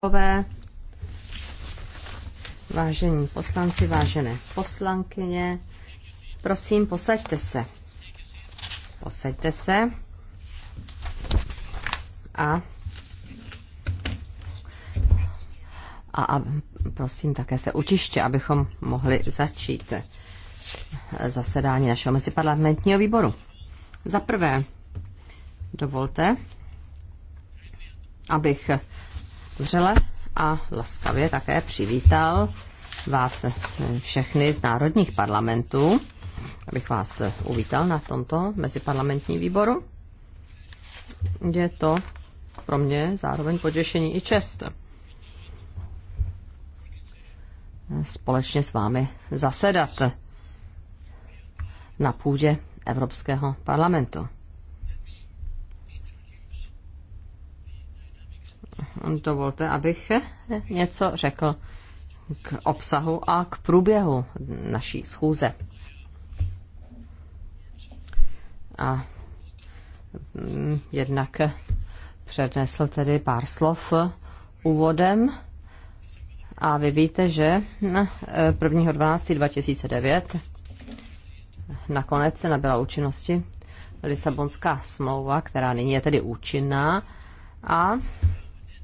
kolegové, vážení poslanci, vážené poslankyně, prosím, posaďte se. Posaďte se a, a, a prosím také se utiště, abychom mohli začít zasedání našeho meziparlamentního výboru. Za prvé, dovolte, abych vřele a laskavě také přivítal vás eh, všechny z národních parlamentů, abych vás eh, uvítal na tomto meziparlamentní výboru. Je to pro mě zároveň potěšení i čest. Společně s vámi zasedat na půdě Evropského parlamentu. dovolte, abych něco řekl k obsahu a k průběhu naší schůze. A mm, jednak přednesl tedy pár slov úvodem. A vy víte, že 1.12.2009 nakonec se nabyla účinnosti Lisabonská smlouva, která nyní je tedy účinná a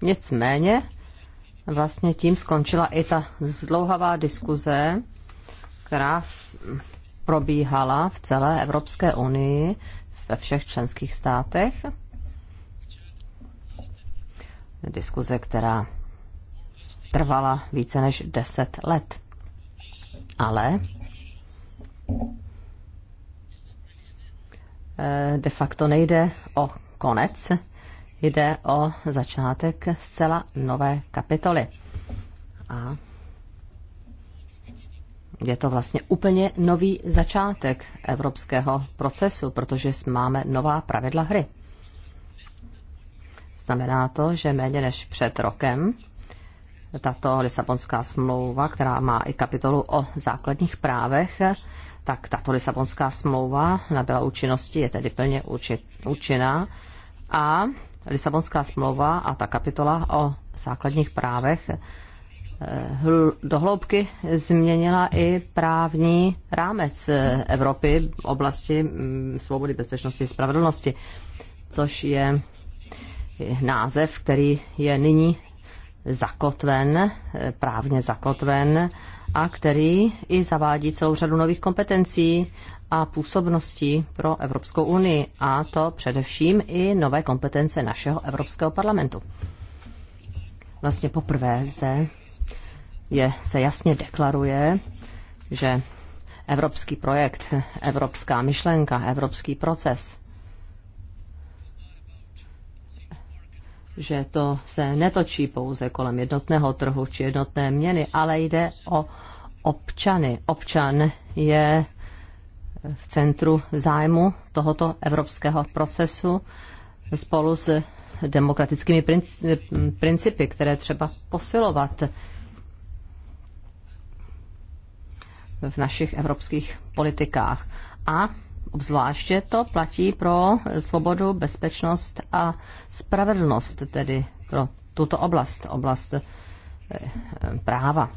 Nicméně vlastně tím skončila i ta zdlouhavá diskuze, která probíhala v celé Evropské unii, ve všech členských státech. Diskuze, která trvala více než 10 let. Ale eh, de facto nejde o konec jde o začátek zcela nové kapitoly. A je to vlastně úplně nový začátek evropského procesu, protože máme nová pravidla hry. Znamená to, že méně než před rokem tato Lisabonská smlouva, která má i kapitolu o základních právech, tak tato Lisabonská smlouva nabyla účinnosti, je tedy plně účinná a Lisabonská smlouva a ta kapitola o základních právech eh, dohloubky změnila i právní rámec eh, Evropy v oblasti mm, svobody, bezpečnosti a spravedlnosti, což je název, který je nyní zakotven, eh, právně zakotven a který i zavádí celou řadu nových kompetencí a působností pro Evropskou unii, a to především i nové kompetence našeho Evropského parlamentu. Vlastně poprvé zde je, se jasně deklaruje, že evropský projekt, evropská myšlenka, evropský proces, že to se netočí pouze kolem jednotného trhu či jednotné měny, ale jde o občany. Občan je v centru zájmu tohoto evropského procesu spolu s demokratickými principy, které třeba posilovat v našich evropských politikách. A obzvláště to platí pro svobodu, bezpečnost a spravedlnost, tedy pro tuto oblast, oblast eh, práva.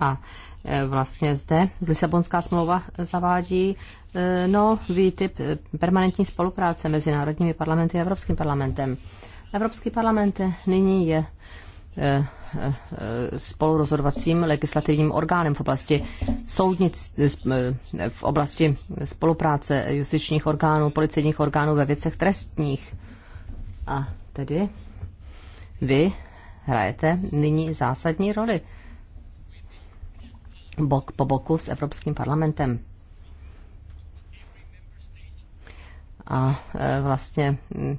A Eh, vlastně zde Lisabonská smlouva zavádí eh, nový typ eh, permanentní spolupráce mezi národními parlamenty a Evropským parlamentem. Evropský parlament nyní je spolurozhodovacím legislativním orgánem v oblasti soudnic, v oblasti spolupráce justičních orgánů, policejních orgánů ve věcech trestních. A tedy vy hrajete nyní zásadní roli bok po boku s Evropským parlamentem. A e, vlastně mm,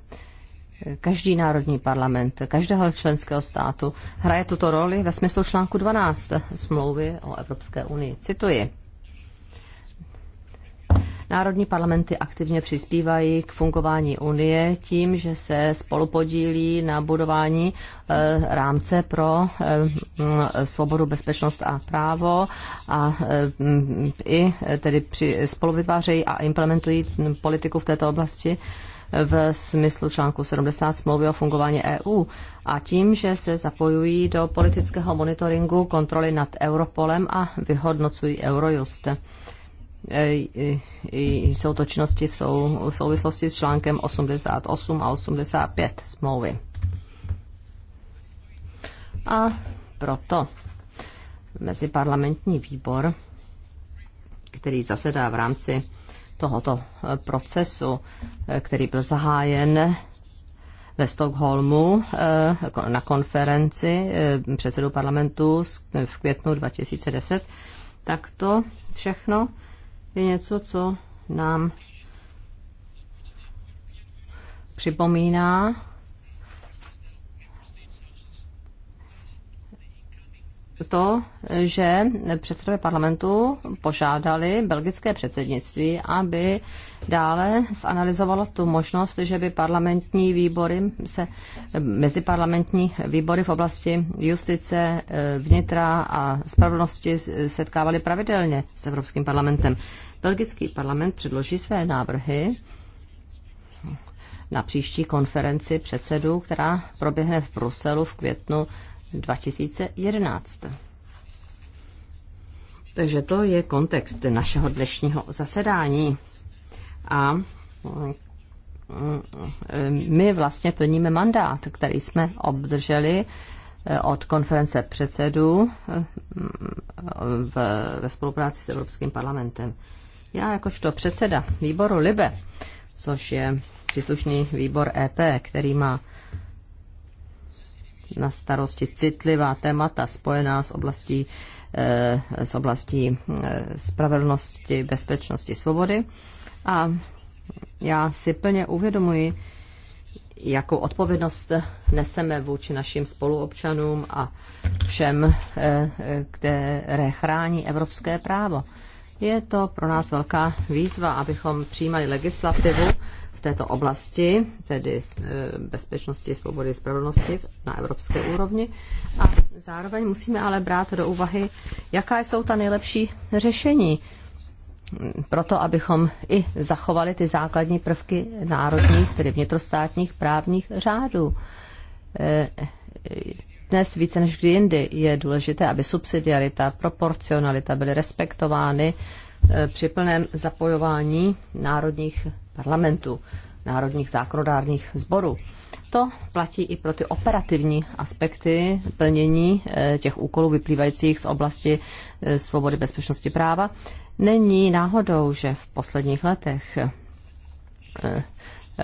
každý národní parlament každého členského státu hraje tuto roli ve smyslu článku 12 smlouvy o Evropské unii. Cituji. Národní parlamenty aktivně přispívají k fungování Unie tím, že se spolupodílí na budování eh, rámce pro eh, svobodu, bezpečnost a právo a eh, i tedy spoluvytvářejí a implementují politiku v této oblasti v smyslu článku 70 smlouvy o fungování EU a tím, že se zapojují do politického monitoringu kontroly nad Europolem a vyhodnocují Eurojust. E, jsou to činnosti v souvislosti s článkem 88 a 85 smlouvy. A proto meziparlamentní výbor, který zasedá v rámci tohoto e, procesu, e, který byl zahájen ve Stockholmu na konferenci předsedů parlamentu v květnu 2010, tak to všechno je něco, co nám připomíná to, že předsedové parlamentu požádali belgické předsednictví, aby dále zanalizovalo tu možnost, že by parlamentní výbory se, meziparlamentní výbory v oblasti justice, eh, vnitra a spravedlnosti setkávaly pravidelně s Evropským parlamentem. Belgický parlament předloží své návrhy na příští konferenci předsedů, která proběhne v Bruselu v květnu 2011. Takže to je kontext našeho dnešního zasedání. A mm, mm, my vlastně plníme mandát, který jsme obdrželi eh, od konference předsedů eh, v, ve spolupráci s Evropským parlamentem. Já jakožto předseda výboru LIBE, což je příslušný výbor EP, který má na starosti citlivá témata spojená s oblastí, eh, s oblastí eh, spravedlnosti, bezpečnosti, svobody. A já si plně uvědomuji, jakou odpovědnost neseme vůči našim spoluobčanům a všem, eh, které chrání evropské právo. Je to pro nás velká výzva, abychom přijímali legislativu, této oblasti, tedy eh, bezpečnosti, svobody, spravedlnosti na evropské úrovni. A zároveň musíme ale brát do úvahy, jaká jsou ta nejlepší řešení Pro to, abychom i zachovali ty základní prvky národních, tedy vnitrostátních právních řádů. Eh, dnes více než kdy jindy je důležité, aby subsidiarita, proporcionalita byly respektovány eh, při plném zapojování národních parlamentu, národních zákonodárných sborů. To platí i pro ty operativní aspekty plnění eh, těch úkolů vyplývajících z oblasti eh, svobody, bezpečnosti práva. Není náhodou, že v posledních letech eh,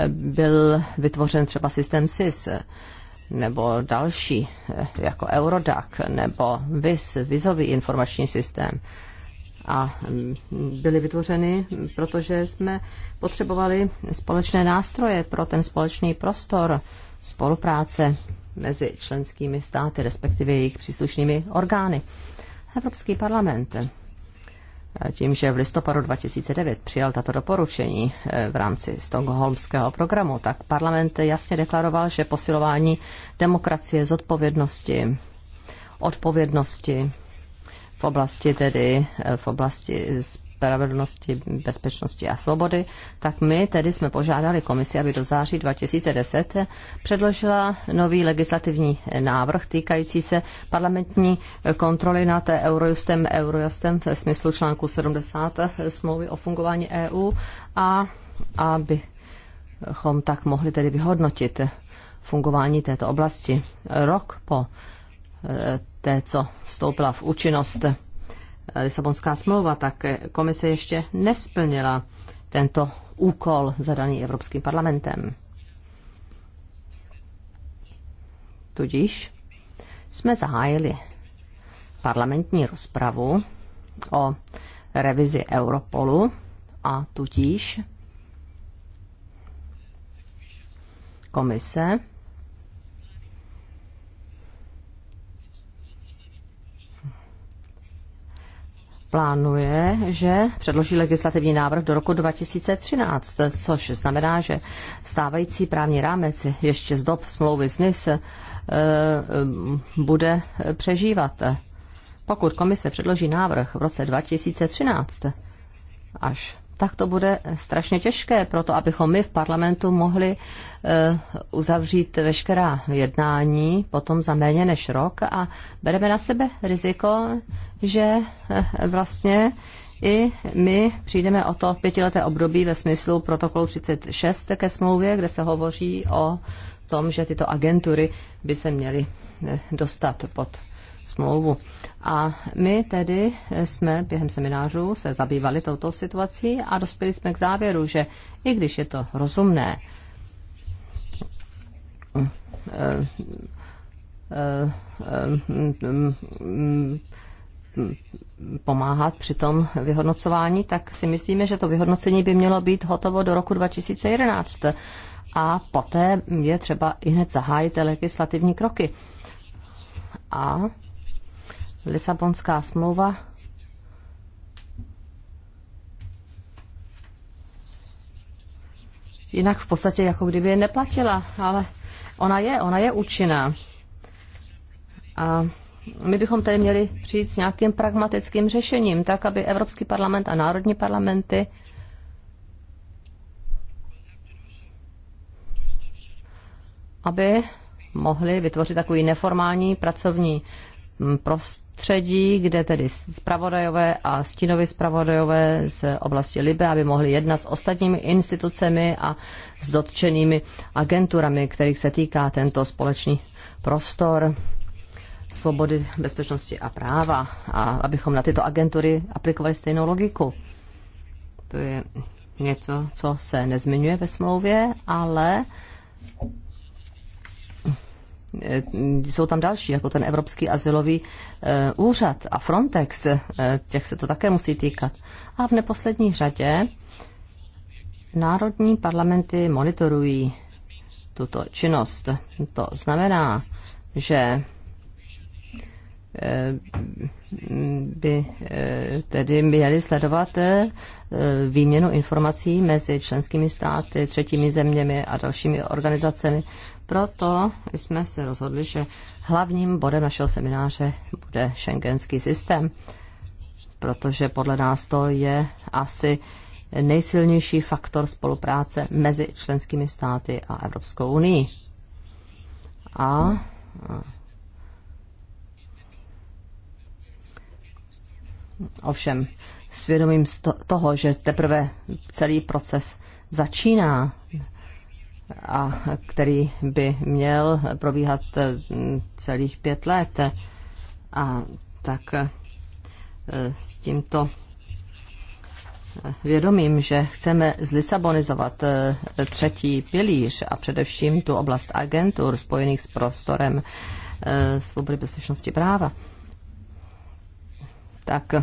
byl vytvořen třeba systém SIS nebo další, jako Eurodac nebo VIS, vizový informační systém a mm, byly vytvořeny, protože jsme potřebovali společné nástroje pro ten společný prostor spolupráce mezi členskými státy, respektive jejich příslušnými orgány. Evropský parlament e, tím, že v listopadu 2009 přijal tato doporučení e, v rámci Stockholmského programu, tak parlament jasně deklaroval, že posilování demokracie, zodpovědnosti, odpovědnosti v oblasti tedy, eh, v oblasti spravedlnosti, bezpečnosti a svobody, tak my tedy jsme požádali komisi, aby do září 2010 předložila nový legislativní návrh týkající se parlamentní kontroly nad Eurojustem, Eurojustem v smyslu článku 70 smlouvy o fungování EU a abychom tak mohli tedy vyhodnotit fungování této oblasti. Rok po eh, té, co vstoupila v účinnost eh, Lisabonská smlouva, tak eh, komise ještě nesplnila tento úkol zadaný Evropským parlamentem. Tudíž jsme zahájili parlamentní rozpravu o revizi Europolu a tudíž komise plánuje, že předloží legislativní návrh do roku 2013, což znamená, že stávající právní rámec ještě z dob smlouvy s NIS eh, eh, bude přežívat. Pokud komise předloží návrh v roce 2013, až tak to bude strašně těžké pro to, abychom my v parlamentu mohli eh, uzavřít veškerá jednání potom za méně než rok a bereme na sebe riziko, že eh, vlastně i my přijdeme o to pětileté období ve smyslu protokolu 36 ke smlouvě, kde se hovoří o tom, že tyto agentury by se měly eh, dostat pod smlouvu. A my tedy jsme během seminářů se zabývali touto situací a dospěli jsme k závěru, že i když je to rozumné, pomáhat při tom vyhodnocování, tak si myslíme, že to vyhodnocení by mělo být hotovo do roku 2011 a poté je třeba i hned zahájit legislativní kroky. A Lisabonská smlouva jinak v podstatě jako kdyby je neplatila, ale ona je, ona je účinná. A my bychom tady měli přijít s nějakým pragmatickým řešením, tak aby Evropský parlament a národní parlamenty aby mohli vytvořit takový neformální pracovní mm, prostor, prostředí, kde tedy zpravodajové a stínovi zpravodajové z oblasti Libe, aby mohli jednat s ostatními institucemi a s dotčenými agenturami, kterých se týká tento společný prostor svobody, bezpečnosti a práva a abychom na tyto agentury aplikovali stejnou logiku. To je něco, co se nezmiňuje ve smlouvě, ale Eh, jsou tam další, jako ten Evropský asilový eh, úřad a Frontex, eh, těch se to také musí týkat. A v neposlední řadě národní parlamenty monitorují tuto činnost. To znamená, že Eh, by eh, tedy měli sledovat eh, výměnu informací mezi členskými státy, třetími zeměmi a dalšími organizacemi. Proto jsme se rozhodli, že hlavním bodem našeho semináře bude šengenský systém, protože podle nás to je asi nejsilnější faktor spolupráce mezi členskými státy a Evropskou unii. A Ovšem, svědomím z toho, že teprve celý proces začíná a který by měl probíhat eh, celých pět let. A tak eh, s tímto eh, vědomím, že chceme zlisabonizovat třetí pilíř a především tu oblast agentur spojených s prostorem svobody bezpečnosti práva, tak uh,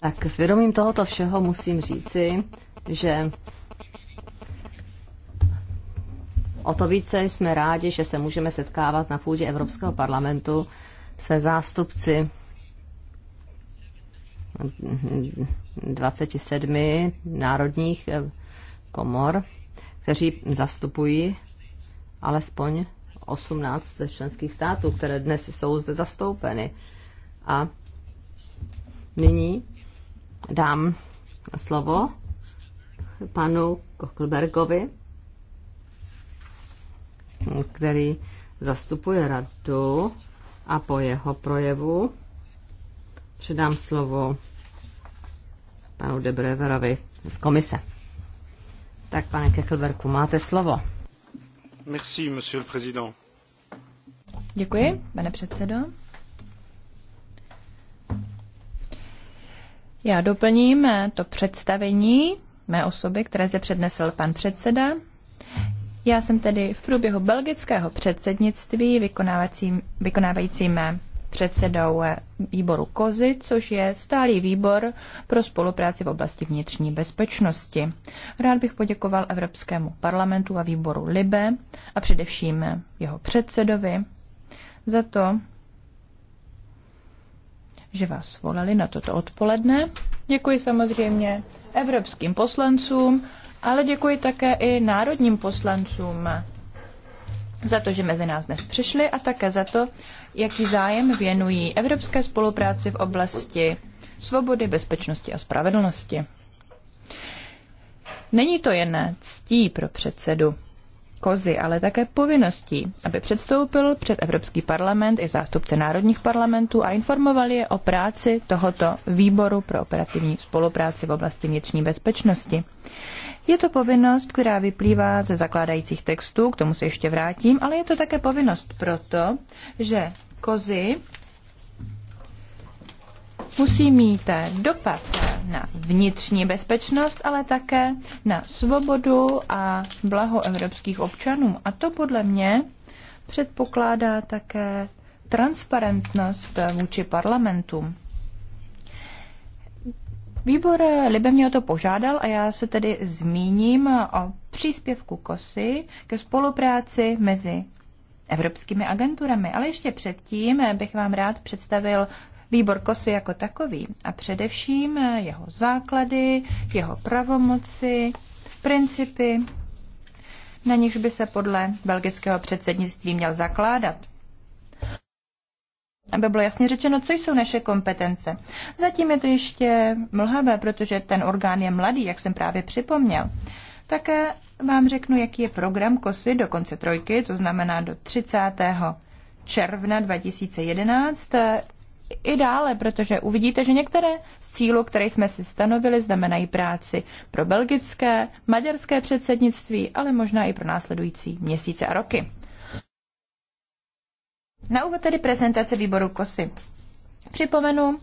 tak s vědomím tohoto všeho musím říci, že o to více jsme rádi, že se můžeme setkávat na půdě Evropského parlamentu se zástupci 27 národních eh, komor, kteří zastupují alespoň 18 členských států, které dnes jsou zde zastoupeny. A nyní dám slovo panu Kochlbergovi, který zastupuje radu a po jeho projevu předám slovo panu Debreverovi z komise. Tak, pane Kekelberku, máte slovo. Merci, monsieur le président. Děkuji, pane předsedo. Já doplním to představení mé osoby, které zde přednesl pan předseda. Já jsem tedy v průběhu belgického předsednictví vykonávajícím předsedou výboru KOZY, což je stálý výbor pro spolupráci v oblasti vnitřní bezpečnosti. Rád bych poděkoval Evropskému parlamentu a výboru LIBE a především jeho předsedovi za to, že vás volali na toto odpoledne. Děkuji samozřejmě evropským poslancům, ale děkuji také i národním poslancům za to, že mezi nás dnes přišli a také za to, jaký zájem věnují evropské spolupráci v oblasti svobody, bezpečnosti a spravedlnosti. Není to jen ctí pro předsedu kozy, ale také povinností, aby předstoupil před Evropský parlament i zástupce národních parlamentů a informovali je o práci tohoto výboru pro operativní spolupráci v oblasti vnitřní bezpečnosti. Je to povinnost, která vyplývá ze zakládajících textů, k tomu se ještě vrátím, ale je to také povinnost proto, že kozy musí mít dopad na vnitřní bezpečnost, ale také na svobodu a blaho evropských občanů. A to podle mě předpokládá také transparentnost vůči parlamentům. Výbor Libe mě o to požádal a já se tedy zmíním o příspěvku KOSY ke spolupráci mezi evropskými agenturami. Ale ještě předtím bych vám rád představil výbor KOSY jako takový a především jeho základy, jeho pravomoci, principy, na nichž by se podle belgického předsednictví měl zakládat. Aby bylo jasně řečeno, co jsou naše kompetence. Zatím je to ještě mlhavé, protože ten orgán je mladý, jak jsem právě připomněl. Také vám řeknu, jaký je program KOSY do konce trojky, to znamená do 30. června 2011 i dále, protože uvidíte, že některé z cílů, které jsme si stanovili, znamenají práci pro belgické, maďarské předsednictví, ale možná i pro následující měsíce a roky. Na úvod tedy prezentace výboru KOSY. Připomenu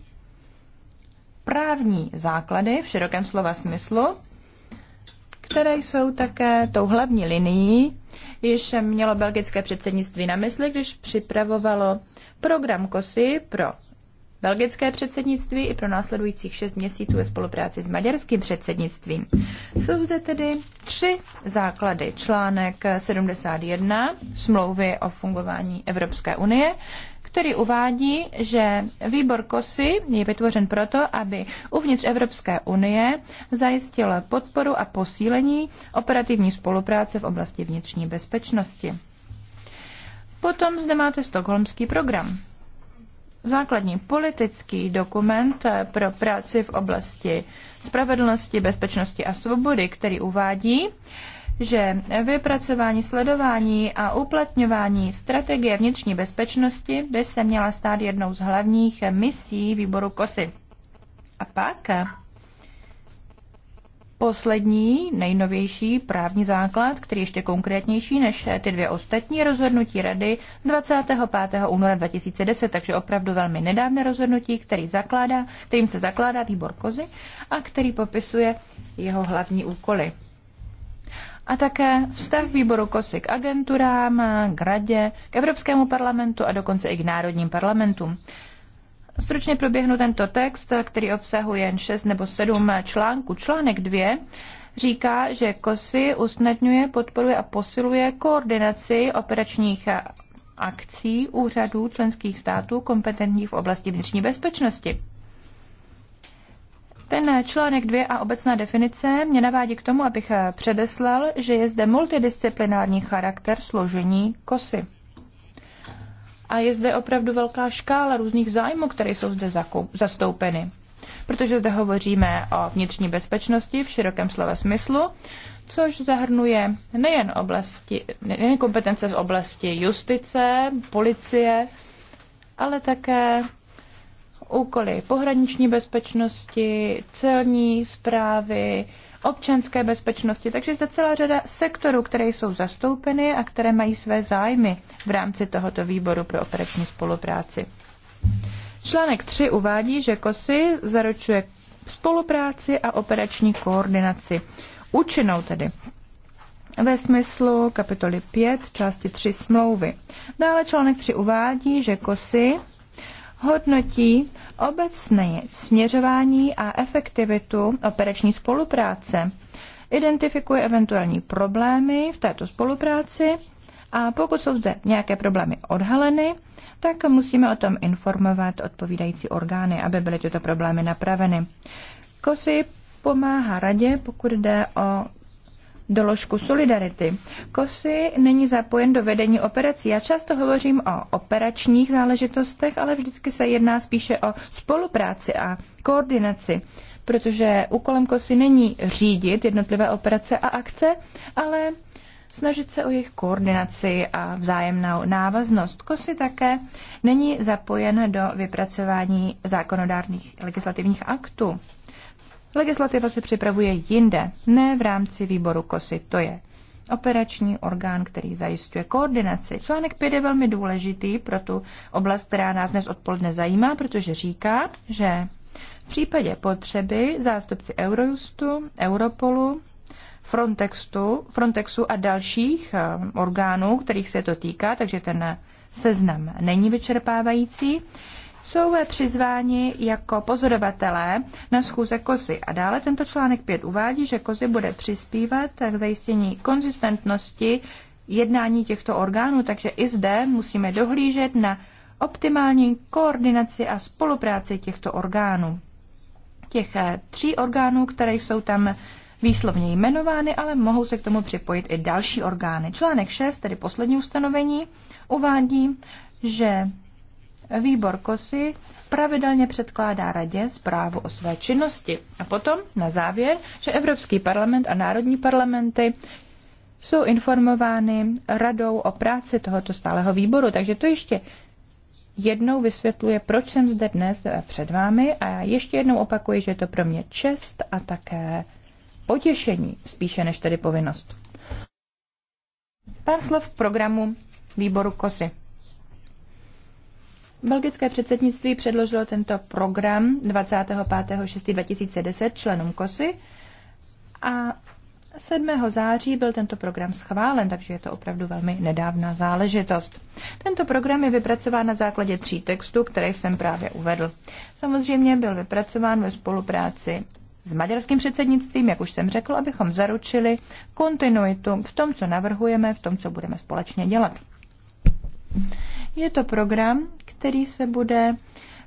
právní základy v širokém slova smyslu, které jsou také tou hlavní linií, již mělo belgické předsednictví na mysli, když připravovalo program KOSY pro belgické předsednictví i pro následujících šest měsíců ve spolupráci s maďarským předsednictvím. Jsou zde tedy tři základy. Článek 71 smlouvy o fungování Evropské unie, který uvádí, že výbor KOSY je vytvořen proto, aby uvnitř Evropské unie zajistil podporu a posílení operativní spolupráce v oblasti vnitřní bezpečnosti. Potom zde máte stokholmský program základní politický dokument pro práci v oblasti spravedlnosti, bezpečnosti a svobody, který uvádí, že vypracování, sledování a uplatňování strategie vnitřní bezpečnosti by se měla stát jednou z hlavních misí výboru KOSY. A pak poslední, nejnovější právní základ, který ještě konkrétnější než ty dvě ostatní rozhodnutí rady 25. února 2010, takže opravdu velmi nedávné rozhodnutí, který zakládá, kterým se zakládá výbor Kozy a který popisuje jeho hlavní úkoly. A také vztah výboru KOSY k agenturám, k radě, k Evropskému parlamentu a dokonce i k národním parlamentům. Stručně proběhnu tento text, který obsahuje jen 6 nebo 7 článků. Článek 2 říká, že KOSY usnadňuje, podporuje a posiluje koordinaci operačních akcí úřadů členských států kompetentních v oblasti vnitřní bezpečnosti. Ten článek 2 a obecná definice mě navádí k tomu, abych předeslal, že je zde multidisciplinární charakter složení KOSY a je zde opravdu velká škála různých zájmů, které jsou zde zastoupeny. Protože zde hovoříme o vnitřní bezpečnosti v širokém slova smyslu, což zahrnuje nejen, oblasti, nejen kompetence z oblasti justice, policie, ale také úkoly pohraniční bezpečnosti, celní zprávy, občanské bezpečnosti. Takže zde celá řada sektorů, které jsou zastoupeny a které mají své zájmy v rámci tohoto výboru pro operační spolupráci. Článek 3 uvádí, že KOSY zaručuje spolupráci a operační koordinaci. Účinnou tedy ve smyslu kapitoly 5, části 3 smlouvy. Dále článek 3 uvádí, že KOSY hodnotí obecné směřování a efektivitu operační spolupráce, identifikuje eventuální problémy v této spolupráci a pokud jsou zde nějaké problémy odhaleny, tak musíme o tom informovat odpovídající orgány, aby byly tyto problémy napraveny. COSIP pomáhá radě, pokud jde o doložku solidarity. Kosi není zapojen do vedení operací. Já často hovořím o operačních záležitostech, ale vždycky se jedná spíše o spolupráci a koordinaci, protože úkolem Kosy není řídit jednotlivé operace a akce, ale snažit se o jejich koordinaci a vzájemnou návaznost. KOSY také není zapojen do vypracování zákonodárných legislativních aktů. Legislativa se připravuje jinde, ne v rámci výboru KOSY, to je operační orgán, který zajišťuje koordinaci. Článek 5 je velmi důležitý pro tu oblast, která nás dnes odpoledne zajímá, protože říká, že v případě potřeby zástupci Eurojustu, Europolu, Frontextu, Frontexu a dalších eh, orgánů, kterých se to týká, takže ten seznam není vyčerpávající, jsou přizváni jako pozorovatelé na schůze kozy. A dále tento článek 5 uvádí, že kozy bude přispívat k zajištění konzistentnosti jednání těchto orgánů, takže i zde musíme dohlížet na optimální koordinaci a spolupráci těchto orgánů. Těch eh, tří orgánů, které jsou tam výslovně jmenovány, ale mohou se k tomu připojit i další orgány. Článek 6, tedy poslední ustanovení, uvádí, že výbor KOSY pravidelně předkládá radě zprávu o své činnosti. A potom na závěr, že Evropský parlament a národní parlamenty jsou informovány radou o práci tohoto stáleho výboru. Takže to ještě jednou vysvětluje, proč jsem zde dnes před vámi a ještě jednou opakuji, že je to pro mě čest a také potěšení, spíše než tedy povinnost. Pár slov k programu výboru KOSY. Belgické předsednictví předložilo tento program 25.6.2010 členům KOSY a 7. září byl tento program schválen, takže je to opravdu velmi nedávná záležitost. Tento program je vypracován na základě tří textů, které jsem právě uvedl. Samozřejmě byl vypracován ve spolupráci s maďarským předsednictvím, jak už jsem řekl, abychom zaručili kontinuitu v tom, co navrhujeme, v tom, co budeme společně dělat. Je to program, který se bude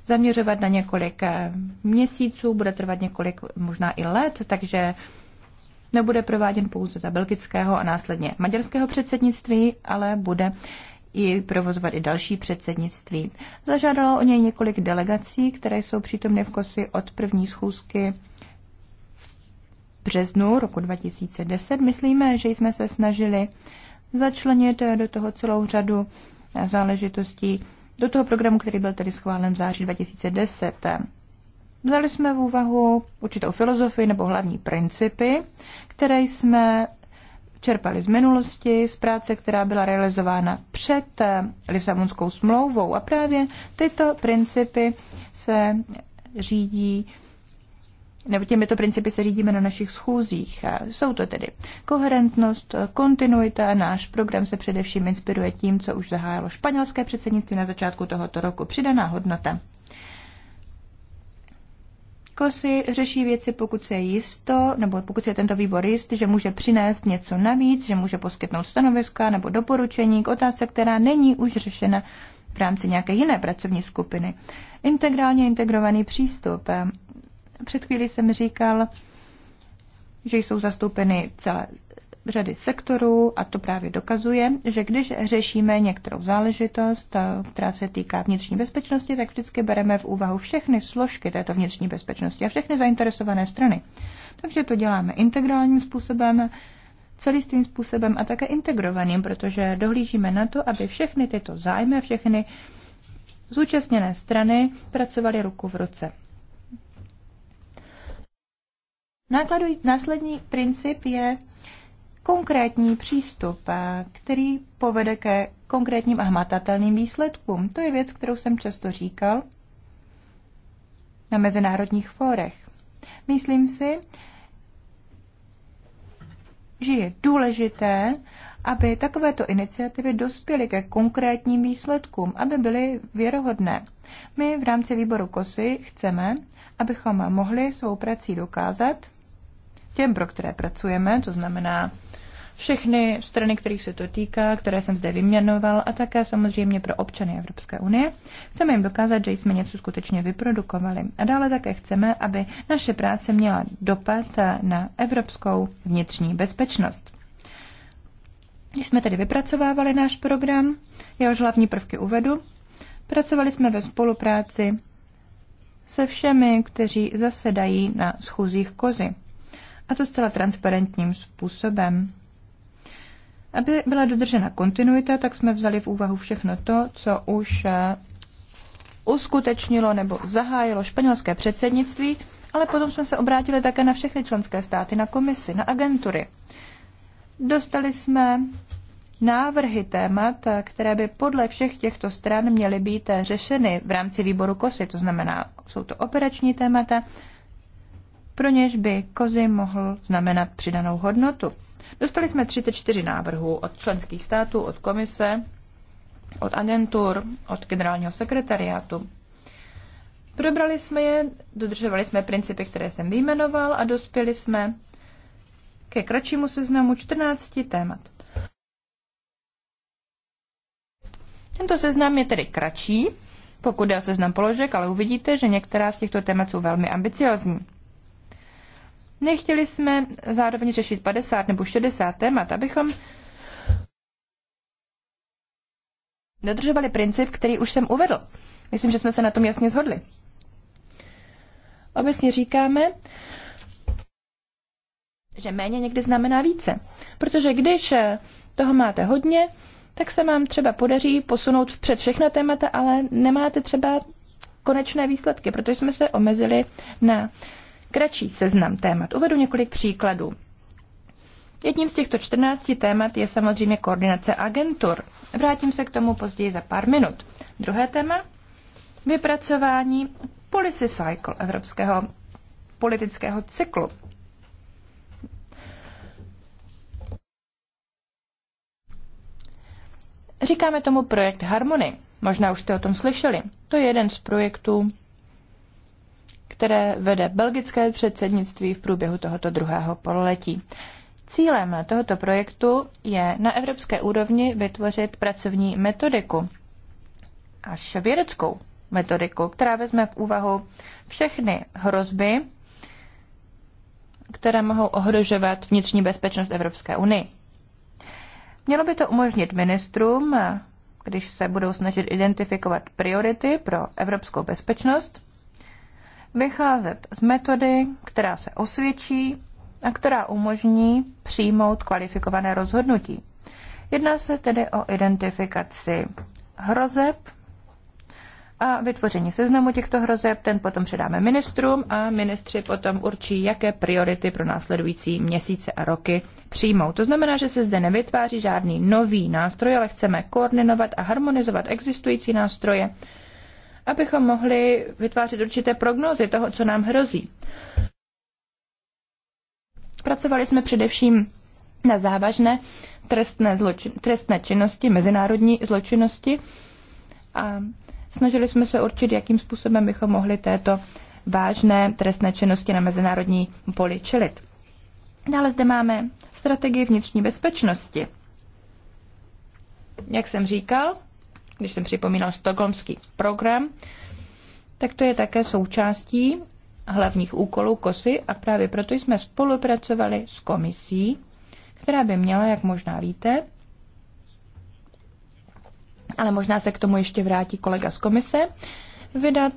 zaměřovat na několik eh, měsíců, bude trvat několik možná i let, takže nebude prováděn pouze za belgického a následně maďarského předsednictví, ale bude i provozovat i další předsednictví. Zažádalo o něj několik delegací, které jsou přítomny v Kosi od první schůzky v březnu roku 2010. Myslíme, že jsme se snažili začlenit do toho celou řadu záležitostí do toho programu, který byl tedy schválen v září 2010. Vzali jsme v úvahu určitou filozofii nebo hlavní principy, které jsme čerpali z minulosti, z práce, která byla realizována před eh, Lisabonskou smlouvou. A právě tyto principy se řídí nebo těmito principy se řídíme na našich schůzích. Jsou to tedy koherentnost, kontinuita. Náš program se především inspiruje tím, co už zahájilo španělské předsednictví na začátku tohoto roku. Přidaná hodnota. Kosy řeší věci, pokud se je jisto, nebo pokud se je tento výbor jist, že může přinést něco navíc, že může poskytnout stanoviska nebo doporučení k otázce, která není už řešena v rámci nějaké jiné pracovní skupiny. Integrálně integrovaný přístup před chvíli jsem říkal, že jsou zastoupeny celé řady sektorů a to právě dokazuje, že když řešíme některou záležitost, eh, která se týká vnitřní bezpečnosti, tak vždycky bereme v úvahu všechny složky této vnitřní bezpečnosti a všechny zainteresované strany. Takže to děláme integrálním způsobem, celistvým způsobem a také integrovaným, protože dohlížíme na to, aby všechny tyto zájmy, všechny zúčastněné strany pracovaly ruku v ruce. Nákladují, následní princip je konkrétní přístup, eh, který povede ke konkrétním a hmatatelným výsledkům. To je věc, kterou jsem často říkal na mezinárodních fórech. Myslím si, že je důležité, aby takovéto iniciativy dospěly ke konkrétním výsledkům, aby byly věrohodné. My v rámci výboru KOSY chceme, abychom mohli svou prací dokázat, těm, pro které pracujeme, to znamená všechny strany, kterých se to týká, které jsem zde vyměnoval a také samozřejmě pro občany Evropské unie. Chceme jim dokázat, že jsme něco skutečně vyprodukovali. A dále také chceme, aby naše práce měla dopad na evropskou vnitřní bezpečnost. Když jsme tedy vypracovávali náš program, jehož hlavní prvky uvedu, pracovali jsme ve spolupráci se všemi, kteří zasedají na schůzích kozy a to zcela transparentním způsobem. Aby byla dodržena kontinuita, tak jsme vzali v úvahu všechno to, co už eh, uskutečnilo nebo zahájilo španělské předsednictví, ale potom jsme se obrátili také na všechny členské státy, na komisy, na agentury. Dostali jsme návrhy témat, eh, které by podle všech těchto stran měly být eh, řešeny v rámci výboru KOSY, to znamená, jsou to operační témata, pro něž by kozy mohl znamenat přidanou hodnotu. Dostali jsme 34 návrhů od členských států, od komise, od agentur, od generálního sekretariátu. Probrali jsme je, dodržovali jsme principy, které jsem vyjmenoval a dospěli jsme ke kratšímu seznamu 14 témat. Tento seznam je tedy kratší, pokud je o seznam položek, ale uvidíte, že některá z těchto témat jsou velmi ambiciozní. Nechtěli jsme zároveň řešit 50 nebo 60 témat, abychom dodržovali princip, který už jsem uvedl. Myslím, že jsme se na tom jasně zhodli. Obecně říkáme, že méně někdy znamená více. Protože když eh, toho máte hodně, tak se vám třeba podaří posunout vpřed všechna témata, ale nemáte třeba konečné výsledky, protože jsme se omezili na kratší seznam témat. Uvedu několik příkladů. Jedním z těchto 14 témat je samozřejmě koordinace agentur. Vrátím se k tomu později za pár minut. Druhé téma vypracování policy cycle evropského politického cyklu. Říkáme tomu projekt Harmony. Možná už jste o tom slyšeli. To je jeden z projektů které vede belgické předsednictví v průběhu tohoto druhého pololetí. Cílem tohoto projektu je na evropské úrovni vytvořit pracovní metodiku, až vědeckou metodiku, která vezme v úvahu všechny hrozby, které mohou ohrožovat vnitřní bezpečnost Evropské unie. Mělo by to umožnit ministrům, když se budou snažit identifikovat priority pro evropskou bezpečnost, vycházet z metody, která se osvědčí a která umožní přijmout kvalifikované rozhodnutí. Jedná se tedy o identifikaci hrozeb a vytvoření seznamu těchto hrozeb, ten potom předáme ministrům a ministři potom určí, jaké priority pro následující měsíce a roky přijmou. To znamená, že se zde nevytváří žádný nový nástroj, ale chceme koordinovat a harmonizovat existující nástroje abychom mohli vytvářet určité prognózy toho, co nám hrozí. Pracovali jsme především na závažné trestné, zločin, trestné činnosti, mezinárodní zločinnosti a snažili jsme se určit, jakým způsobem bychom mohli této vážné trestné činnosti na mezinárodní poli čelit. Dále zde máme strategii vnitřní bezpečnosti. Jak jsem říkal, když jsem připomínal stokholmský program, tak to je také součástí hlavních úkolů KOSY a právě proto jsme spolupracovali s komisí, která by měla, jak možná víte, ale možná se k tomu ještě vrátí kolega z komise, vydat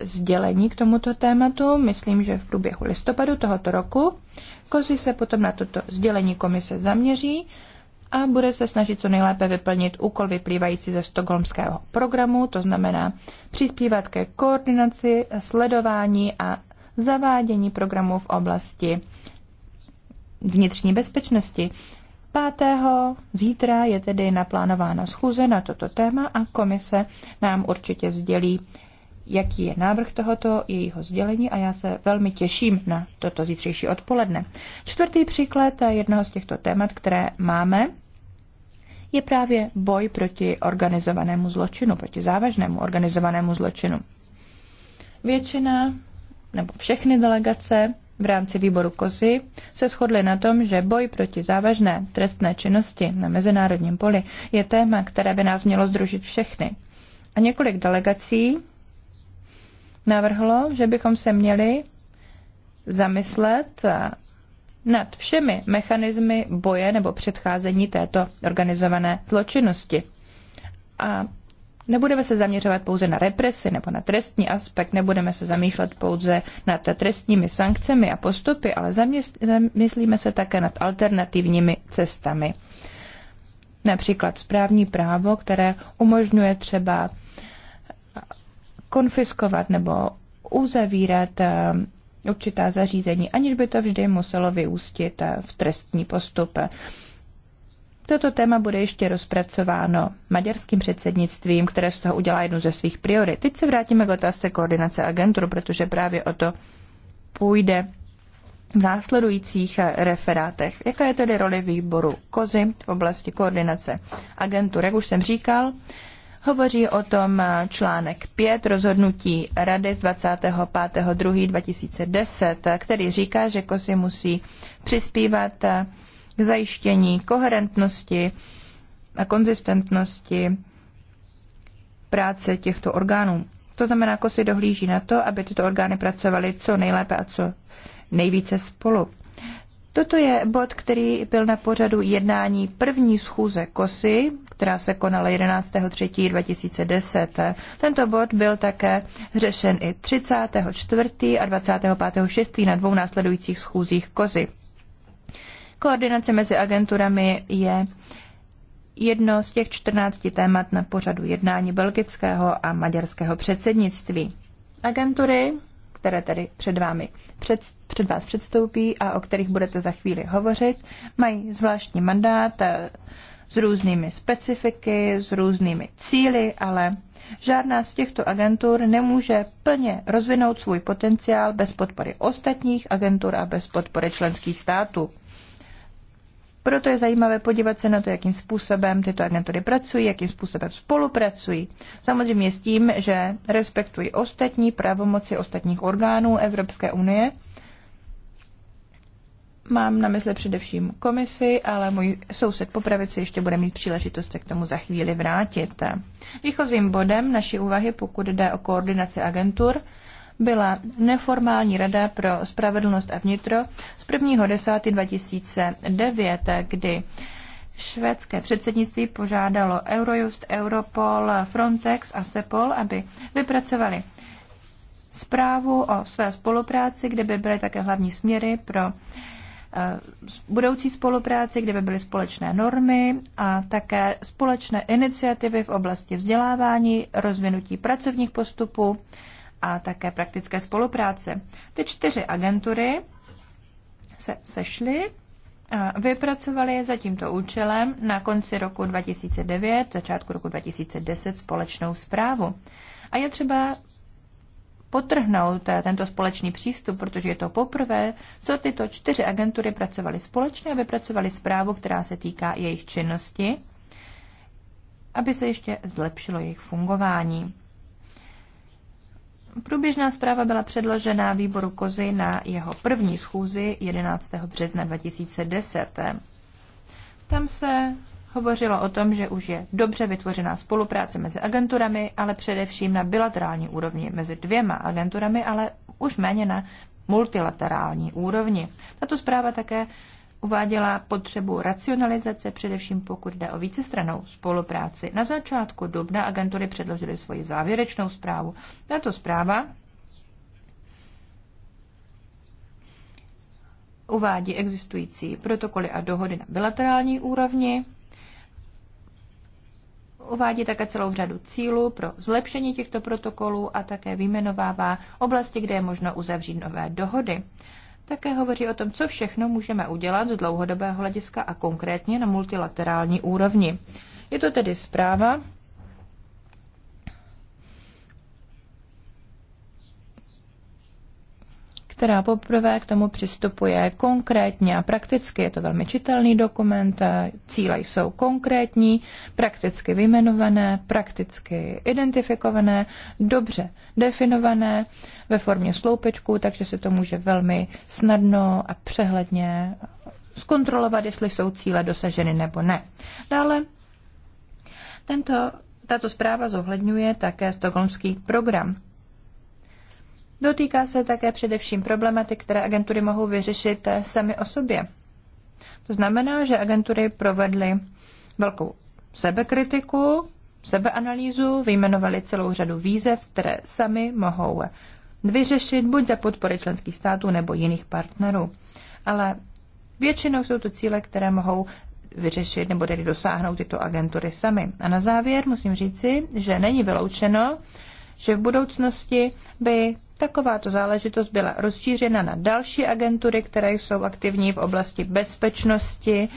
sdělení k tomuto tématu, myslím, že v průběhu listopadu tohoto roku. Kosy se potom na toto sdělení komise zaměří a bude se snažit co nejlépe vyplnit úkol vyplývající ze stokholmského programu, to znamená přispívat ke koordinaci, sledování a zavádění programů v oblasti vnitřní bezpečnosti. 5. zítra je tedy naplánována schůze na toto téma a komise nám určitě sdělí jaký je návrh tohoto jejího sdělení a já se velmi těším na toto zítřejší odpoledne. Čtvrtý příklad jednoho z těchto témat, které máme, je právě boj proti organizovanému zločinu, proti závažnému organizovanému zločinu. Většina nebo všechny delegace v rámci výboru KOZY se shodly na tom, že boj proti závažné trestné činnosti na mezinárodním poli je téma, které by nás mělo združit všechny. A několik delegací navrhlo, že bychom se měli zamyslet eh, nad všemi mechanismy boje nebo předcházení této organizované zločinnosti. A nebudeme se zaměřovat pouze na represi nebo na trestní aspekt, nebudeme se zamýšlet pouze nad trestními sankcemi a postupy, ale zamyslíme se také nad alternativními cestami. Například správní právo, které umožňuje třeba konfiskovat nebo uzavírat eh, určitá zařízení, aniž by to vždy muselo vyústit eh, v trestní postup. Toto téma bude ještě rozpracováno maďarským předsednictvím, které z toho udělá jednu ze svých priorit. Teď se vrátíme k otázce koordinace agentur, protože právě o to půjde v následujících eh, referátech. Jaká je tedy roli výboru kozy v oblasti koordinace agentur? Jak už jsem říkal, Hovoří o tom eh, článek 5 rozhodnutí Rady z 25.2.2010, který říká, že KOSY musí přispívat eh, k zajištění koherentnosti a konzistentnosti práce těchto orgánů. To znamená, KOSY dohlíží na to, aby tyto orgány pracovaly co nejlépe a co nejvíce spolu. Toto je bod, který byl na pořadu jednání první schůze KOSY, která se konala 11.3.2010. Tento bod byl také řešen i 34. a 25.6. na dvou následujících schůzích KOSY. Koordinace mezi agenturami je jedno z těch 14 témat na pořadu jednání belgického a maďarského předsednictví. Agentury které tady před, vámi před, před vás předstoupí a o kterých budete za chvíli hovořit, mají zvláštní mandát eh, s různými specifiky, s různými cíly, ale žádná z těchto agentur nemůže plně rozvinout svůj potenciál bez podpory ostatních agentur a bez podpory členských států. Proto je zajímavé podívat se na to, jakým způsobem tyto agentury pracují, jakým způsobem spolupracují. Samozřejmě s tím, že respektují ostatní pravomoci ostatních orgánů Evropské unie. Mám na mysli především komisi, ale můj soused po pravici ještě bude mít příležitost se k tomu za chvíli vrátit. Výchozím bodem naší úvahy, pokud jde o koordinaci agentur, byla neformální rada pro spravedlnost a vnitro z 1.10.2009, kdy švédské předsednictví požádalo Eurojust, Europol, Frontex a Sepol, aby vypracovali zprávu o své spolupráci, kde by byly také hlavní směry pro eh, budoucí spolupráci, kde by byly společné normy a také společné iniciativy v oblasti vzdělávání, rozvinutí pracovních postupů, a také praktické spolupráce. Ty čtyři agentury se sešly a vypracovali za tímto účelem na konci roku 2009, začátku roku 2010 společnou zprávu. A je třeba potrhnout eh, tento společný přístup, protože je to poprvé, co tyto čtyři agentury pracovaly společně a vypracovaly zprávu, která se týká jejich činnosti, aby se ještě zlepšilo jejich fungování. Průběžná zpráva byla předložena výboru Kozy na jeho první schůzi 11. března 2010. Tam se hovořilo o tom, že už je dobře vytvořená spolupráce mezi agenturami, ale především na bilaterální úrovni mezi dvěma agenturami, ale už méně na multilaterální úrovni. Tato zpráva také uváděla potřebu racionalizace, především pokud jde o vícestranou spolupráci. Na začátku dubna agentury předložily svoji závěrečnou zprávu. Tato zpráva uvádí existující protokoly a dohody na bilaterální úrovni, uvádí také celou řadu cílů pro zlepšení těchto protokolů a také vyjmenovává oblasti, kde je možno uzavřít nové dohody také hovoří o tom, co všechno můžeme udělat z dlouhodobého hlediska a konkrétně na multilaterální úrovni. Je to tedy zpráva, která poprvé k tomu přistupuje konkrétně a prakticky. Je to velmi čitelný dokument, cíle jsou konkrétní, prakticky vyjmenované, prakticky identifikované, dobře definované ve formě sloupečků, takže se to může velmi snadno a přehledně zkontrolovat, jestli jsou cíle dosaženy nebo ne. Dále tento, tato zpráva zohledňuje také stokholmský program. Dotýká se také především problematy, které agentury mohou vyřešit eh, sami o sobě. To znamená, že agentury provedly velkou sebekritiku, sebeanalýzu, vyjmenovali celou řadu výzev, které sami mohou eh, vyřešit buď za podpory členských států nebo jiných partnerů. Ale většinou jsou to cíle, které mohou vyřešit nebo tedy dosáhnout tyto agentury sami. A na závěr musím říci, že není vyloučeno, že v budoucnosti by Takováto záležitost byla rozšířena na další agentury, které jsou aktivní v oblasti bezpečnosti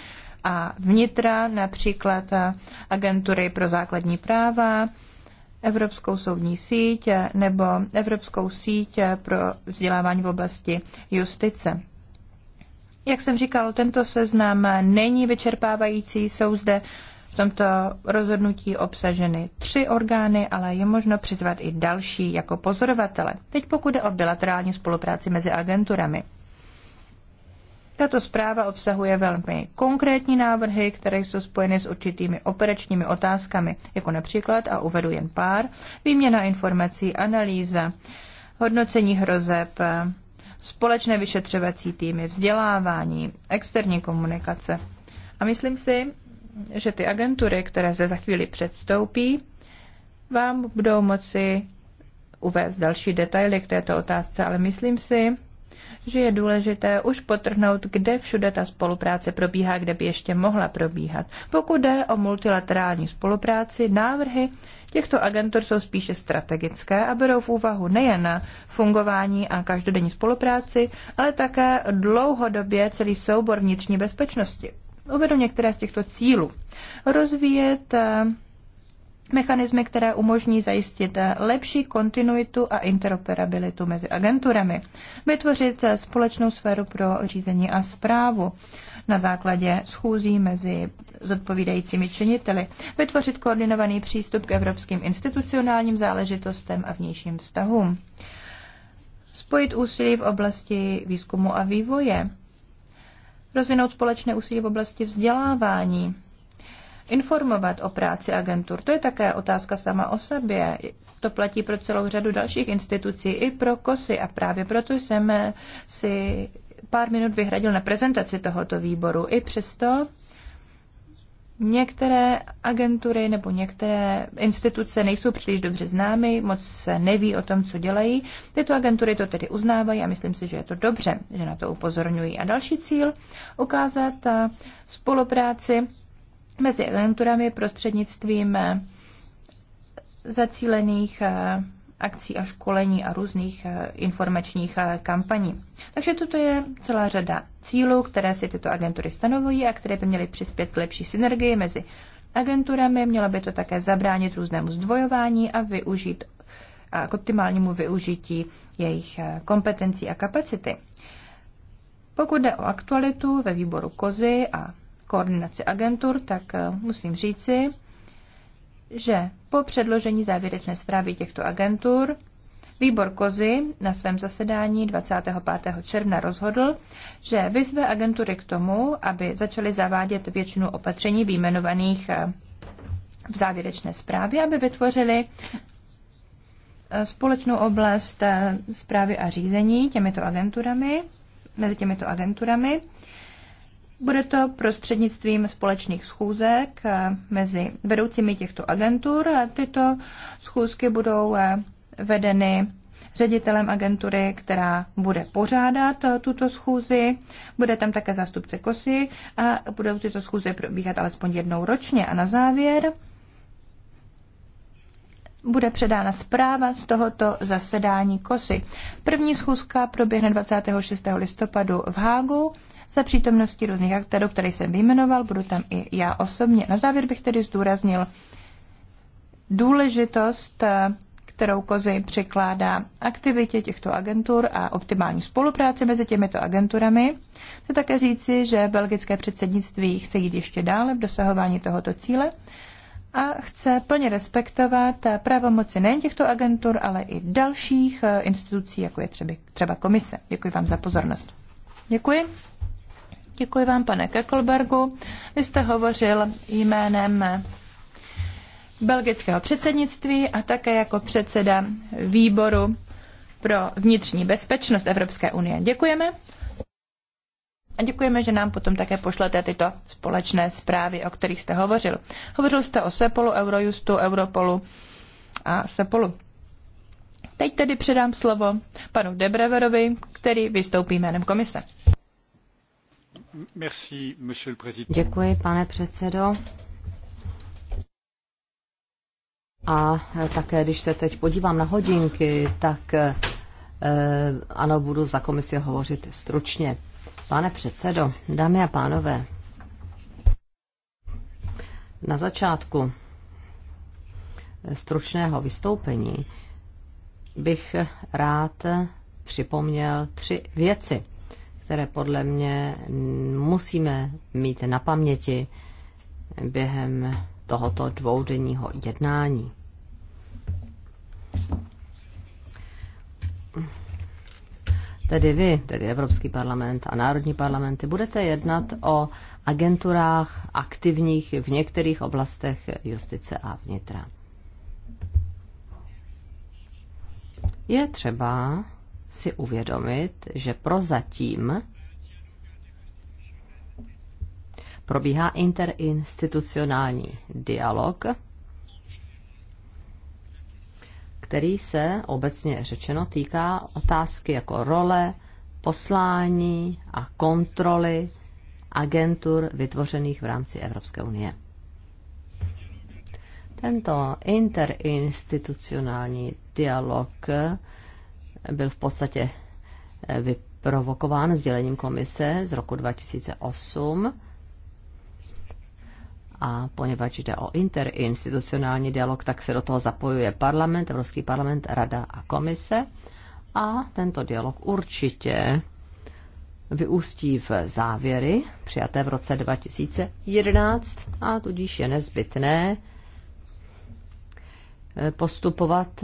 a vnitra, například agentury pro základní práva, Evropskou soudní síť nebo Evropskou síť pro vzdělávání v oblasti justice. Jak jsem říkal, tento seznam není vyčerpávající, jsou zde v tomto rozhodnutí obsaženy tři orgány, ale je možno přizvat i další jako pozorovatele. Teď pokud jde o bilaterální spolupráci mezi agenturami. Tato zpráva obsahuje velmi konkrétní návrhy, které jsou spojeny s určitými operačními otázkami, jako například, a uvedu jen pár, výměna informací, analýza, hodnocení hrozeb, společné vyšetřovací týmy, vzdělávání, externí komunikace. A myslím si, že ty agentury, které zde za chvíli předstoupí, vám budou moci uvést další detaily k této otázce, ale myslím si, že je důležité už potrhnout, kde všude ta spolupráce probíhá, kde by ještě mohla probíhat. Pokud jde o multilaterální spolupráci, návrhy těchto agentur jsou spíše strategické a berou v úvahu nejen na fungování a každodenní spolupráci, ale také dlouhodobě celý soubor vnitřní bezpečnosti. Uvedu některé z těchto cílů. Rozvíjet eh, mechanismy, které umožní zajistit eh, lepší kontinuitu a interoperabilitu mezi agenturami, vytvořit eh, společnou sféru pro řízení a zprávu na základě schůzí mezi zodpovídajícími činiteli, vytvořit koordinovaný přístup k evropským institucionálním záležitostem a vnějším vztahům, spojit úsilí v oblasti výzkumu a vývoje, rozvinout společné úsilí v oblasti vzdělávání, informovat o práci agentur. To je také otázka sama o sobě. To platí pro celou řadu dalších institucí, i pro KOSY a právě proto jsem si pár minut vyhradil na prezentaci tohoto výboru. I přesto Některé agentury nebo některé instituce nejsou příliš dobře známy, moc se neví o tom, co dělají. Tyto agentury to tedy uznávají a myslím si, že je to dobře, že na to upozorňují. A další cíl ukázat eh, spolupráci mezi agenturami prostřednictvím eh, zacílených eh, akcí a školení a různých eh, informačních eh, kampaní. Takže toto je celá řada cílů, které si tyto agentury stanovují a které by měly přispět k lepší synergii mezi agenturami. Mělo by to také zabránit různému zdvojování a využít a k optimálnímu využití jejich eh, kompetencí a kapacity. Pokud jde o aktualitu ve výboru kozy a koordinaci agentur, tak musím říci, že po předložení závěrečné zprávy těchto agentur výbor Kozy na svém zasedání 25. června rozhodl, že vyzve agentury k tomu, aby začaly zavádět většinu opatření výjmenovaných eh, v závěrečné zprávě, aby vytvořili eh, společnou oblast eh, zprávy a řízení těmito agenturami, mezi těmito agenturami bude to prostřednictvím společných schůzek eh, mezi vedoucími těchto agentur. Tyto schůzky budou eh, vedeny ředitelem agentury, která bude pořádat eh, tuto schůzi. Bude tam také zástupce KOSY a budou tyto schůze probíhat alespoň jednou ročně. A na závěr bude předána zpráva z tohoto zasedání KOSY. První schůzka proběhne 26. listopadu v Hágu za přítomnosti různých aktérů, které jsem vyjmenoval, budu tam i já osobně. Na závěr bych tedy zdůraznil důležitost eh, kterou Kozy překládá aktivitě těchto agentur a optimální spolupráci mezi těmito agenturami. Chci také říci, že belgické předsednictví chce jít ještě dále v dosahování tohoto cíle a chce plně respektovat pravomoci nejen těchto agentur, ale i dalších eh, institucí, jako je třeba komise. Děkuji vám za pozornost. Děkuji. Děkuji vám, pane Kekelbergu. Vy jste hovořil jménem belgického předsednictví a také jako předseda výboru pro vnitřní bezpečnost Evropské unie. Děkujeme. A děkujeme, že nám potom také pošlete tyto společné zprávy, o kterých jste hovořil. Hovořil jste o Sepolu, Eurojustu, Europolu a Sepolu. Teď tedy předám slovo panu Debreverovi, který vystoupí jménem komise. Děkuji, pane předsedo. A e, také, když se teď podívám na hodinky, tak e, ano, budu za komisi hovořit stručně. Pane předsedo, dámy a pánové, na začátku stručného vystoupení bych rád připomněl tři věci které podle mě musíme mít na paměti během tohoto dvoudenního jednání. Tedy vy, tedy Evropský parlament a národní parlamenty, budete jednat o agenturách aktivních v některých oblastech justice a vnitra. Je třeba si uvědomit, že prozatím probíhá interinstitucionální dialog, který se obecně řečeno týká otázky jako role, poslání a kontroly agentur vytvořených v rámci Evropské unie. Tento interinstitucionální dialog byl v podstatě eh, vyprovokován sdělením komise z roku 2008. A poněvadž jde o interinstitucionální dialog, tak se do toho zapojuje parlament, Evropský parlament, rada a komise. A tento dialog určitě vyústí v závěry přijaté v roce 2011 a tudíž je nezbytné eh, postupovat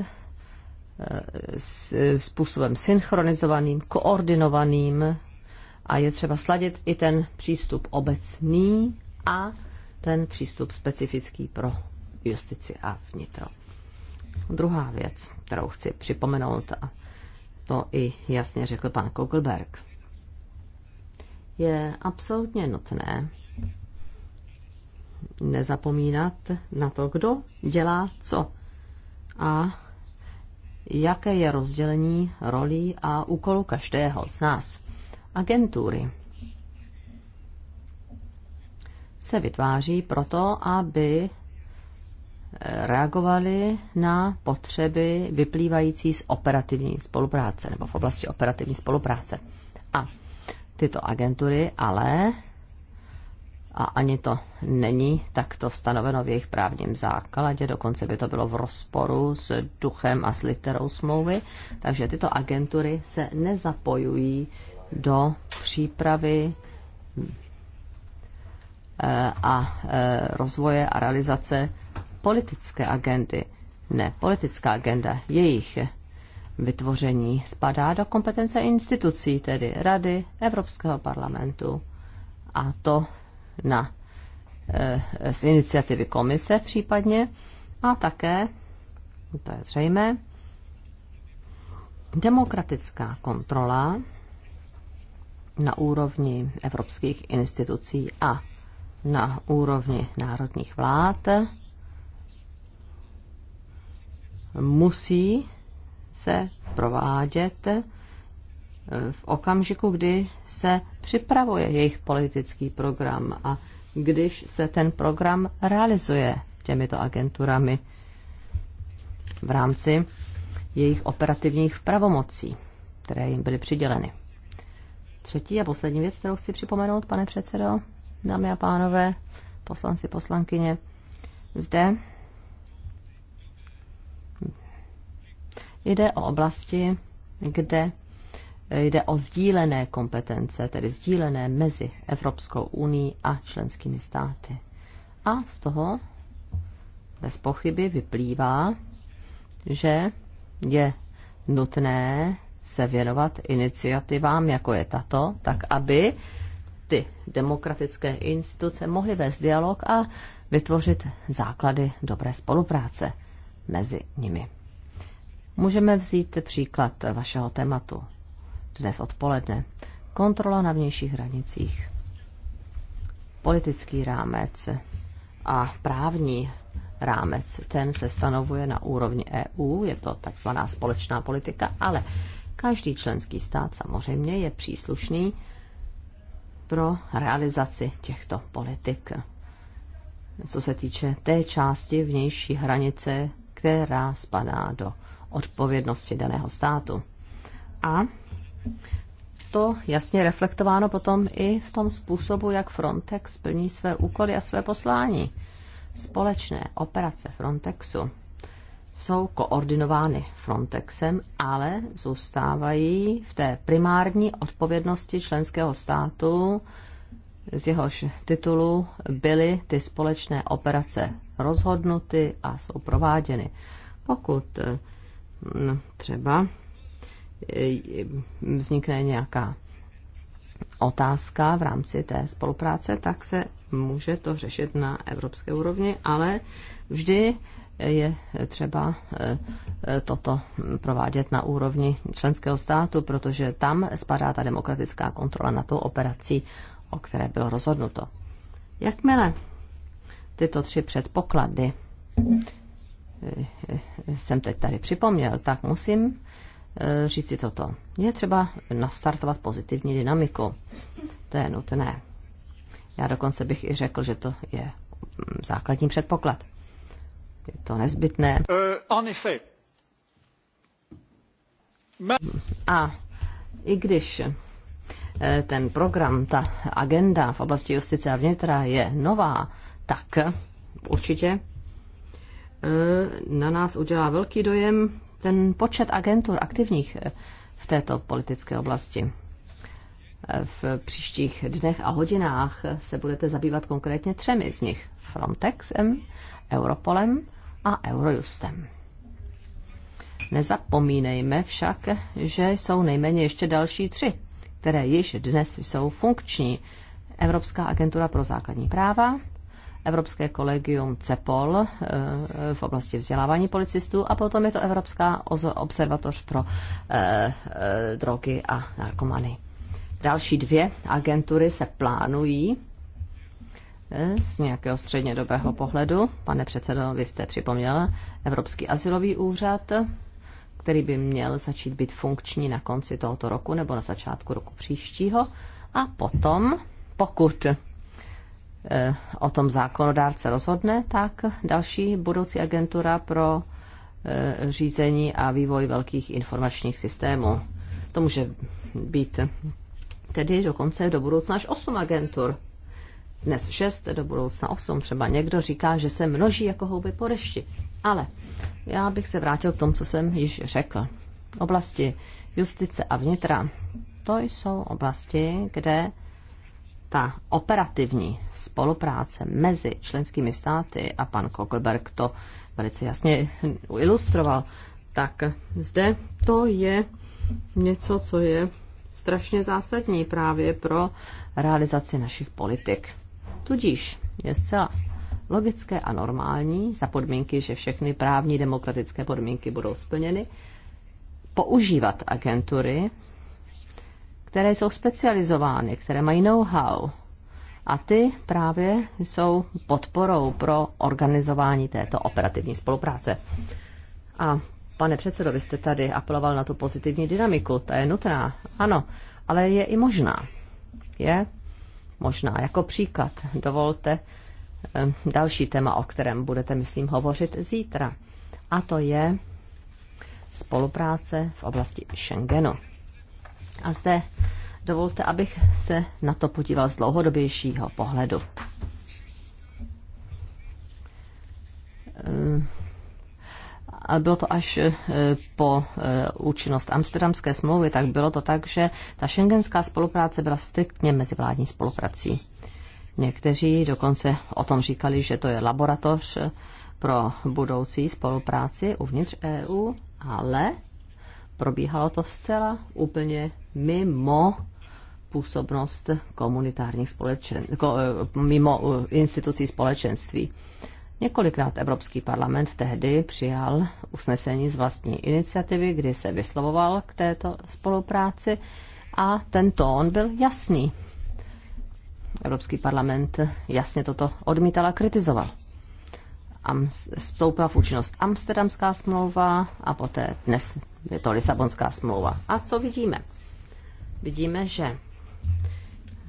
způsobem synchronizovaným, koordinovaným a je třeba sladit i ten přístup obecný a ten přístup specifický pro justici a vnitro. Druhá věc, kterou chci připomenout, a to i jasně řekl pan Kogelberg, je absolutně nutné nezapomínat na to, kdo dělá co. A jaké je rozdělení rolí a úkolu každého z nás. Agentury se vytváří proto, aby eh, reagovali na potřeby vyplývající z operativní spolupráce nebo v oblasti operativní spolupráce. A tyto agentury ale a ani to není takto stanoveno v jejich právním základě, dokonce by to bylo v rozporu s duchem a s literou smlouvy, takže tyto agentury se nezapojují do přípravy eh, a eh, rozvoje a realizace politické agendy. Ne, politická agenda jejich vytvoření spadá do kompetence institucí, tedy Rady Evropského parlamentu. A to na, eh, z iniciativy komise případně a také, to je zřejmé, demokratická kontrola na úrovni evropských institucí a na úrovni národních vlád musí se provádět v okamžiku, kdy se připravuje jejich politický program a když se ten program realizuje těmito agenturami v rámci jejich operativních pravomocí, které jim byly přiděleny. Třetí a poslední věc, kterou chci připomenout, pane předsedo, dámy a pánové, poslanci, poslankyně, zde jde o oblasti, kde jde o sdílené kompetence, tedy sdílené mezi Evropskou unii a členskými státy. A z toho bez pochyby vyplývá, že je nutné se věnovat iniciativám, jako je tato, tak aby ty demokratické instituce mohly vést dialog a vytvořit základy dobré spolupráce mezi nimi. Můžeme vzít příklad vašeho tématu dnes odpoledne. Kontrola na vnějších hranicích, politický rámec a právní rámec, ten se stanovuje na úrovni EU, je to takzvaná společná politika, ale každý členský stát samozřejmě je příslušný pro realizaci těchto politik. Co se týče té části vnější hranice, která spadá do odpovědnosti daného státu. A to jasně reflektováno potom i v tom způsobu, jak Frontex plní své úkoly a své poslání. Společné operace Frontexu jsou koordinovány Frontexem, ale zůstávají v té primární odpovědnosti členského státu, z jehož titulu byly ty společné operace rozhodnuty a jsou prováděny. Pokud hm, třeba E, e, vznikne nějaká otázka v rámci té spolupráce, tak se může to řešit na evropské úrovni, ale vždy je třeba e, toto provádět na úrovni členského státu, protože tam spadá ta demokratická kontrola na tou operací, o které bylo rozhodnuto. Jakmile tyto tři předpoklady jsem teď tady připomněl, tak musím Eh, říci toto. Je třeba nastartovat pozitivní dynamiku. To je nutné. Já dokonce bych i řekl, že to je mm, základní předpoklad. Je to nezbytné. Eh, a i když eh, ten program, ta agenda v oblasti justice a vnitra je nová, tak určitě na nás udělá velký dojem ten počet agentur aktivních eh, v této politické oblasti. Eh, v příštích dnech a hodinách eh, se budete zabývat konkrétně třemi z nich. Frontexem, Europolem a Eurojustem. Nezapomínejme však, že jsou nejméně ještě další tři, které již dnes jsou funkční. Evropská agentura pro základní práva, Evropské kolegium CEPOL eh, v oblasti vzdělávání policistů a potom je to Evropská observatoř pro eh, eh, drogy a narkomany. Další dvě agentury se plánují z nějakého střednědobého pohledu. Pane předsedo, vy jste připomněl Evropský asilový úřad, který by měl začít být funkční na konci tohoto roku nebo na začátku roku příštího. A potom, pokud Eh, o tom zákonodárce rozhodne, tak další budoucí agentura pro eh, řízení a vývoj velkých informačních systémů. To může být tedy dokonce do budoucna až 8 agentur. Dnes 6, do budoucna 8. Třeba někdo říká, že se množí jako houby po dešti. Ale já bych se vrátil k tomu, co jsem již řekl. Oblasti justice a vnitra, to jsou oblasti, kde ta operativní spolupráce mezi členskými státy, a pan Kokelberg to velice jasně ilustroval, tak zde to je něco, co je strašně zásadní právě pro realizaci našich politik. Tudíž je zcela logické a normální, za podmínky, že všechny právní demokratické podmínky budou splněny, používat agentury které jsou specializovány, které mají know-how. A ty právě jsou podporou pro organizování této operativní spolupráce. A pane předsedo, vy jste tady apeloval na tu pozitivní dynamiku, ta je nutná, ano, ale je i možná. Je možná. Jako příklad, dovolte eh, další téma, o kterém budete, myslím, hovořit zítra. A to je spolupráce v oblasti Schengenu. A zde dovolte, abych se na to podíval z dlouhodobějšího pohledu. Eh, a bylo to až eh, po eh, účinnost Amsterdamské smlouvy, tak bylo to tak, že ta šengenská spolupráce byla striktně mezivládní spoluprací. Někteří dokonce o tom říkali, že to je laboratoř pro budoucí spolupráci uvnitř EU, ale probíhalo to zcela úplně mimo působnost komunitárních společen, eh, mimo eh, institucí společenství. Několikrát Evropský parlament tehdy přijal usnesení z vlastní iniciativy, kdy se vyslovoval k této spolupráci a ten tón byl jasný. Evropský parlament jasně toto odmítal a kritizoval. Vstoupila v účinnost Amsterdamská smlouva a poté dnes je to Lisabonská smlouva. A co vidíme? vidíme, že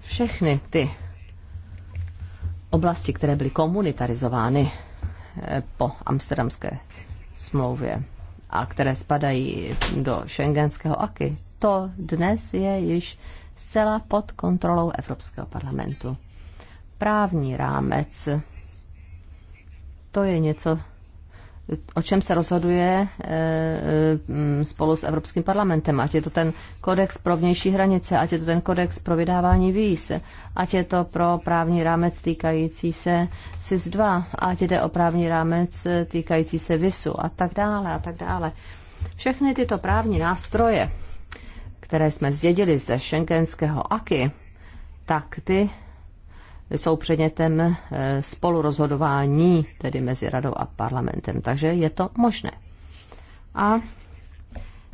všechny ty oblasti, které byly komunitarizovány eh, po amsterdamské smlouvě a které spadají do šengenského aky, to dnes je již zcela pod kontrolou Evropského parlamentu. Právní rámec, to je něco, o čem se rozhoduje e, e, spolu s Evropským parlamentem. Ať je to ten kodex pro vnější hranice, ať je to ten kodex pro vydávání víz, ať je to pro právní rámec týkající se SIS-2, ať jde o právní rámec e, týkající se VISu a tak dále a tak dále. Všechny tyto právní nástroje, které jsme zdědili ze šengenského AKY, tak ty jsou předmětem eh, spolurozhodování, tedy mezi radou a parlamentem. Takže je to možné. A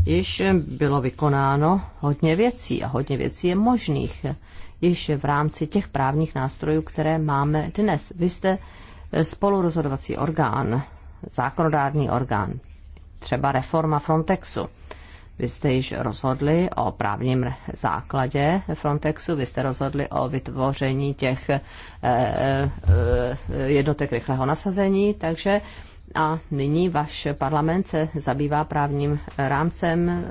již bylo vykonáno hodně věcí a hodně věcí je možných již v rámci těch právních nástrojů, které máme dnes. Vy jste eh, spolurozhodovací orgán, zákonodární orgán, třeba reforma Frontexu. Vy jste již rozhodli o právním základě Frontexu, vy jste rozhodli o vytvoření těch eh, eh, jednotek rychlého nasazení, takže a nyní váš parlament se zabývá právním rámcem, eh,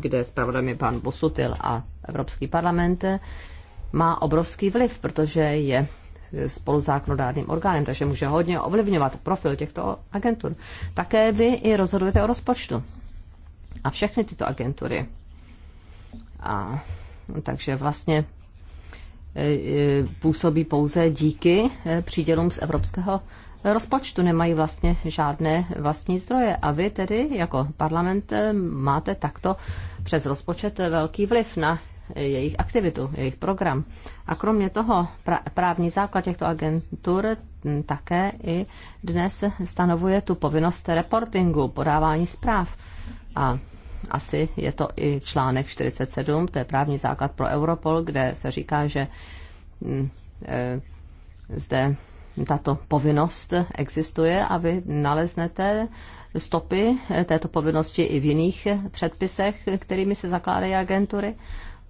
kde zpravodajem je pan Bosutil a Evropský parlament má obrovský vliv, protože je spoluzákonodárným orgánem, takže může hodně ovlivňovat profil těchto agentur. Také vy i rozhodujete o rozpočtu a všechny tyto agentury. A, takže vlastně e, e, působí pouze díky e, přídělům z evropského rozpočtu, nemají vlastně žádné vlastní zdroje. A vy tedy jako parlament máte takto přes rozpočet velký vliv na jejich aktivitu, jejich program. A kromě toho právní základ těchto agentur také i dnes stanovuje tu povinnost reportingu, podávání zpráv a asi je to i článek 47, to je právní základ pro Europol, kde se říká, že mm, e, zde tato povinnost existuje a vy naleznete stopy této povinnosti i v jiných předpisech, kterými se zakládají agentury.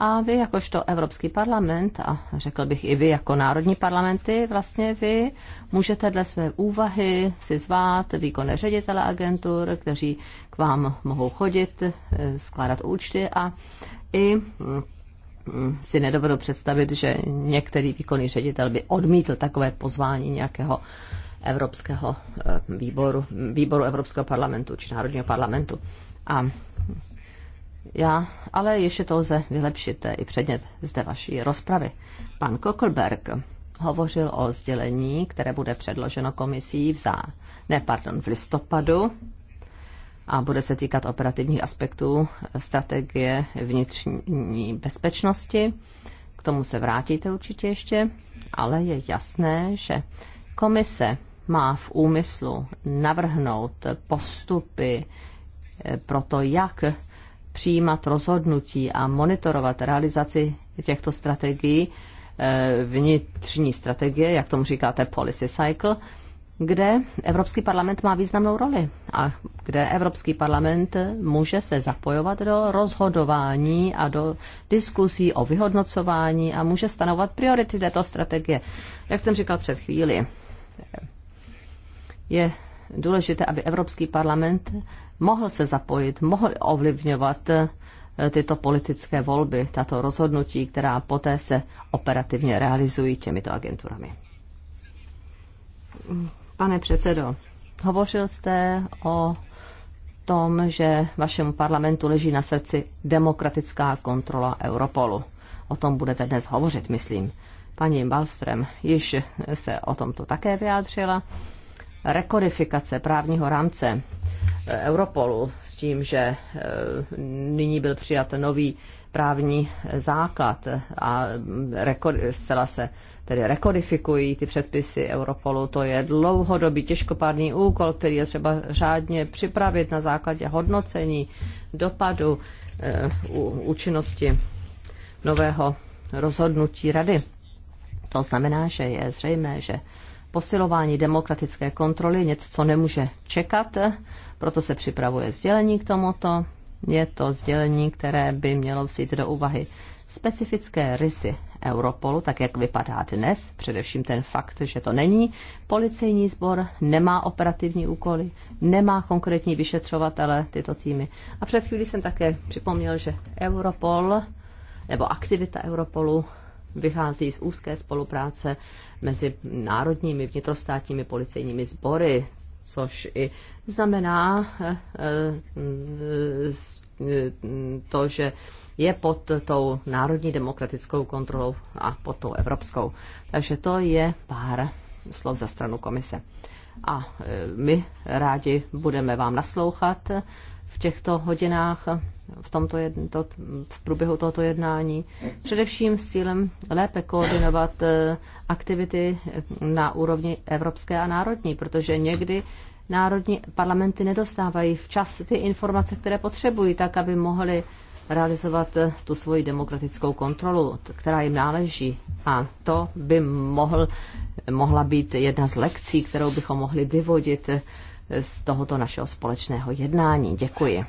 A vy jakožto Evropský parlament, a řekl bych i vy jako národní parlamenty, vlastně vy můžete dle své úvahy si zvát výkonné ředitele agentur, kteří k vám mohou chodit, eh, skládat účty a i mm, si nedovedu představit, že některý výkonný ředitel by odmítl takové pozvání nějakého evropského eh, výboru, výboru Evropského parlamentu či Národního parlamentu. A já, ale ještě to lze vylepšit, i předmět zde vaší rozpravy. Pan Kokelberg hovořil o sdělení, které bude předloženo komisí v zá... ne, pardon, v listopadu a bude se týkat operativních aspektů strategie vnitřní bezpečnosti. K tomu se vrátíte určitě ještě, ale je jasné, že komise má v úmyslu navrhnout postupy pro to, jak přijímat rozhodnutí a monitorovat realizaci těchto strategií, eh, vnitřní strategie, jak tomu říkáte, policy cycle, kde Evropský parlament má významnou roli a kde Evropský parlament může se zapojovat do rozhodování a do diskusí o vyhodnocování a může stanovat priority této strategie. Jak jsem říkal před chvíli, je důležité, aby Evropský parlament mohl se zapojit, mohl ovlivňovat eh, tyto politické volby, tato rozhodnutí, která poté se operativně realizují těmito agenturami. Pane předsedo, hovořil jste o tom, že vašemu parlamentu leží na srdci demokratická kontrola Europolu. O tom budete dnes hovořit, myslím. Paní Balstrem již se o tomto také vyjádřila rekodifikace právního rámce eh, Europolu s tím, že eh, nyní byl přijat nový právní eh, základ a mm, rekod, zcela se tedy rekodifikují ty předpisy Europolu. To je dlouhodobý těžkopádný úkol, který je třeba řádně připravit na základě hodnocení dopadu účinnosti nového rozhodnutí rady. To znamená, že je zřejmé, že posilování demokratické kontroly je něco, co nemůže čekat, proto se připravuje sdělení k tomuto. Je to sdělení, které by mělo vzít do úvahy specifické rysy Europolu, tak jak vypadá dnes, především ten fakt, že to není policejní sbor, nemá operativní úkoly, nemá konkrétní vyšetřovatele tyto týmy. A před chvílí jsem také připomněl, že Europol nebo aktivita Europolu vychází z úzké spolupráce mezi národními vnitrostátními policejními sbory, což i znamená eh, eh, to, že je pod tou národní demokratickou kontrolou a pod tou evropskou. Takže to je pár slov za stranu komise. A eh, my rádi budeme vám naslouchat v těchto hodinách, v, tomto jedn, to, v průběhu tohoto jednání. Především s cílem lépe koordinovat eh, aktivity eh, na úrovni evropské a národní, protože někdy národní parlamenty nedostávají včas ty informace, které potřebují, tak aby mohly realizovat eh, tu svoji demokratickou kontrolu, která jim náleží. A to by mohl, mohla být jedna z lekcí, kterou bychom mohli vyvodit z tohoto našeho společného jednání. Děkuji.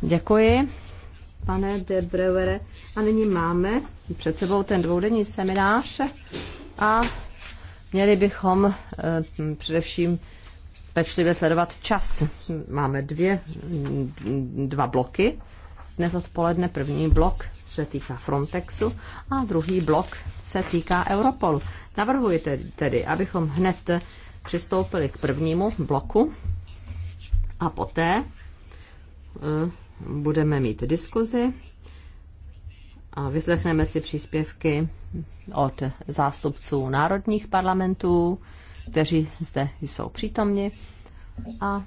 Děkuji, pane de Breuere. A nyní máme před sebou ten dvoudenní seminář a měli bychom eh, především pečlivě sledovat čas. Máme dvě, dva bloky. Dnes odpoledne první blok se týká Frontexu a druhý blok se týká Europolu. Navrhuji tedy, abychom hned přistoupili k prvnímu bloku a poté eh, budeme mít diskuzi a vyslechneme si příspěvky od zástupců národních parlamentů, kteří zde jsou přítomni a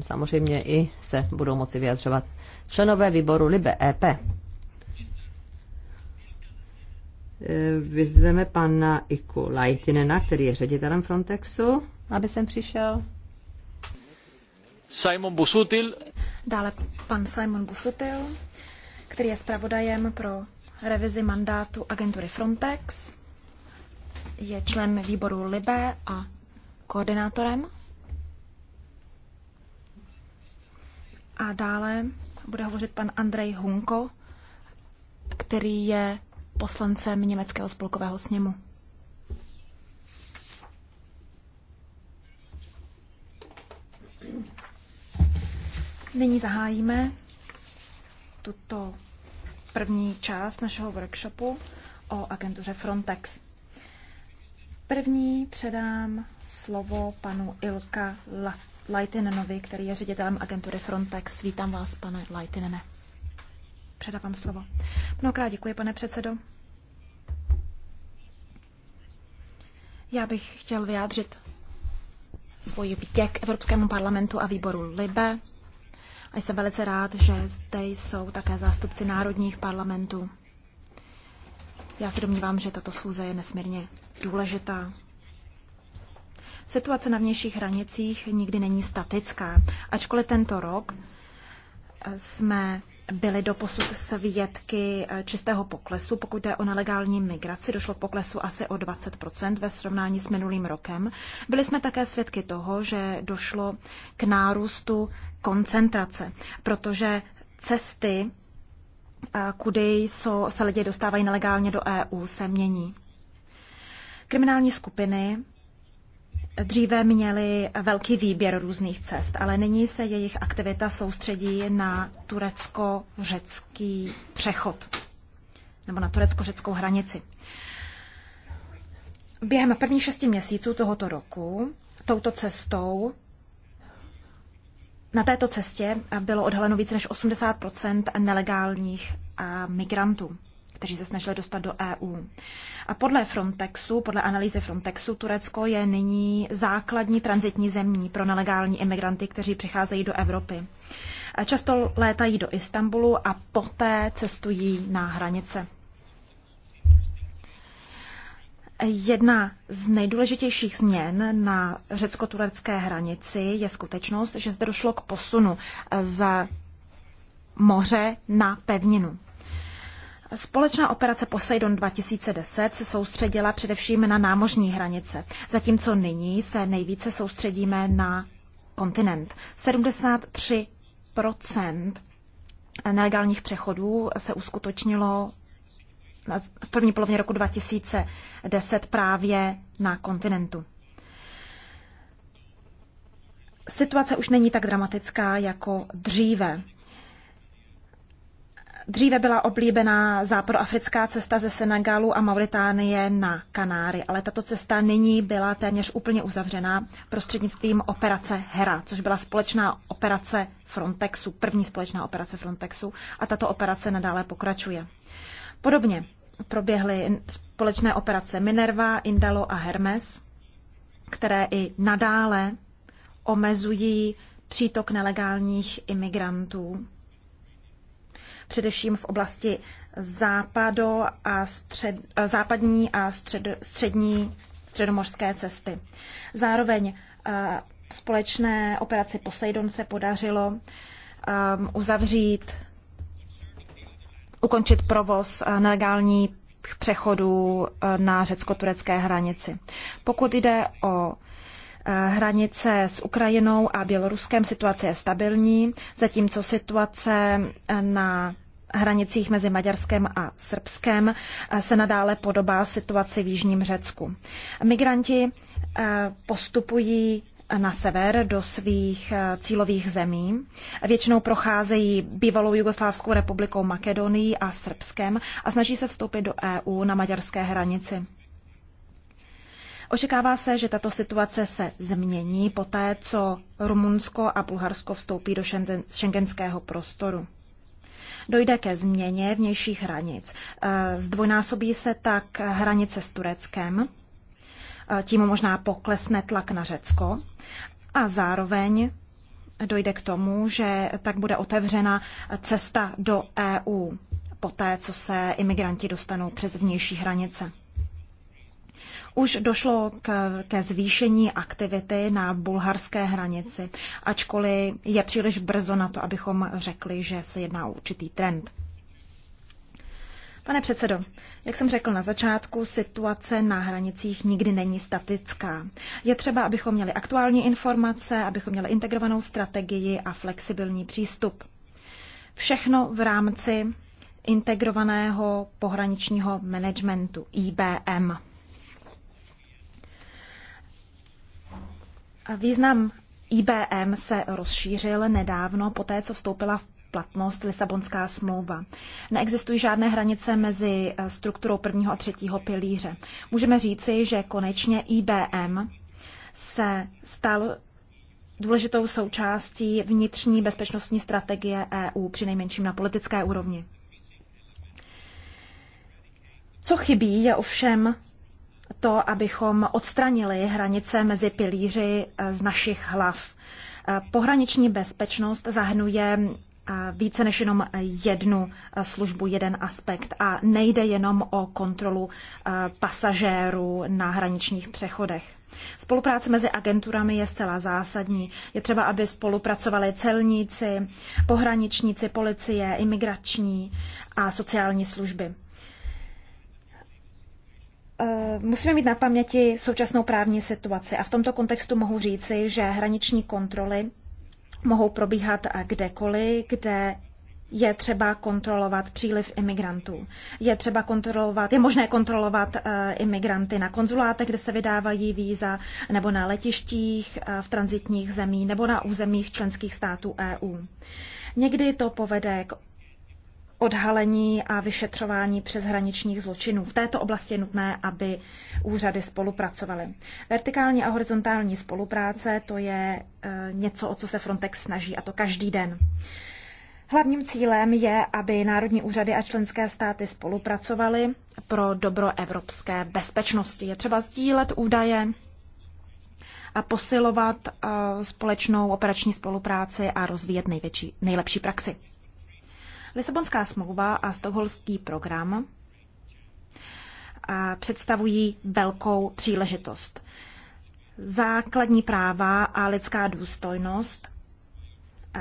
samozřejmě i se budou moci vyjadřovat členové výboru Libe EP. Eh, vyzveme pana Iku Lajtinena, který je ředitelem Frontexu, aby sem přišel. Simon Busutil. Dále pan Simon Busutil, který je zpravodajem pro revizi mandátu agentury Frontex, je člen výboru LIBE a koordinátorem. A dále bude hovořit pan Andrej Hunko, který je poslancem Německého spolkového sněmu. Nyní zahájíme tuto první část našeho workshopu o agentuře Frontex. První předám slovo panu Ilka Leitinenovi, který je ředitelem agentury Frontex. Vítám vás, pane Leitinene. Předávám slovo. Mnohokrát děkuji, pane předsedo. Já bych chtěl vyjádřit svůj vděk Evropskému parlamentu a výboru LIBE. A jsem velice rád, že zde jsou také zástupci národních parlamentů. Já se domnívám, že tato schůze je nesmírně důležitá. Situace na vnějších hranicích nikdy není statická, ačkoliv tento rok jsme byly doposud svědky eh, čistého poklesu. Pokud jde o nelegální migraci, došlo k poklesu asi o 20 ve srovnání s minulým rokem. Byli jsme také svědky toho, že došlo k nárůstu koncentrace, protože cesty, eh, kudy jsou, se lidé dostávají nelegálně do EU, se mění. Kriminální skupiny dříve měli velký výběr různých cest, ale nyní se jejich aktivita soustředí na turecko-řecký přechod nebo na turecko-řeckou hranici. Během prvních šesti měsíců tohoto roku touto cestou na této cestě bylo odhaleno více než 80 nelegálních migrantů kteří se snažili dostat do EU. A podle Frontexu, podle analýzy Frontexu, Turecko je nyní základní transitní zemí pro nelegální imigranty, kteří přicházejí do Evropy. A často létají do Istanbulu a poté cestují na hranice. Jedna z nejdůležitějších změn na řecko-turecké hranici je skutečnost, že zde došlo k posunu z moře na pevninu. Společná operace Poseidon 2010 se soustředila především na námořní hranice, zatímco nyní se nejvíce soustředíme na kontinent. 73 nelegálních přechodů se uskutočnilo v první polovině roku 2010 právě na kontinentu. Situace už není tak dramatická jako dříve. Dříve byla oblíbená západoafrická cesta ze Senegalu a Mauritánie na Kanáry, ale tato cesta nyní byla téměř úplně uzavřená prostřednictvím operace Hera, což byla společná operace Frontexu, první společná operace Frontexu a tato operace nadále pokračuje. Podobně proběhly společné operace Minerva, Indalo a Hermes, které i nadále omezují přítok nelegálních imigrantů především v oblasti západo a střed, eh, západní a střed, střední středomořské cesty. Zároveň eh, společné operaci Poseidon se podařilo eh, uzavřít, ukončit provoz nelegální přechodů na řecko-turecké hranici. Pokud jde o Eh, hranice s Ukrajinou a Běloruskem situace je stabilní, zatímco situace eh, na hranicích mezi Maďarskem a Srbskem eh, se nadále podobá situaci v Jižním Řecku. Migranti postupují na sever do svých cílových zemí. Většinou procházejí bývalou Jugoslávskou republikou Makedonii a Srbskem a snaží se vstoupit do EU na maďarské hranici. Očekává se, že tato situace se změní poté, co Rumunsko a Bulharsko vstoupí do šengenského prostoru. Dojde ke změně vnějších hranic. E, zdvojnásobí se tak hranice s Tureckem, e, tím možná poklesne tlak na Řecko a zároveň dojde k tomu, že tak bude otevřena cesta do EU poté, co se imigranti dostanou přes vnější hranice. Už došlo k, ke zvýšení aktivity na bulharské hranici, ačkoliv je příliš brzo na to, abychom řekli, že se jedná o určitý trend. Pane předsedo, jak jsem řekl na začátku, situace na hranicích nikdy není statická. Je třeba, abychom měli aktuální informace, abychom měli integrovanou strategii a flexibilní přístup. Všechno v rámci integrovaného pohraničního managementu IBM. Význam IBM se rozšířil nedávno po té, co vstoupila v platnost Lisabonská smlouva. Neexistují žádné hranice mezi eh, strukturou prvního a třetího pilíře. Můžeme říci, že konečně IBM se stal důležitou součástí vnitřní bezpečnostní strategie EU, při nejmenším na politické úrovni. Co chybí, je ovšem to, abychom odstranili hranice mezi pilíři eh, z našich hlav. Eh, pohraniční bezpečnost zahrnuje eh, více než jenom jednu službu, jeden aspekt a nejde jenom o kontrolu pasažérů na hraničních přechodech. Spolupráce mezi agenturami je zcela zásadní. Je třeba, aby spolupracovali celníci, pohraničníci, policie, imigrační a sociální služby. Eh, musíme mít na paměti současnou právní situaci a v tomto kontextu mohu říci, že hraniční kontroly mohou probíhat kdekoliv, kde je třeba kontrolovat příliv imigrantů. Je třeba kontrolovat, je možné kontrolovat eh, imigranty na konzulátech, kde se vydávají víza, nebo na letištích eh, v transitních zemích nebo na územích členských států EU. Někdy to povede k odhalení a vyšetřování přeshraničních zločinů. V této oblasti je nutné, aby úřady spolupracovaly. Vertikální a horizontální spolupráce to je e, něco, o co se Frontex snaží, a to každý den. Hlavním cílem je, aby národní úřady a členské státy spolupracovaly pro dobro evropské bezpečnosti. Je třeba sdílet údaje a posilovat e, společnou operační spolupráci a rozvíjet největší, nejlepší praxi. Lisabonská smlouva a stokholmský program představují velkou příležitost. Základní práva a lidská důstojnost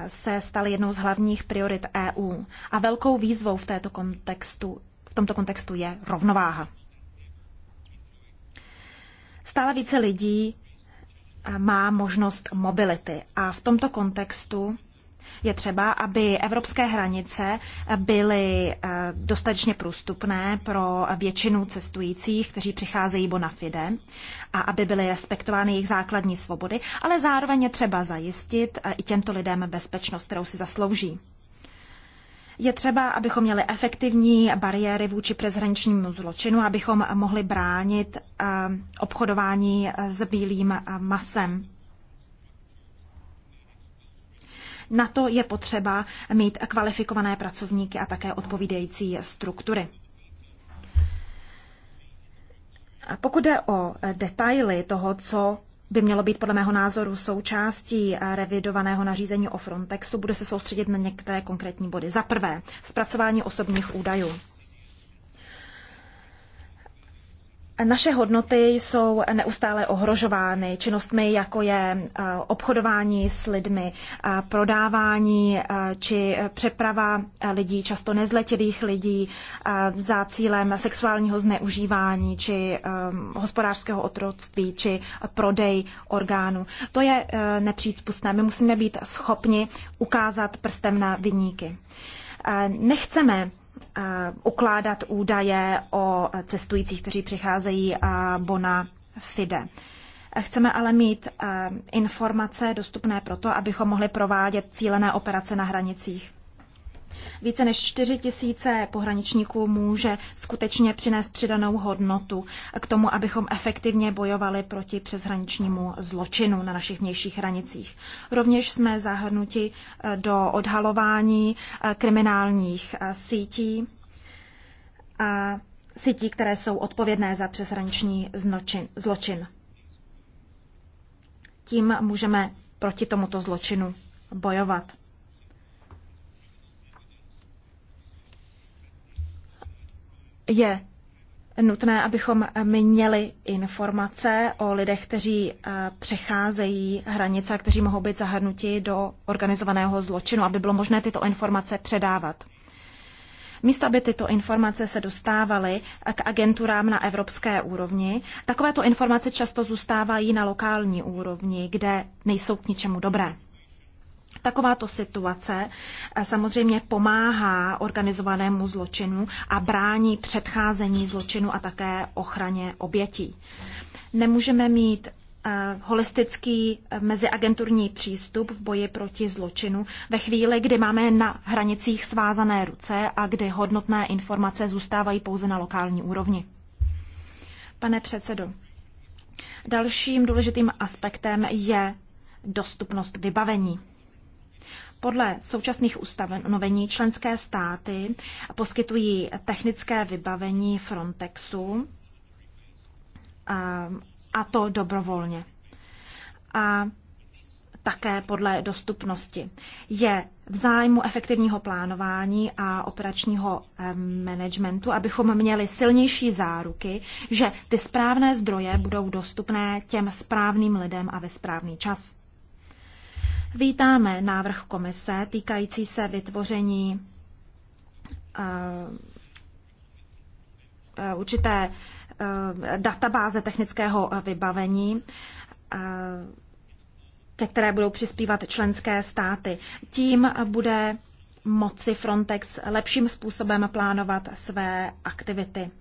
se staly jednou z hlavních priorit EU a velkou výzvou v, této kontextu, v tomto kontextu je rovnováha. Stále více lidí má možnost mobility a v tomto kontextu je třeba, aby evropské hranice byly eh, dostatečně průstupné pro většinu cestujících, kteří přicházejí bona fide, a aby byly respektovány jejich základní svobody, ale zároveň je třeba zajistit eh, i těmto lidem bezpečnost, kterou si zaslouží. Je třeba, abychom měli efektivní bariéry vůči přeshraničnímu zločinu, abychom mohli bránit eh, obchodování s bílým masem. Na to je potřeba mít kvalifikované pracovníky a také odpovídající struktury. A pokud jde o detaily toho, co by mělo být podle mého názoru součástí revidovaného nařízení o Frontexu, bude se soustředit na některé konkrétní body. Za prvé, zpracování osobních údajů. Naše hodnoty jsou neustále ohrožovány činnostmi, jako je eh, obchodování s lidmi, eh, prodávání eh, či přeprava lidí, často nezletilých lidí, za cílem sexuálního zneužívání či hospodářského otroctví či prodej orgánů. To je nepřípustné. My musíme být schopni ukázat prstem na vyníky. Nechceme ukládat údaje o cestujících, kteří přicházejí bona fide. Chceme ale mít informace dostupné proto, abychom mohli provádět cílené operace na hranicích. Více než 4 tisíce pohraničníků může skutečně přinést přidanou hodnotu k tomu, abychom efektivně bojovali proti přeshraničnímu zločinu na našich vnějších hranicích. Rovněž jsme zahrnuti e, do odhalování e, kriminálních e, sítí a sítí, které jsou odpovědné za přeshraniční zločin. Tím můžeme proti tomuto zločinu bojovat. je nutné, abychom měli informace o lidech, kteří eh, přecházejí hranice, kteří mohou být zahrnuti do organizovaného zločinu, aby bylo možné tyto informace předávat. Místo, aby tyto informace se dostávaly k agenturám na evropské úrovni, takovéto informace často zůstávají na lokální úrovni, kde nejsou k ničemu dobré. Takováto situace eh, samozřejmě pomáhá organizovanému zločinu a brání předcházení zločinu a také ochraně obětí. Nemůžeme mít eh, holistický eh, meziagenturní přístup v boji proti zločinu ve chvíli, kdy máme na hranicích svázané ruce a kdy hodnotné informace zůstávají pouze na lokální úrovni. Pane předsedo, dalším důležitým aspektem je dostupnost vybavení. Podle současných ustanovení členské státy poskytují technické vybavení Frontexu eh, a to dobrovolně. A také podle dostupnosti. Je v zájmu efektivního plánování a operačního eh, managementu, abychom měli silnější záruky, že ty správné zdroje budou dostupné těm správným lidem a ve správný čas. Vítáme návrh komise týkající se vytvoření eh, určité eh, databáze technického vybavení, eh, ke které budou přispívat členské státy. Tím bude moci Frontex lepším způsobem plánovat své aktivity.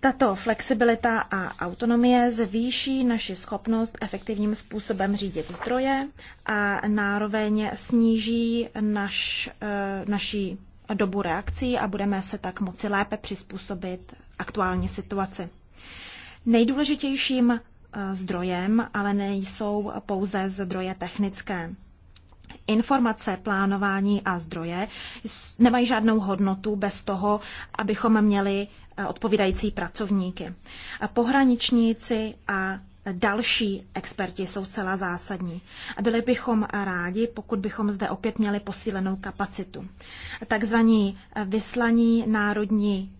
Tato flexibilita a autonomie zvýší naši schopnost efektivním způsobem řídit zdroje a nároveň sníží naš, eh, naší dobu reakcí a budeme se tak moci lépe přizpůsobit aktuální situaci. Nejdůležitějším eh, zdrojem ale nejsou pouze zdroje technické. Informace, plánování a zdroje nemají žádnou hodnotu bez toho, abychom měli odpovídající pracovníky. Pohraničníci a další experti jsou zcela zásadní. Byli bychom rádi, pokud bychom zde opět měli posílenou kapacitu. Takzvaní vyslaní národní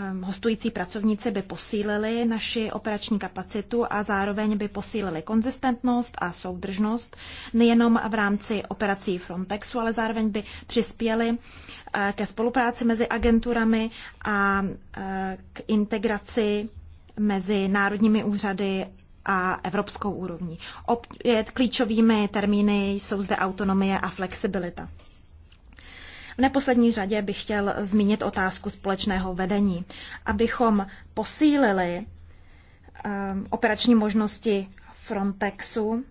Ehm, hostující pracovníci by posílili naši operační kapacitu a zároveň by posílili konzistentnost a soudržnost nejenom v rámci operací Frontexu, ale zároveň by přispěli eh, ke spolupráci mezi agenturami a eh, k integraci mezi národními úřady a evropskou úrovní. Opět klíčovými termíny jsou zde autonomie a flexibilita neposlední řadě bych chtěl zmínit otázku společného vedení. Abychom posílili ehm, operační možnosti Frontexu,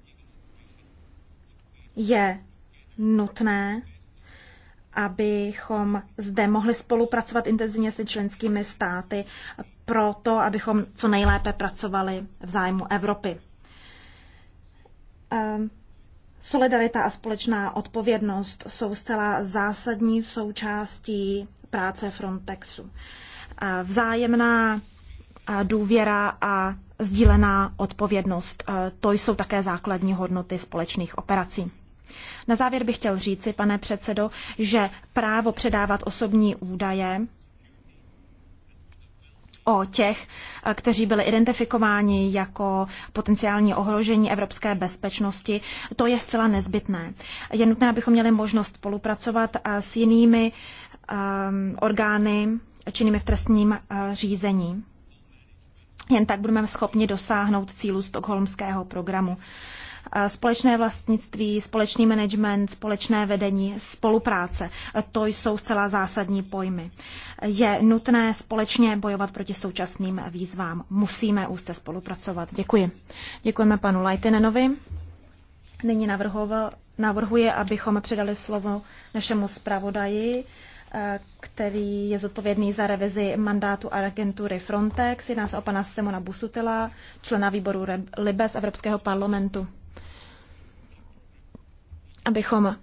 je nutné, abychom zde mohli spolupracovat intenzivně se členskými státy proto, abychom co nejlépe pracovali v zájmu Evropy. Ehm, Solidarita a společná odpovědnost jsou zcela zásadní součástí práce Frontexu. Vzájemná důvěra a sdílená odpovědnost, to jsou také základní hodnoty společných operací. Na závěr bych chtěl říci, pane předsedo, že právo předávat osobní údaje o těch, eh, kteří byli identifikováni jako potenciální ohrožení evropské bezpečnosti. To je zcela nezbytné. Je nutné, abychom měli možnost spolupracovat eh, s jinými ehm, orgány činnými v trestním eh, řízení. Jen tak budeme schopni dosáhnout cílu stokholmského programu. Eh, společné vlastnictví, společný management, společné vedení, spolupráce. Eh, to jsou zcela zásadní pojmy. Je nutné společně bojovat proti současným výzvám. Musíme úzce spolupracovat. Děkuji. Děkujeme panu Leitinenovi. Nyní navrhoval, navrhuje, abychom předali slovo našemu zpravodaji, eh, který je zodpovědný za revizi mandátu agentury Frontex. Jedná se o pana Semona Busutila, člena výboru Libes Evropského parlamentu abychom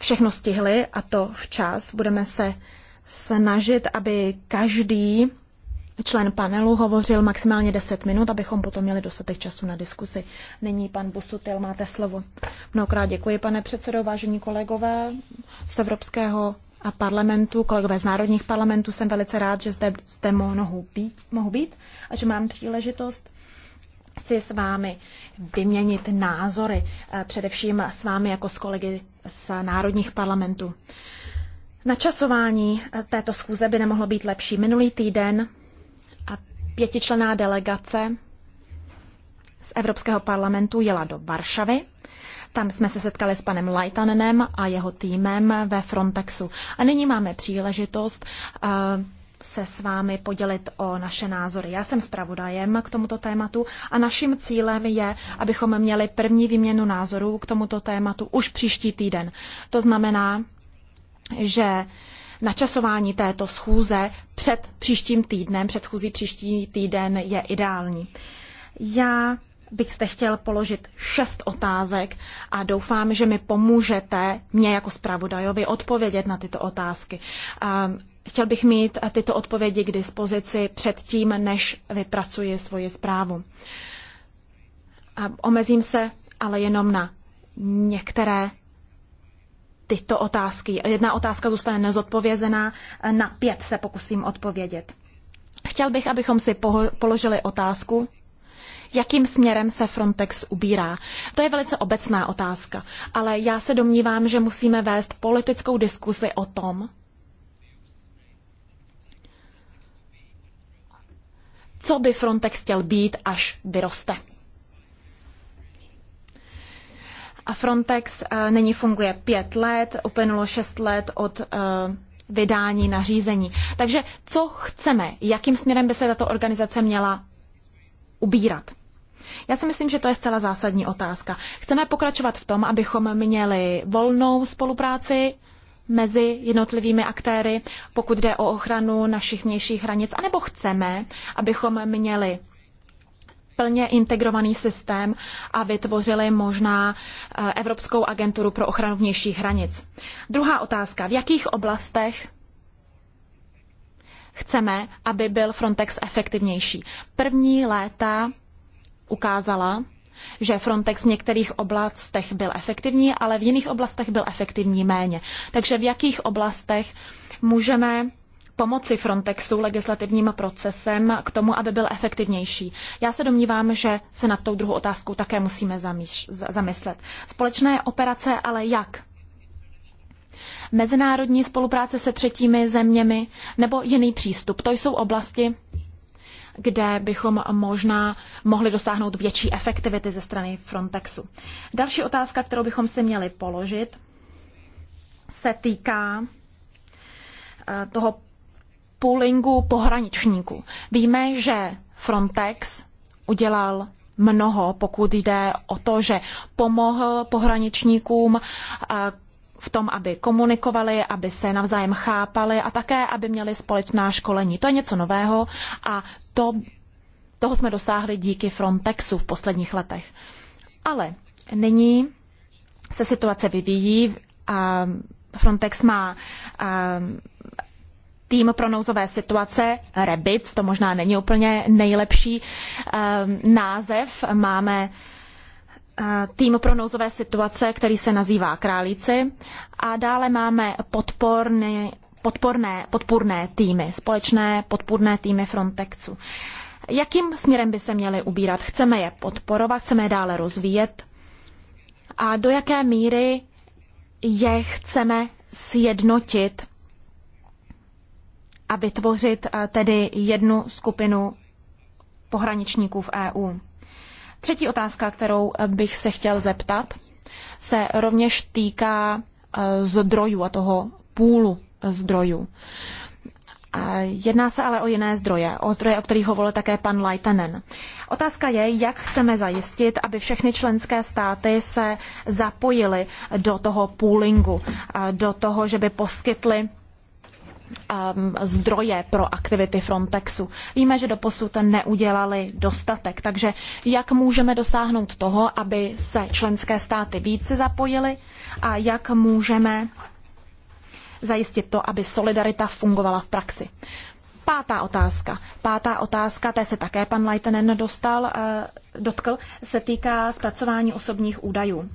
všechno stihli, a to včas. Budeme se snažit, aby každý člen panelu hovořil maximálně 10 minut, abychom potom měli dostatek času na diskusi. Nyní pan Busutil, máte slovo. Mnohokrát děkuji, pane předsedo, vážení kolegové z Evropského parlamentu, kolegové z národních parlamentů. Jsem velice rád, že zde, zde mohu, být, mohu být a že mám příležitost si s vámi vyměnit názory, eh, především s vámi jako s kolegy z národních parlamentů. Načasování eh, této schůze by nemohlo být lepší. Minulý týden a eh, pětičlená delegace z Evropského parlamentu jela do Varšavy. Tam jsme se setkali s panem Lajtanenem a jeho týmem ve Frontexu. A nyní máme příležitost uh, se s vámi podělit o naše názory. Já jsem zpravodajem k tomuto tématu a naším cílem je, abychom měli první výměnu názorů k tomuto tématu už příští týden. To znamená, že načasování této schůze před příštím týdnem, před chůzí příští týden je ideální. Já bych zde chtěl položit šest otázek a doufám, že mi pomůžete, mě jako zpravodajovi, odpovědět na tyto otázky. Ehm, Chtěl bych mít tyto odpovědi k dispozici předtím, než vypracuji svoji zprávu. A omezím se ale jenom na některé tyto otázky. Jedna otázka zůstane nezodpovězená, na pět se pokusím odpovědět. Chtěl bych, abychom si položili otázku, jakým směrem se Frontex ubírá. To je velice obecná otázka, ale já se domnívám, že musíme vést politickou diskusi o tom, co by Frontex chtěl být, až vyroste. A Frontex eh, nyní funguje pět let, uplynulo šest let od eh, vydání nařízení. Takže co chceme? Jakým směrem by se tato organizace měla ubírat? Já si myslím, že to je zcela zásadní otázka. Chceme pokračovat v tom, abychom měli volnou spolupráci mezi jednotlivými aktéry, pokud jde o ochranu našich vnějších hranic, anebo chceme, abychom měli plně integrovaný systém a vytvořili možná eh, Evropskou agenturu pro ochranu vnějších hranic. Druhá otázka. V jakých oblastech chceme, aby byl Frontex efektivnější? První léta ukázala, že Frontex v některých oblastech byl efektivní, ale v jiných oblastech byl efektivní méně. Takže v jakých oblastech můžeme pomoci Frontexu legislativním procesem k tomu, aby byl efektivnější. Já se domnívám, že se nad tou druhou otázkou také musíme zamyslet. Společné operace, ale jak? Mezinárodní spolupráce se třetími zeměmi nebo jiný přístup. To jsou oblasti, kde bychom možná mohli dosáhnout větší efektivity ze strany Frontexu. Další otázka, kterou bychom si měli položit, se týká eh, toho poolingu pohraničníků. Víme, že Frontex udělal mnoho, pokud jde o to, že pomohl pohraničníkům eh, v tom, aby komunikovali, aby se navzájem chápali a také, aby měli společná školení. To je něco nového a to, toho jsme dosáhli díky Frontexu v posledních letech. Ale nyní se situace vyvíjí a Frontex má a, tým pro nouzové situace, Rebic, to možná není úplně nejlepší a, název. Máme Eh, tým pro nouzové situace, který se nazývá Králíci. A dále máme podporné, podporné, podpůrné týmy, společné podpůrné týmy Frontexu. Jakým směrem by se měly ubírat? Chceme je podporovat, chceme je dále rozvíjet. A do jaké míry je chceme sjednotit a vytvořit eh, tedy jednu skupinu pohraničníků v EU? Třetí otázka, kterou eh, bych se chtěl zeptat, se rovněž týká eh, zdrojů a toho půlu eh, zdrojů. Jedná se ale o jiné zdroje, o zdroje, o kterých hovoril také pan Leitenen. Otázka je, jak chceme zajistit, aby všechny členské státy se zapojily do toho poolingu, do toho, že by poskytly Um, zdroje pro aktivity Frontexu. Víme, že doposud neudělali dostatek, takže jak můžeme dosáhnout toho, aby se členské státy více zapojily a jak můžeme zajistit to, aby solidarita fungovala v praxi. Pátá otázka. Pátá otázka, té se také pan Leitenen dostal, eh, dotkl, se týká zpracování osobních údajů.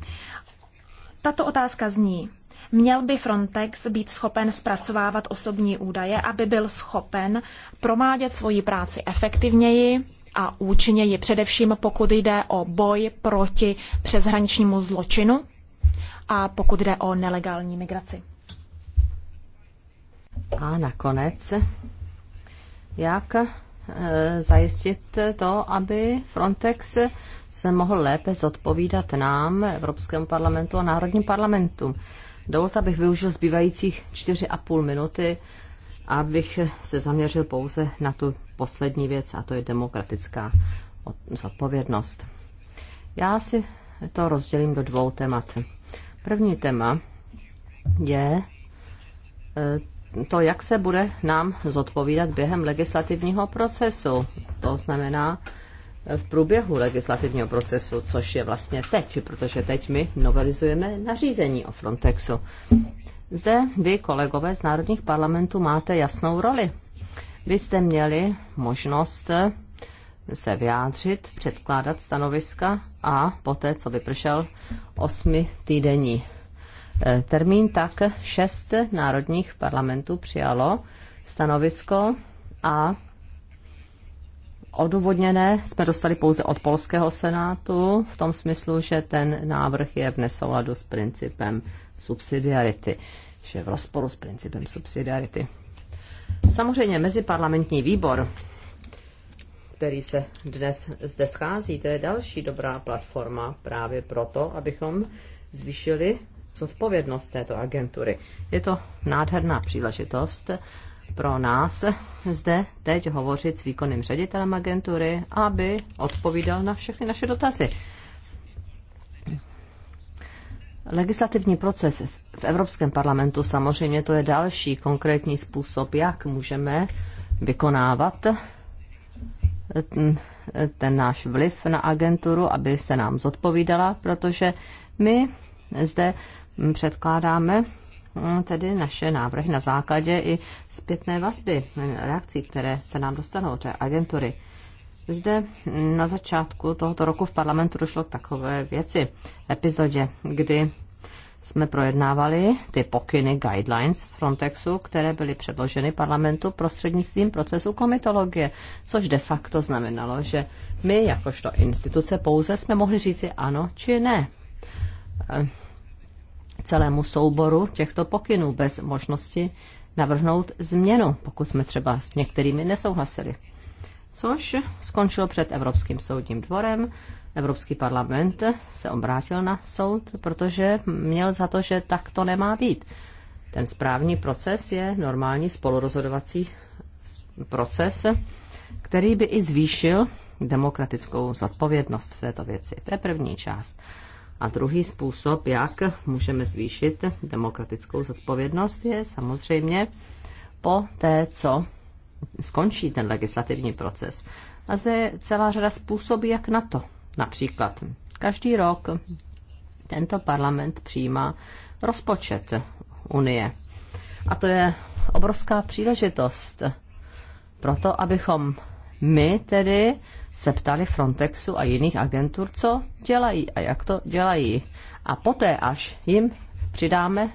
Tato otázka zní, Měl by Frontex být schopen zpracovávat osobní údaje, aby byl schopen promádět svoji práci efektivněji a účinněji, především pokud jde o boj proti přeshraničnímu zločinu a pokud jde o nelegální migraci. A nakonec, jak eh, zajistit to, aby Frontex se mohl lépe zodpovídat nám, Evropskému parlamentu a národním parlamentům. Dovolte, abych využil zbývajících 4,5 minuty, abych se zaměřil pouze na tu poslední věc, a to je demokratická zodpovědnost. Já si to rozdělím do dvou témat. První téma je eh, to, jak se bude nám zodpovídat během legislativního procesu. To znamená, v průběhu legislativního procesu, což je vlastně teď, protože teď my novelizujeme nařízení o Frontexu. Zde vy, kolegové z národních parlamentů, máte jasnou roli. Vy jste měli možnost se vyjádřit, předkládat stanoviska a poté, co vypršel osmi týdenní eh, termín, tak šest národních parlamentů přijalo stanovisko a odůvodněné jsme dostali pouze od polského senátu v tom smyslu, že ten návrh je v nesouladu s principem subsidiarity, že je v rozporu s principem subsidiarity. Samozřejmě meziparlamentní výbor, který se dnes zde schází, to je další dobrá platforma právě proto, abychom zvýšili zodpovědnost této agentury. Je to nádherná příležitost, pro nás zde teď hovořit s výkonným ředitelem agentury, aby odpovídal na všechny naše dotazy. Legislativní proces v Evropském parlamentu samozřejmě to je další konkrétní způsob, jak můžeme vykonávat ten náš vliv na agenturu, aby se nám zodpovídala, protože my zde předkládáme Mm, tedy naše návrhy na základě i zpětné vazby, reakcí, které se nám dostanou od agentury. Zde na začátku tohoto roku v parlamentu došlo k takové věci, epizodě, kdy jsme projednávali ty pokyny, guidelines Frontexu, které byly předloženy parlamentu prostřednictvím procesu komitologie, což de facto znamenalo, že my jakožto instituce pouze jsme mohli říci ano či ne celému souboru těchto pokynů bez možnosti navrhnout změnu, pokud jsme třeba s některými nesouhlasili. Což skončilo před Evropským soudním dvorem. Evropský parlament se obrátil na soud, protože měl za to, že tak to nemá být. Ten správní proces je normální spolurozhodovací proces, který by i zvýšil demokratickou zodpovědnost v této věci. To je první část. A druhý způsob, jak můžeme zvýšit demokratickou zodpovědnost, je samozřejmě po té, co skončí ten legislativní proces. A zde je celá řada způsobů, jak na to. Například každý rok tento parlament přijímá rozpočet Unie. A to je obrovská příležitost pro to, abychom my tedy se ptali Frontexu a jiných agentur, co dělají a jak to dělají. A poté, až jim přidáme,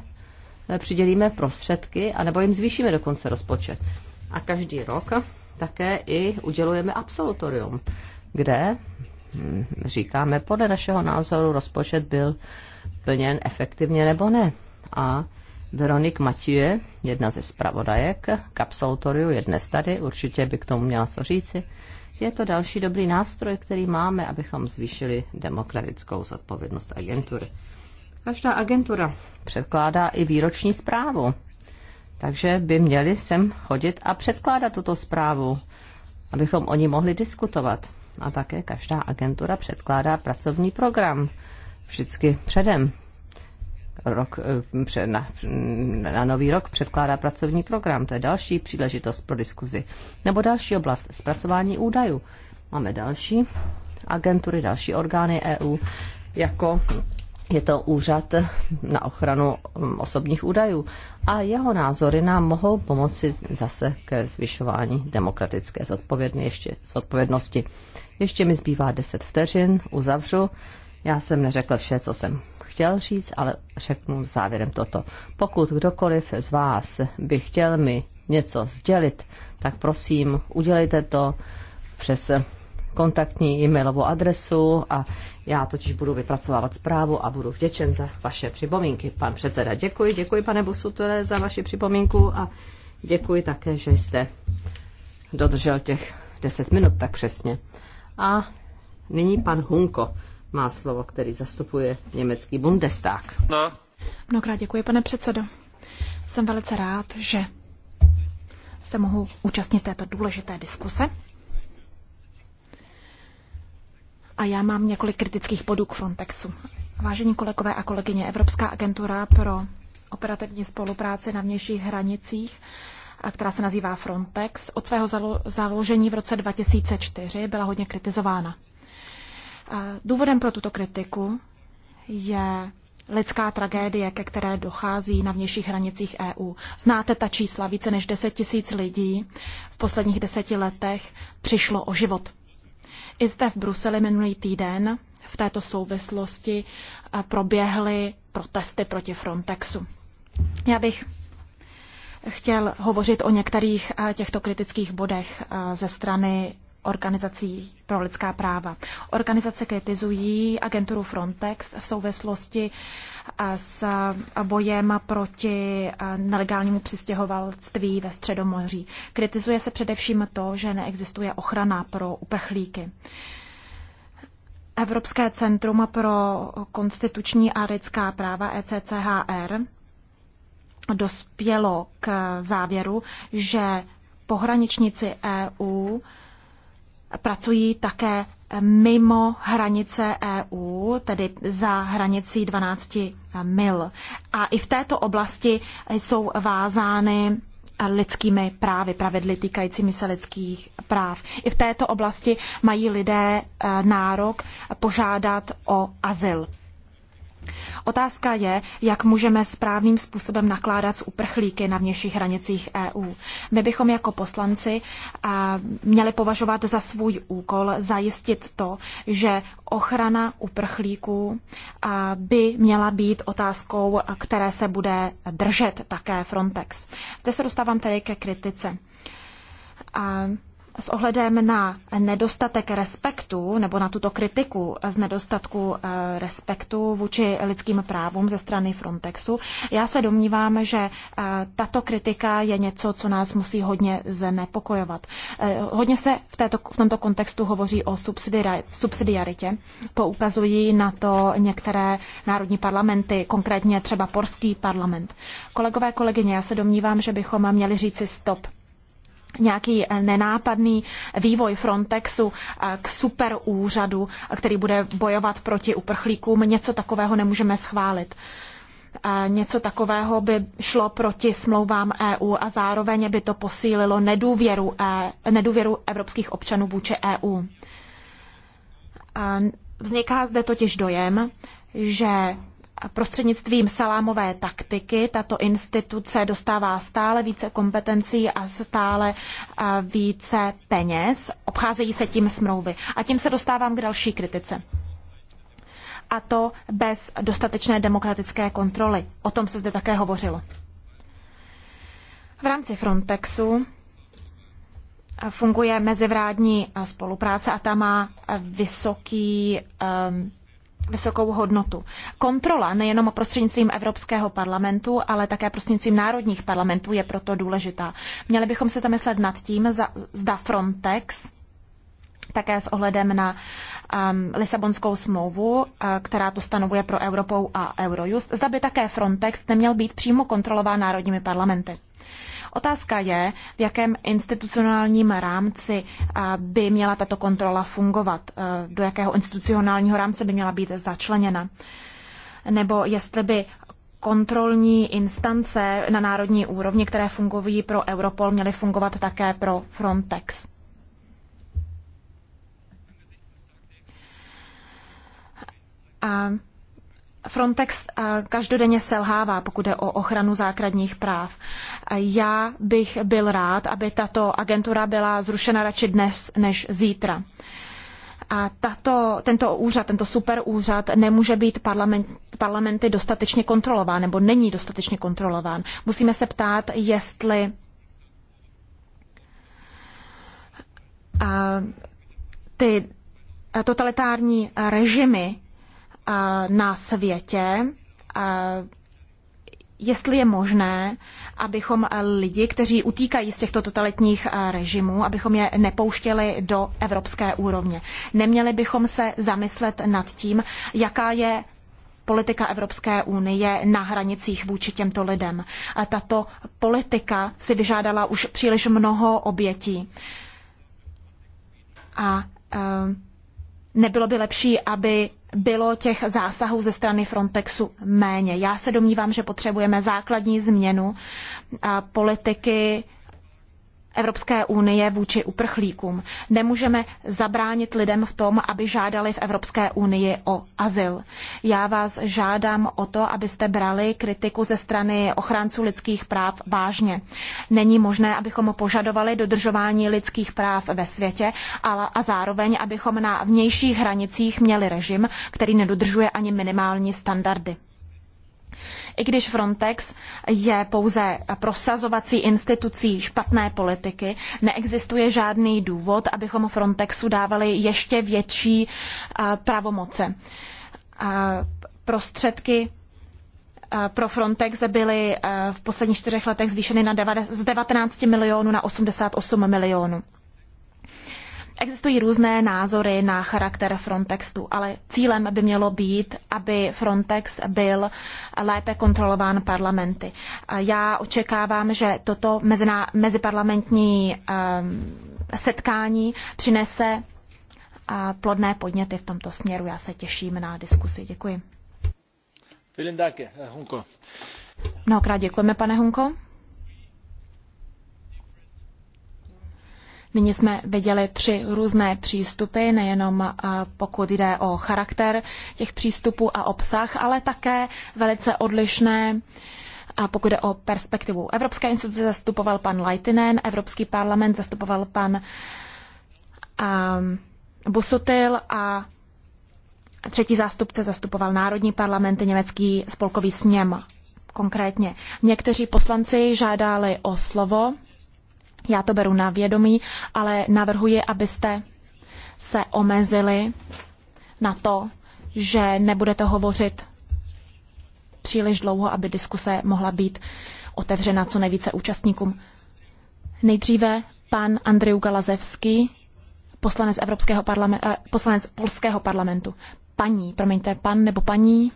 eh, přidělíme prostředky, anebo jim zvýšíme dokonce rozpočet. A každý rok také i udělujeme absolutorium, kde hm, říkáme, podle našeho názoru rozpočet byl plněn efektivně nebo ne. A Veronik Matěje, jedna ze zpravodajek, k absolutoriu je dnes tady, určitě by k tomu měla co říci. Je to další dobrý nástroj, který máme, abychom zvýšili demokratickou zodpovědnost agentury. Každá agentura předkládá i výroční zprávu, takže by měli sem chodit a předkládat tuto zprávu, abychom o ní mohli diskutovat. A také každá agentura předkládá pracovní program, vždycky předem rok, eh, před, na, na nový rok předkládá pracovní program. To je další příležitost pro diskuzi. Nebo další oblast, zpracování údajů. Máme další agentury, další orgány EU, jako je to úřad na ochranu mm, osobních údajů a jeho názory nám mohou pomoci zase ke zvyšování demokratické zodpovědnosti. Ještě, zodpovědnosti. ještě mi zbývá 10 vteřin, uzavřu já jsem neřekl vše, co jsem chtěl říct, ale řeknu závěrem toto. Pokud kdokoliv z vás by chtěl mi něco sdělit, tak prosím, udělejte to přes kontaktní e-mailovou adresu a já totiž budu vypracovávat zprávu a budu vděčen za vaše připomínky. Pan předseda, děkuji, děkuji pane Busutele za vaši připomínku a děkuji také, že jste dodržel těch 10 minut tak přesně. A nyní pan Hunko má slovo, který zastupuje německý Bundestag. No. Mnohokrát děkuji, pane předsedo. Jsem velice rád, že se mohu účastnit této důležité diskuse. A já mám několik kritických bodů k Frontexu. Vážení kolegové a kolegyně, Evropská agentura pro operativní spolupráci na vnějších hranicích, a která se nazývá Frontex, od svého založení v roce 2004 byla hodně kritizována. Důvodem pro tuto kritiku je lidská tragédie, ke které dochází na vnějších hranicích EU. Znáte ta čísla, více než 10 tisíc lidí v posledních deseti letech přišlo o život. I zde v Bruseli minulý týden v této souvislosti eh, proběhly protesty proti Frontexu. Já bych chtěl hovořit o některých eh, těchto kritických bodech eh, ze strany organizací pro lidská práva. Organizace kritizují agenturu Frontex v souvislosti s bojem proti nelegálnímu přistěhovalství ve Středomoří. Kritizuje se především to, že neexistuje ochrana pro uprchlíky. Evropské centrum pro konstituční a lidská práva ECCHR dospělo k závěru, že pohraničníci EU pracují také mimo hranice EU, tedy za hranicí 12 eh, mil. A i v této oblasti jsou vázány lidskými právy, pravidly týkajícími se lidských práv. I v této oblasti mají lidé eh, nárok požádat o azyl. Otázka je, jak můžeme správným způsobem nakládat s uprchlíky na vnějších hranicích EU. My bychom jako poslanci měli považovat za svůj úkol zajistit to, že ochrana uprchlíků by měla být otázkou, které se bude držet také Frontex. Zde se dostávám tedy ke kritice. A s ohledem na nedostatek respektu nebo na tuto kritiku z nedostatku eh, respektu vůči lidským právům ze strany Frontexu, já se domnívám, že eh, tato kritika je něco, co nás musí hodně znepokojovat. Eh, hodně se v, této, v tomto kontextu hovoří o subsidiaritě. Poukazují na to některé národní parlamenty, konkrétně třeba Porský parlament. Kolegové, kolegyně, já se domnívám, že bychom měli říci stop nějaký eh, nenápadný vývoj Frontexu eh, k superúřadu, eh, který bude bojovat proti uprchlíkům. Něco takového nemůžeme schválit. Něco takového by šlo proti smlouvám EU a zároveň by to posílilo nedůvěru, nedůvěru evropských občanů vůči EU. Vzniká zde totiž dojem, že prostřednictvím salámové taktiky tato instituce dostává stále více kompetencí a stále více peněz. Obcházejí se tím smlouvy. A tím se dostávám k další kritice. A to bez dostatečné demokratické kontroly. O tom se zde také hovořilo. V rámci Frontexu funguje mezivrádní spolupráce a ta má vysoký um, vysokou hodnotu. Kontrola nejenom prostřednictvím Evropského parlamentu, ale také prostřednictvím národních parlamentů je proto důležitá. Měli bychom se zamyslet nad tím, zda Frontex také s ohledem na um, Lisabonskou smlouvu, uh, která to stanovuje pro Europou a Eurojust, zda by také Frontex neměl být přímo kontrolován národními parlamenty. Otázka je, v jakém institucionálním rámci by měla tato kontrola fungovat, e, do jakého institucionálního rámce by měla být začleněna. Nebo jestli by kontrolní instance na národní úrovni, které fungují pro Europol, měly fungovat také pro Frontex. A Frontex eh, každodenně selhává, pokud je o ochranu základních práv. Já bych byl rád, aby tato agentura byla zrušena radši dnes než zítra. A tato, tento úřad, tento superúřad nemůže být parlament, parlamenty dostatečně kontrolován nebo není dostatečně kontrolován. Musíme se ptát, jestli eh, ty totalitární režimy na světě, jestli je možné, abychom lidi, kteří utíkají z těchto totalitních režimů, abychom je nepouštěli do evropské úrovně. Neměli bychom se zamyslet nad tím, jaká je politika Evropské unie na hranicích vůči těmto lidem. Tato politika si vyžádala už příliš mnoho obětí. A e, nebylo by lepší, aby bylo těch zásahů ze strany Frontexu méně. Já se domnívám, že potřebujeme základní změnu politiky Evropské unie vůči uprchlíkům. Nemůžeme zabránit lidem v tom, aby žádali v Evropské unii o azyl. Já vás žádám o to, abyste brali kritiku ze strany ochránců lidských práv vážně. Není možné, abychom požadovali dodržování lidských práv ve světě ale a zároveň, abychom na vnějších hranicích měli režim, který nedodržuje ani minimální standardy i když Frontex je pouze prosazovací institucí špatné politiky, neexistuje žádný důvod, abychom Frontexu dávali ještě větší eh, pravomoce. Eh, prostředky eh, pro Frontex byly v posledních čtyřech letech zvýšeny na z 19 milionů na 88 milionů. Existují různé názory na charakter Frontextu, ale cílem by mělo být, aby Frontex byl lépe kontrolován parlamenty. Já očekávám, že toto mezina, meziparlamentní ehm, setkání přinese plodné podněty v tomto směru. Já se těším na diskusi. Děkuji. Mnohokrát děkujeme, pane Hunko. Nyní jsme viděli tři různé přístupy, nejenom eh, pokud jde o charakter těch přístupů a obsah, ale také velice odlišné a pokud jde o perspektivu. Evropské instituce zastupoval pan Leitinen, Evropský parlament zastupoval pan um, Busutil a třetí zástupce zastupoval Národní parlament Německý spolkový sněm konkrétně. Někteří poslanci žádali o slovo já to beru na vědomí, ale navrhuji, abyste se omezili na to, že nebudete hovořit příliš dlouho, aby diskuse mohla být otevřena co nejvíce účastníkům. Nejdříve pan Andriu Galazevský, poslanec, Evropského parlamentu, eh, poslanec Polského parlamentu. Paní, promiňte, pan nebo paní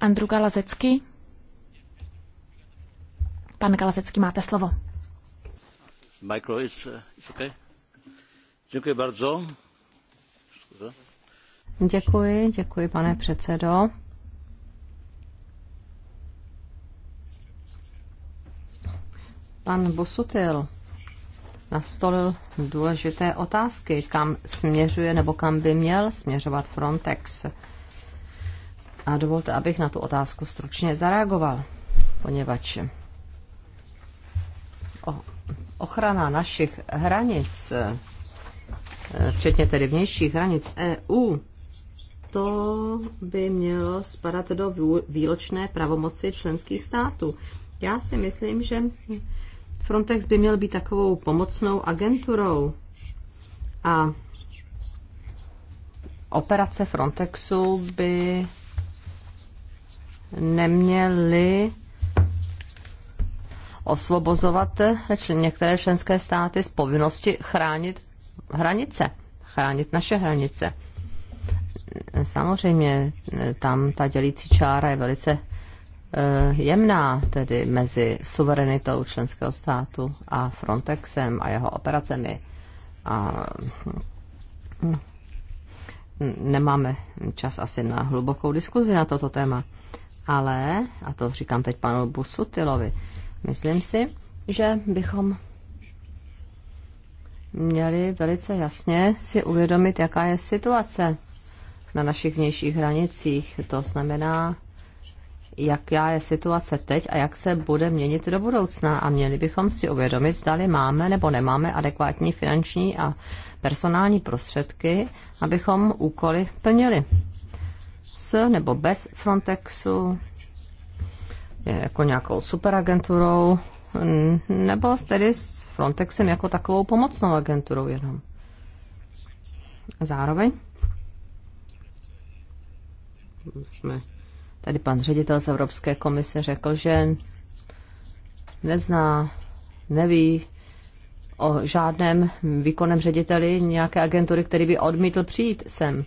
Andru Galazecký. Pan Galazecký, máte slovo. Děkuji Děkuji, děkuji pane předsedo. Pan Bosutil nastolil důležité otázky, kam směřuje nebo kam by měl směřovat Frontex. A dovolte, abych na tu otázku stručně zareagoval, poněvadž o ochrana našich hranic, eh, včetně tedy vnějších hranic EU, to by mělo spadat do výločné pravomoci členských států. Já si myslím, že Frontex by měl být takovou pomocnou agenturou a operace Frontexu by neměly osvobozovat některé členské státy z povinnosti chránit hranice, chránit naše hranice. Samozřejmě tam ta dělící čára je velice eh, jemná, tedy mezi suverenitou členského státu a Frontexem a jeho operacemi. A hm, nemáme čas asi na hlubokou diskuzi na toto téma. Ale, a to říkám teď panu Busutilovi, Myslím si, že bychom měli velice jasně si uvědomit, jaká je situace na našich vnějších hranicích. To znamená, jaká je situace teď a jak se bude měnit do budoucna. A měli bychom si uvědomit, zda máme nebo nemáme adekvátní finanční a personální prostředky, abychom úkoly plnili. S nebo bez Frontexu jako nějakou superagenturou, nebo tedy s Frontexem jako takovou pomocnou agenturou jenom. Zároveň jsme, tady pan ředitel z Evropské komise řekl, že nezná, neví o žádném výkonem řediteli nějaké agentury, který by odmítl přijít sem.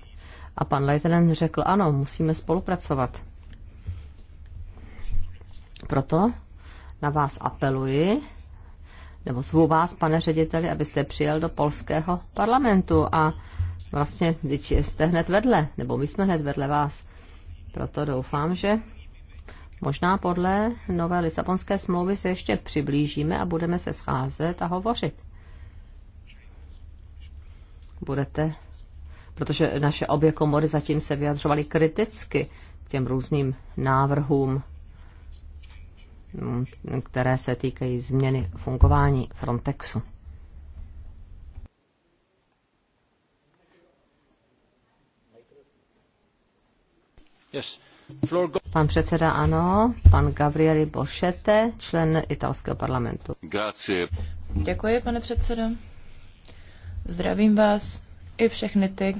A pan Leitenen řekl, ano, musíme spolupracovat. Proto na vás apeluji, nebo zvu vás, pane řediteli, abyste přijel do polského parlamentu a vlastně, když jste hned vedle, nebo my jsme hned vedle vás. Proto doufám, že možná podle nové Lisabonské smlouvy se ještě přiblížíme a budeme se scházet a hovořit. Budete, protože naše obě komory zatím se vyjadřovaly kriticky k těm různým návrhům No, které se týkají změny fungování Frontexu. Pan předseda ano, pan Gabrieli Bošete, člen italského parlamentu. Grazie. Děkuji, pane předsedo. Zdravím vás i všechny ty,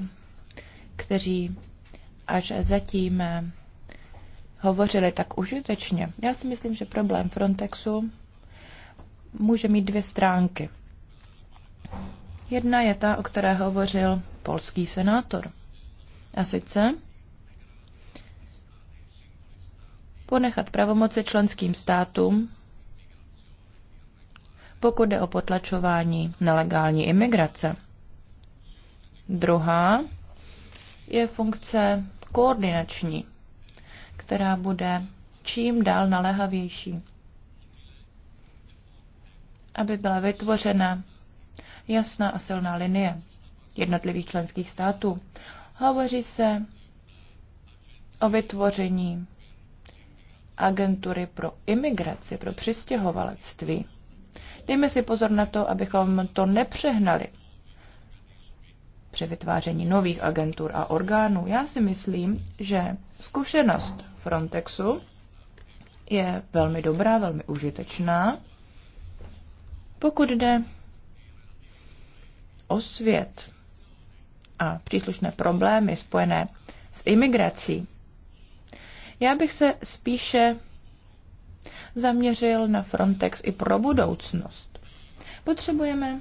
kteří až zatím hovořili tak užitečně. Já si myslím, že problém Frontexu může mít dvě stránky. Jedna je ta, o které hovořil polský senátor. A sice ponechat pravomoci členským státům, pokud jde o potlačování nelegální imigrace. Druhá je funkce koordinační která bude čím dál naléhavější, aby byla vytvořena jasná a silná linie jednotlivých členských států. Hovoří se o vytvoření agentury pro imigraci, pro přistěhovalectví. Dejme si pozor na to, abychom to nepřehnali při vytváření nových agentur a orgánů. Já si myslím, že zkušenost Frontexu je velmi dobrá, velmi užitečná. Pokud jde o svět a příslušné problémy spojené s imigrací, já bych se spíše zaměřil na Frontex i pro budoucnost. Potřebujeme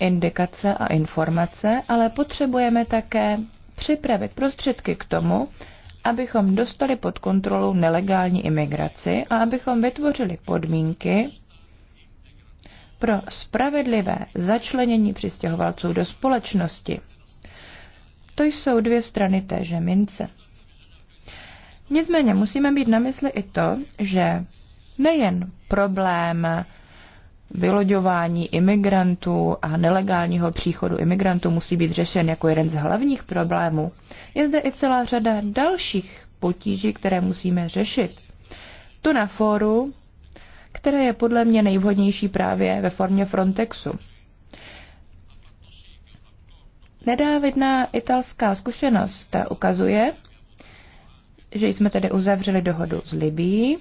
indikace a informace, ale potřebujeme také připravit prostředky k tomu, abychom dostali pod kontrolu nelegální imigraci a abychom vytvořili podmínky pro spravedlivé začlenění přistěhovalců do společnosti. To jsou dvě strany téže mince. Nicméně musíme být na mysli i to, že nejen problém vyloďování imigrantů a nelegálního příchodu imigrantů musí být řešen jako jeden z hlavních problémů, je zde i celá řada dalších potíží, které musíme řešit. To na fóru, které je podle mě nejvhodnější právě ve formě Frontexu. Nedávidná italská zkušenost ukazuje, že jsme tedy uzavřeli dohodu s Libií,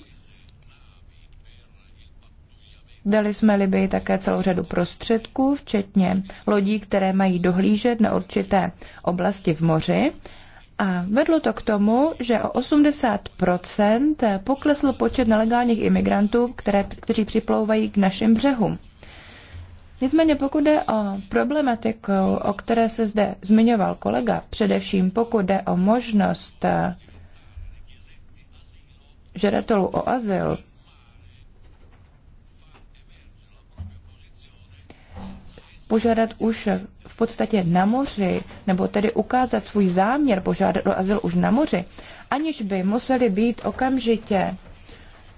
Dali jsme Libii také celou řadu prostředků, včetně lodí, které mají dohlížet na určité oblasti v moři. A vedlo to k tomu, že o 80% poklesl počet nelegálních imigrantů, které, kteří připlouvají k našim břehům. Nicméně pokud jde o problematiku, o které se zde zmiňoval kolega, především pokud jde o možnost eh, žadatelů o azyl požádat už v podstatě na moři, nebo tedy ukázat svůj záměr požádat o azyl už na moři, aniž by museli být okamžitě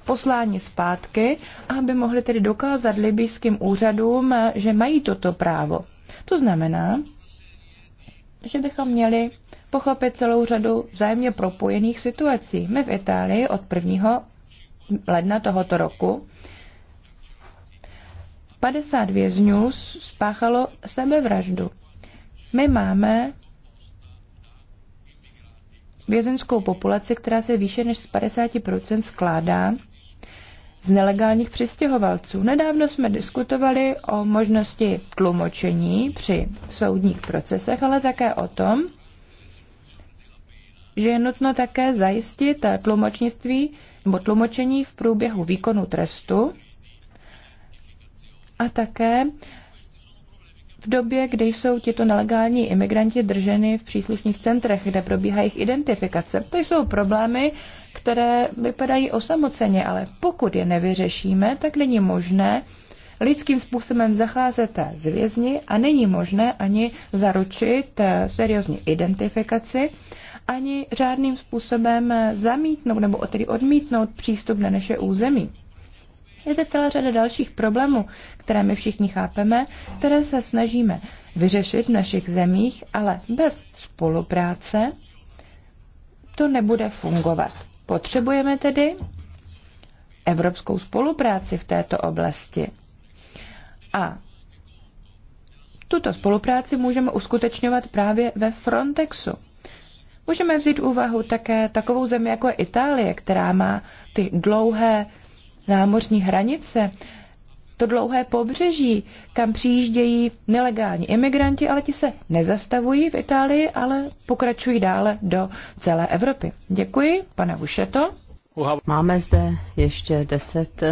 poslání zpátky, aby mohli tedy dokázat libijským úřadům, že mají toto právo. To znamená, že bychom měli pochopit celou řadu vzájemně propojených situací. My v Itálii od 1. ledna tohoto roku 50 vězňů spáchalo sebevraždu. My máme vězenskou populaci, která se výše než z 50% skládá z nelegálních přistěhovalců. Nedávno jsme diskutovali o možnosti tlumočení při soudních procesech, ale také o tom, že je nutno také zajistit tlumočnictví nebo tlumočení v průběhu výkonu trestu a také v době, kdy jsou tito nelegální imigranti drženi v příslušných centrech, kde probíhá jejich identifikace. To jsou problémy, které vypadají osamoceně, ale pokud je nevyřešíme, tak není možné lidským způsobem zacházet z vězni a není možné ani zaručit eh, seriózní identifikaci, ani řádným způsobem eh, zamítnout nebo tedy odmítnout přístup na naše území. Je zde celá řada dalších problémů, které my všichni chápeme, které se snažíme vyřešit v našich zemích, ale bez spolupráce to nebude fungovat. Potřebujeme tedy evropskou spolupráci v této oblasti. A tuto spolupráci můžeme uskutečňovat právě ve Frontexu. Můžeme vzít úvahu také takovou zemi, jako je Itálie, která má ty dlouhé námořní hranice, to dlouhé pobřeží, kam přijíždějí nelegální imigranti, ale ti se nezastavují v Itálii, ale pokračují dále do celé Evropy. Děkuji, pane Vušeto. Máme zde ještě deset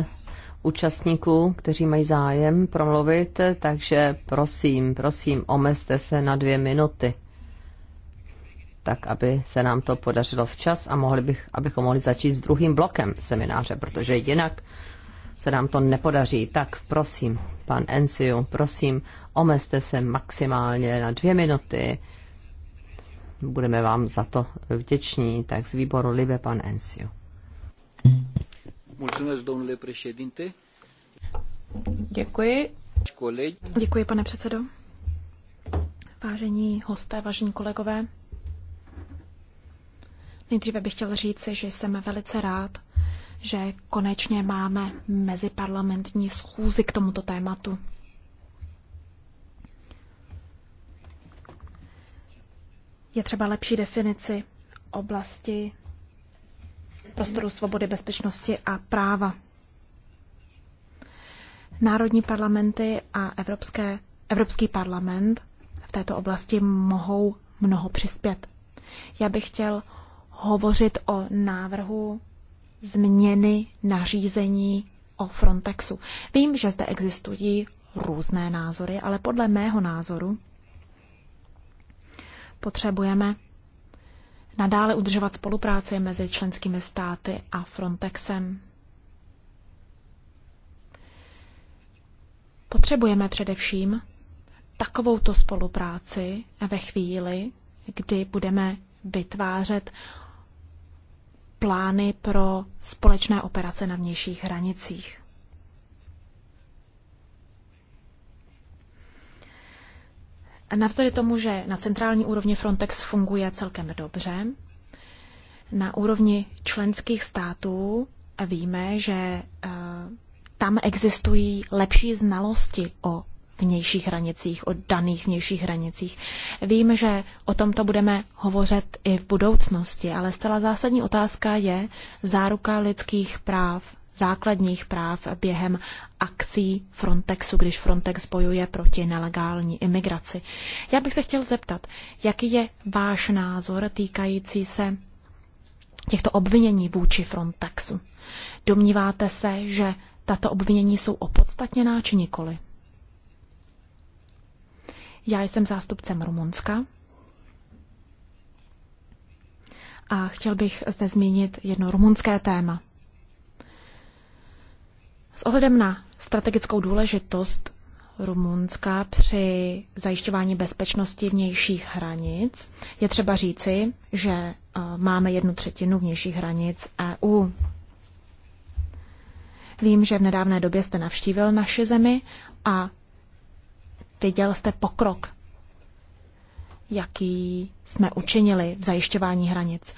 účastníků, kteří mají zájem promluvit, takže prosím, prosím, omezte se na dvě minuty tak aby se nám to podařilo včas a mohli bych, abychom mohli začít s druhým blokem semináře, protože jinak se nám to nepodaří. Tak prosím, pan Enciu, prosím, omezte se maximálně na dvě minuty. Budeme vám za to vděční. Tak z výboru Libe, pan Enciu. Děkuji. Děkuji, pane předsedo. Vážení hosté, vážení kolegové, Nejdříve bych chtěl říci, že jsem velice rád, že konečně máme meziparlamentní schůzi k tomuto tématu. Je třeba lepší definici oblasti prostoru svobody, bezpečnosti a práva. Národní parlamenty a Evropské, Evropský parlament v této oblasti mohou mnoho přispět. Já bych chtěl hovořit o návrhu změny nařízení o Frontexu. Vím, že zde existují různé názory, ale podle mého názoru potřebujeme nadále udržovat spolupráci mezi členskými státy a Frontexem. Potřebujeme především takovouto spolupráci ve chvíli, kdy budeme vytvářet plány pro společné operace na vnějších hranicích. Navzdory tomu, že na centrální úrovni Frontex funguje celkem dobře, na úrovni členských států víme, že eh, tam existují lepší znalosti o vnějších hranicích, o daných vnějších hranicích. Vím, že o tomto budeme hovořit i v budoucnosti, ale zcela zásadní otázka je záruka lidských práv, základních práv během akcí Frontexu, když Frontex bojuje proti nelegální imigraci. Já bych se chtěl zeptat, jaký je váš názor týkající se těchto obvinění vůči Frontexu? Domníváte se, že tato obvinění jsou opodstatněná či nikoli? Já jsem zástupcem Rumunska a chtěl bych zde zmínit jedno rumunské téma. S ohledem na strategickou důležitost Rumunska při zajišťování bezpečnosti vnějších hranic je třeba říci, že e, máme jednu třetinu vnějších hranic EU. Vím, že v nedávné době jste navštívil naši zemi a Viděl jste pokrok, jaký jsme učinili v zajišťování hranic.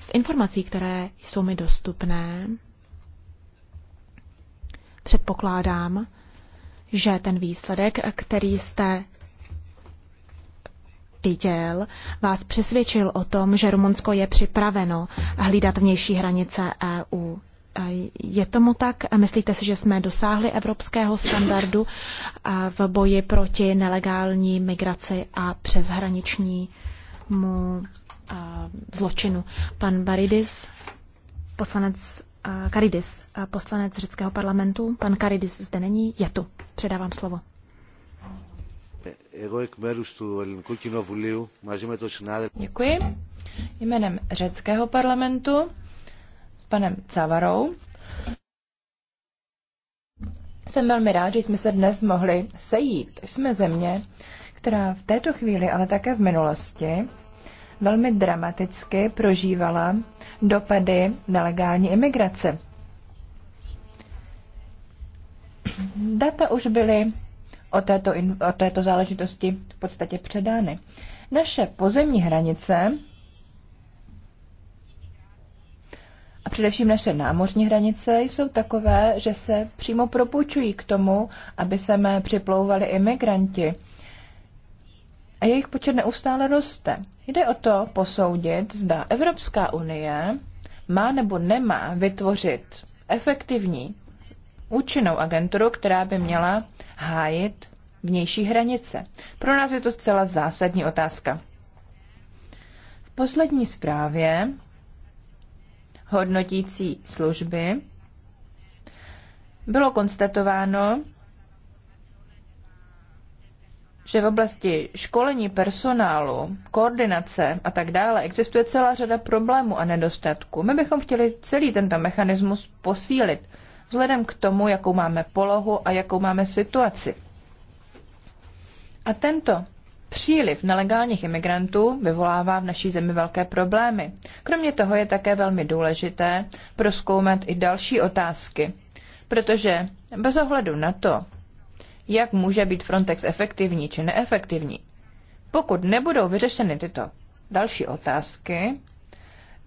Z informací, které jsou mi dostupné, předpokládám, že ten výsledek, který jste viděl, vás přesvědčil o tom, že Rumunsko je připraveno hlídat vnější hranice EU. Je tomu tak? Myslíte si, že jsme dosáhli evropského standardu v boji proti nelegální migraci a přeshraničnímu zločinu? Pan Baridis, poslanec Karidis, poslanec řeckého parlamentu. Pan Karidis zde není, je tu. Předávám slovo. Děkuji. Jménem řeckého parlamentu panem Cavarou. Jsem velmi rád, že jsme se dnes mohli sejít. Jsme země, která v této chvíli, ale také v minulosti, velmi dramaticky prožívala dopady nelegální imigrace. Data už byly o této, o této záležitosti v podstatě předány. Naše pozemní hranice a především naše námořní hranice jsou takové, že se přímo propůjčují k tomu, aby se mé připlouvali imigranti. A jejich počet neustále roste. Jde o to posoudit, zda Evropská unie má nebo nemá vytvořit efektivní účinnou agenturu, která by měla hájit vnější hranice. Pro nás je to zcela zásadní otázka. V poslední zprávě hodnotící služby bylo konstatováno, že v oblasti školení personálu, koordinace a tak dále existuje celá řada problémů a nedostatků. My bychom chtěli celý tento mechanismus posílit vzhledem k tomu, jakou máme polohu a jakou máme situaci. A tento Příliv nelegálních imigrantů vyvolává v naší zemi velké problémy. Kromě toho je také velmi důležité proskoumat i další otázky, protože bez ohledu na to, jak může být Frontex efektivní či neefektivní, pokud nebudou vyřešeny tyto další otázky,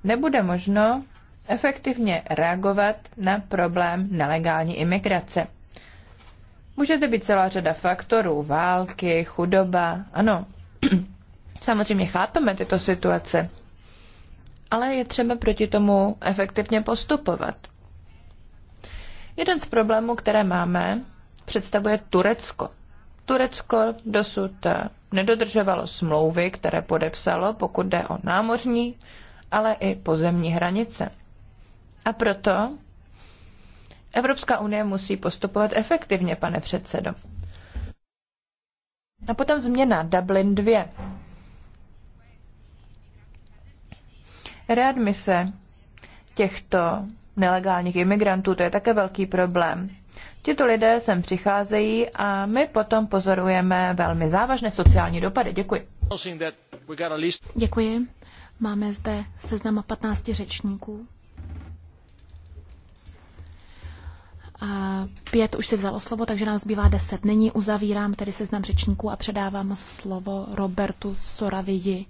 nebude možno efektivně reagovat na problém nelegální imigrace. Může to být celá řada faktorů, války, chudoba, ano. Samozřejmě chápeme tyto situace, ale je třeba proti tomu efektivně postupovat. Jeden z problémů, které máme, představuje Turecko. Turecko dosud eh, nedodržovalo smlouvy, které podepsalo, pokud jde o námořní, ale i pozemní hranice. A proto Evropská unie musí postupovat efektivně, pane předsedo. A potom změna Dublin 2. Readmise těchto nelegálních imigrantů, to je také velký problém. Tito lidé sem přicházejí a my potom pozorujeme velmi závažné sociální dopady. Děkuji. Děkuji. Máme zde seznam 15 řečníků. Pět už si vzalo slovo, takže nám zbývá deset. Nyní uzavírám tedy seznam řečníků a předávám slovo Robertu Soravidi,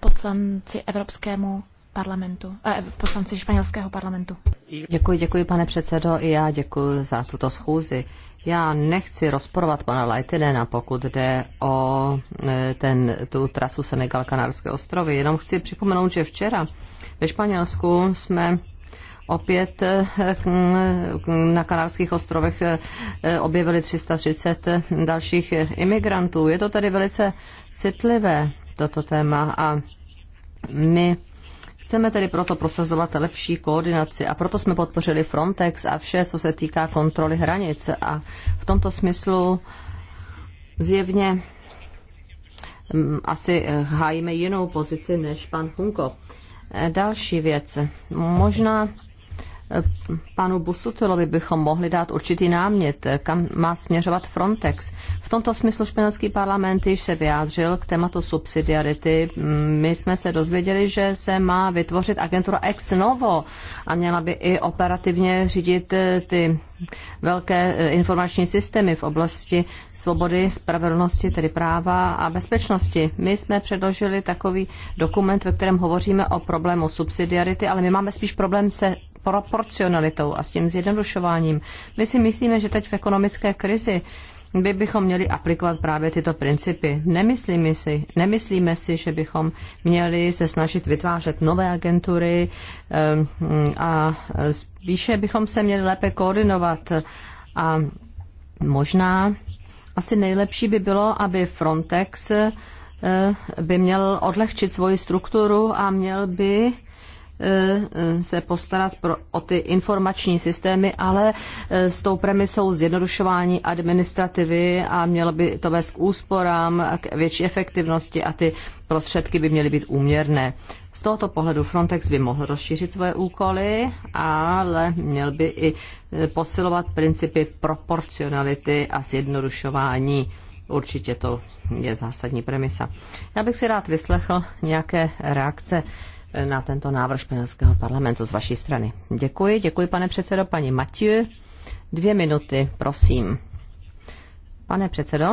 poslanci Evropskému parlamentu, eh, poslanci španělského parlamentu. Děkuji, děkuji, pane předsedo, i já děkuji za tuto schůzi. Já nechci rozporovat pana Leitinena, pokud jde o eh, ten, tu trasu Senegal-Kanárské ostrovy, jenom chci připomenout, že včera ve Španělsku jsme opět eh, eh, na Kanárských ostrovech eh, objevili 330 dalších imigrantů. Je to tedy velice citlivé, toto téma, a my Chceme tedy proto prosazovat lepší koordinaci a proto jsme podpořili Frontex a vše, co se týká kontroly hranic. A v tomto smyslu zjevně mm, asi hájíme jinou pozici než pan Hunko. Další věc. Možná panu Busutilovi bychom mohli dát určitý námět, kam má směřovat Frontex. V tomto smyslu španělský parlament již se vyjádřil k tématu subsidiarity. My jsme se dozvěděli, že se má vytvořit agentura ex novo a měla by i operativně řídit eh, ty velké eh, informační systémy v oblasti svobody, spravedlnosti, tedy práva a bezpečnosti. My jsme předložili takový dokument, ve kterém hovoříme o problému subsidiarity, ale my máme spíš problém se proporcionalitou a s tím zjednodušováním. My si myslíme, že teď v ekonomické krizi by bychom měli aplikovat právě tyto principy. Nemyslíme si, nemyslíme si, že bychom měli se snažit vytvářet nové agentury ehm, a spíše bychom se měli lépe koordinovat a možná asi nejlepší by bylo, aby Frontex eh, by měl odlehčit svoji strukturu a měl by Eh, se postarat pro, o ty informační systémy, ale eh, s tou premisou zjednodušování administrativy a mělo by to vést k úsporám, k větší efektivnosti a ty prostředky by měly být úměrné. Z tohoto pohledu Frontex by mohl rozšířit svoje úkoly, ale měl by i eh, posilovat principy proporcionality a zjednodušování. Určitě to je zásadní premisa. Já bych si rád vyslechl nějaké reakce na tento návrh španělského parlamentu z vaší strany. Děkuji, děkuji pane předsedo, paní Matiu. Dvě minuty, prosím. Pane předsedo.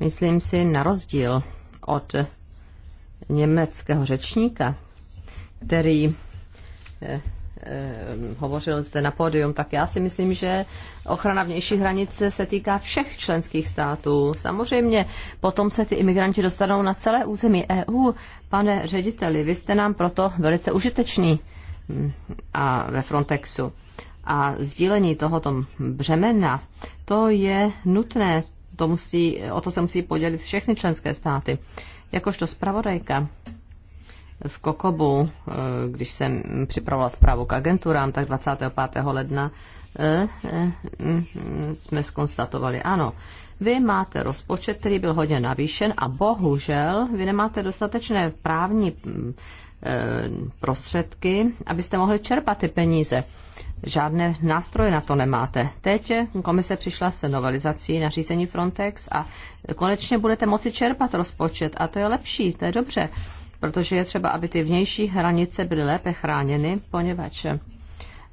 Myslím si, na rozdíl od německého řečníka, který eh, Eh, hovořil zde na pódium, tak já si myslím, že ochrana vnější hranice se týká všech členských států. Samozřejmě potom se ty imigranti dostanou na celé území EU. Pane řediteli, vy jste nám proto velice užitečný hm, a ve Frontexu. A sdílení tohoto břemena, to je nutné, to musí, o to se musí podělit všechny členské státy. Jakožto zpravodajka v Kokobu, eh, když jsem připravovala zprávu k agenturám, tak 25. ledna eh, eh, jsme skonstatovali, ano, vy máte rozpočet, který byl hodně navýšen a bohužel vy nemáte dostatečné právní mm, prostředky, abyste mohli čerpat ty peníze. Žádné nástroje na to nemáte. Teď komise přišla se novelizací nařízení Frontex a konečně budete moci čerpat rozpočet a to je lepší, to je dobře protože je třeba, aby ty vnější hranice byly lépe chráněny, poněvadž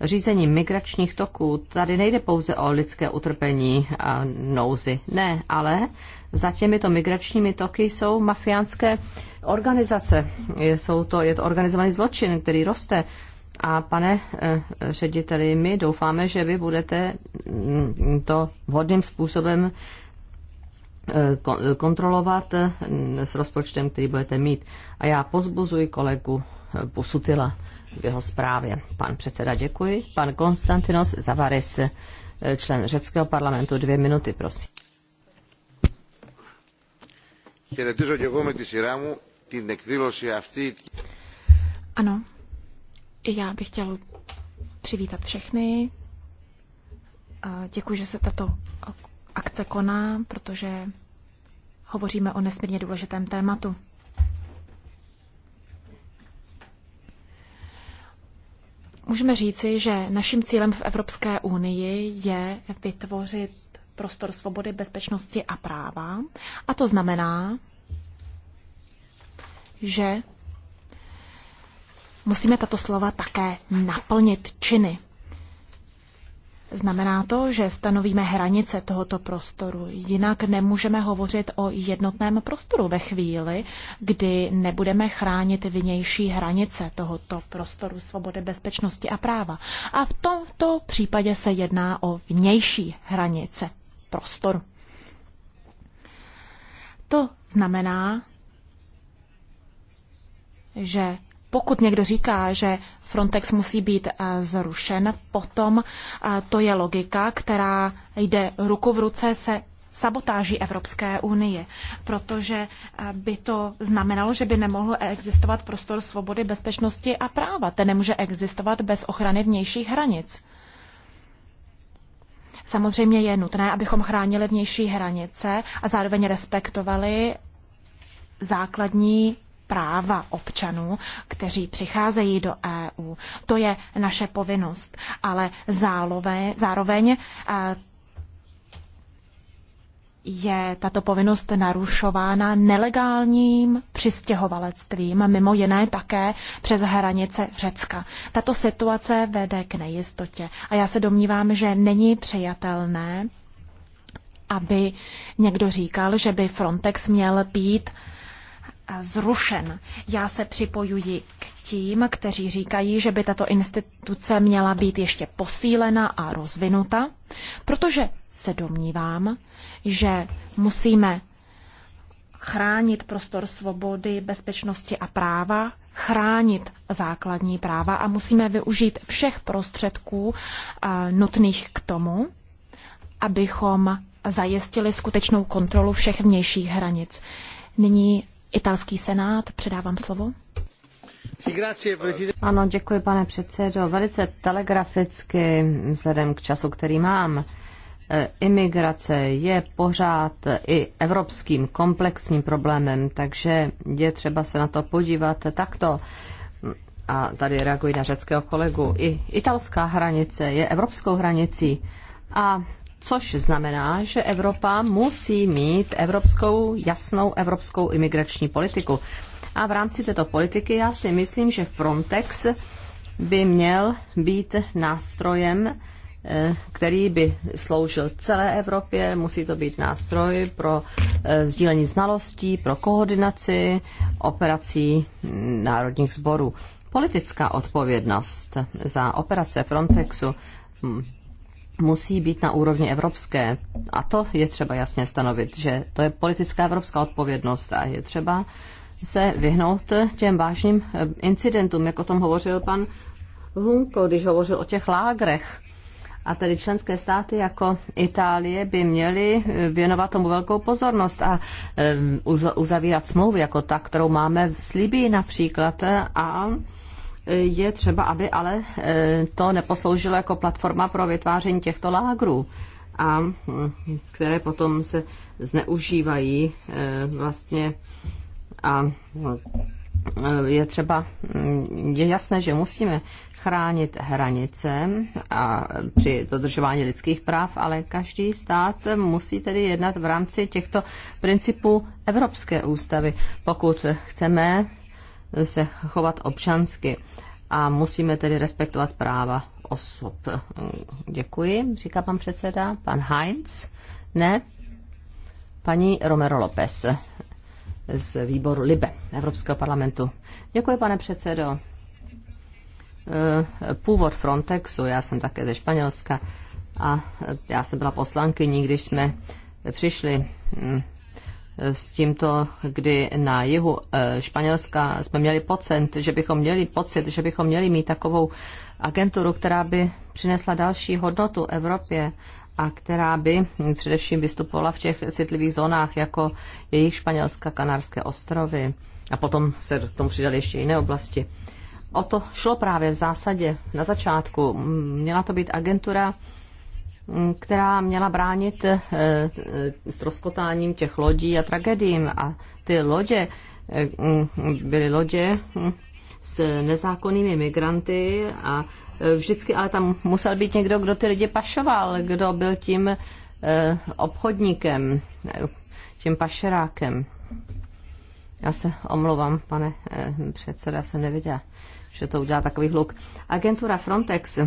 řízení migračních toků tady nejde pouze o lidské utrpení a nouzy. Ne, ale za těmito migračními toky jsou mafiánské organizace. Jsou to, je to organizovaný zločin, který roste. A pane eh, řediteli, my doufáme, že vy budete mm, to vhodným způsobem Eh, kontrolovat eh, s rozpočtem, který budete mít. A já pozbuzuji kolegu Busutila eh, v jeho zprávě. Pan předseda, děkuji. Pan Konstantinos Zavaris, člen řeckého parlamentu, dvě minuty, prosím. Χαιρετίζω και εγώ με τη σειρά μου την εκδήλωση αυτή. Ano, já bych chtěl přivítat všechny. Děkuji, že se tato akce koná, protože hovoříme o nesmírně důležitém tématu. Můžeme říci, že naším cílem v Evropské unii je vytvořit prostor svobody, bezpečnosti a práva. A to znamená, že musíme tato slova také naplnit činy. Znamená to, že stanovíme hranice tohoto prostoru, jinak nemůžeme hovořit o jednotném prostoru ve chvíli, kdy nebudeme chránit vnější hranice tohoto prostoru svobody, bezpečnosti a práva. A v tomto případě se jedná o vnější hranice prostoru. To znamená, že pokud někdo říká, že Frontex musí být eh, zrušen, potom eh, to je logika, která jde ruku v ruce se sabotáží Evropské unie, protože eh, by to znamenalo, že by nemohl existovat prostor svobody, bezpečnosti a práva. Ten nemůže existovat bez ochrany vnějších hranic. Samozřejmě je nutné, abychom chránili vnější hranice a zároveň respektovali základní práva občanů, kteří přicházejí do EU. To je naše povinnost, ale zálové, zároveň eh, je tato povinnost narušována nelegálním přistěhovalectvím, mimo jiné také přes hranice Řecka. Tato situace vede k nejistotě a já se domnívám, že není přijatelné, aby někdo říkal, že by Frontex měl být uh, zrušen. Já se připojuji k tím, kteří říkají, že by tato instituce měla být ještě posílena a rozvinuta, protože se domnívám, že musíme chránit prostor svobody, bezpečnosti a práva, chránit základní práva a musíme využít všech prostředků eh, nutných k tomu, abychom zajistili skutečnou kontrolu všech vnějších hranic. Nyní italský senát. Předávám slovo. Ano, děkuji, pane předsedo. Velice telegraficky, vzhledem k času, který mám, eh, imigrace je pořád i evropským komplexním problémem, takže je třeba se na to podívat takto. A tady reaguji na řeckého kolegu. I italská hranice je evropskou hranicí. A což znamená, že Evropa musí mít evropskou, jasnou evropskou imigrační politiku. A v rámci této politiky já si myslím, že Frontex by měl být nástrojem, eh, který by sloužil celé Evropě. Musí to být nástroj pro eh, sdílení znalostí, pro koordinaci operací mm, národních sborů. Politická odpovědnost za operace Frontexu mm, musí být na úrovni evropské. A to je třeba jasně stanovit, že to je politická evropská odpovědnost a je třeba se vyhnout těm vážným eh, incidentům, jak o tom hovořil pan Hunko, když hovořil o těch lágrech. A tedy členské státy jako Itálie by měly eh, věnovat tomu velkou pozornost a eh, uzavírat smlouvy jako ta, kterou máme v Slíbí například a je třeba, aby ale eh, to neposloužilo jako platforma pro vytváření těchto lágrů, a hm, které potom se zneužívají eh, vlastně a eh, je třeba, hm, je jasné, že musíme chránit hranice a při dodržování lidských práv, ale každý stát musí tedy jednat v rámci těchto principů Evropské ústavy, pokud chceme se chovat občansky a musíme tedy respektovat práva osob. Děkuji, říká pan předseda. Pan Heinz? Ne? Paní Romero López z výboru LIBE Evropského parlamentu. Děkuji, pane předsedo. Eh, původ Frontexu, já jsem také ze Španělska a já jsem byla poslankyní, když jsme přišli hm, s tímto, kdy na jihu eh, Španělska jsme měli pocit, že bychom měli pocit, že bychom měli mít takovou agenturu, která by přinesla další hodnotu Evropě a která by především vystupovala v těch citlivých zónách, jako jejich Španělska, Kanárské ostrovy. A potom se k tomu přidaly ještě jiné oblasti. O to šlo právě v zásadě na začátku. Měla to být agentura, která měla bránit eh, eh, rozkotáním těch lodí a tragédiím. A ty lodě eh, byly lodě hm, s nezákonnými migranty a vždycky ale tam musel být někdo, kdo ty lidi pašoval, kdo byl tím obchodníkem, tím pašerákem. Já se omlouvám, pane předseda, já jsem nevěděla, že to udělá takový hluk. Agentura Frontex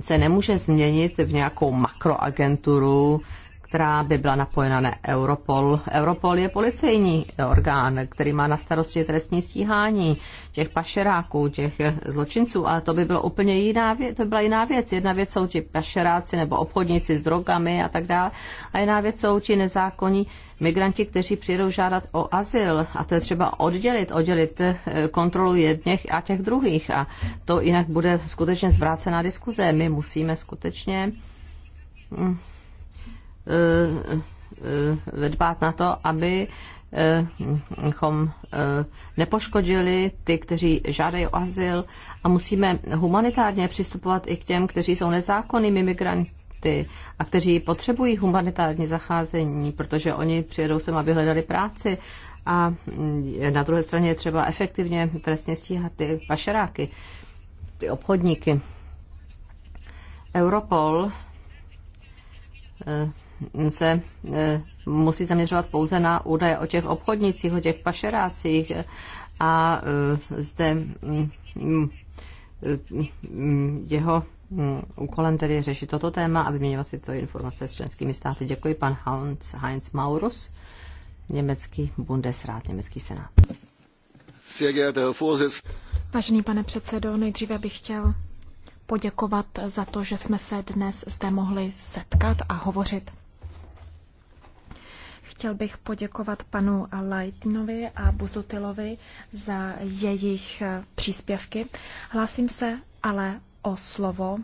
se nemůže změnit v nějakou makroagenturu, která by byla napojena na Europol. Europol je policejní orgán, který má na starosti trestní stíhání těch pašeráků, těch zločinců, ale to by bylo úplně jiná věc, to by byla jiná věc. Jedna věc jsou ti pašeráci nebo obchodníci s drogami a tak dále, a jiná věc jsou ti nezákonní migranti, kteří přijdou žádat o azyl a to je třeba oddělit, oddělit eh, kontrolu jedněch a těch druhých a to jinak bude skutečně zvrácená diskuze. My musíme skutečně mm, vedbát eh, eh, eh, na to, aby chom nepoškodili ty, kteří žádají o azyl a musíme humanitárně přistupovat i k těm, kteří jsou nezákonnými migranty a kteří potřebují humanitární zacházení, protože oni přijedou sem, aby hledali práci a mm, na druhé straně je třeba efektivně trestně stíhat ty pašeráky, ty obchodníky. Europol se e, musí zaměřovat pouze na údaje o těch obchodnicích, o těch pašerácích a e, zde mm, mm, jeho mm, úkolem tedy je řešit toto téma a vyměňovat si tyto informace s členskými státy. Děkuji pan Hans Heinz Maurus, německý Bundesrat, německý senát. Vážený pane předsedo, nejdříve bych chtěl poděkovat za to, že jsme se dnes zde mohli setkat a hovořit. Chtěl bych poděkovat panu Lightinovi a Buzutilovi za jejich eh, příspěvky. Hlásím se ale o slovo,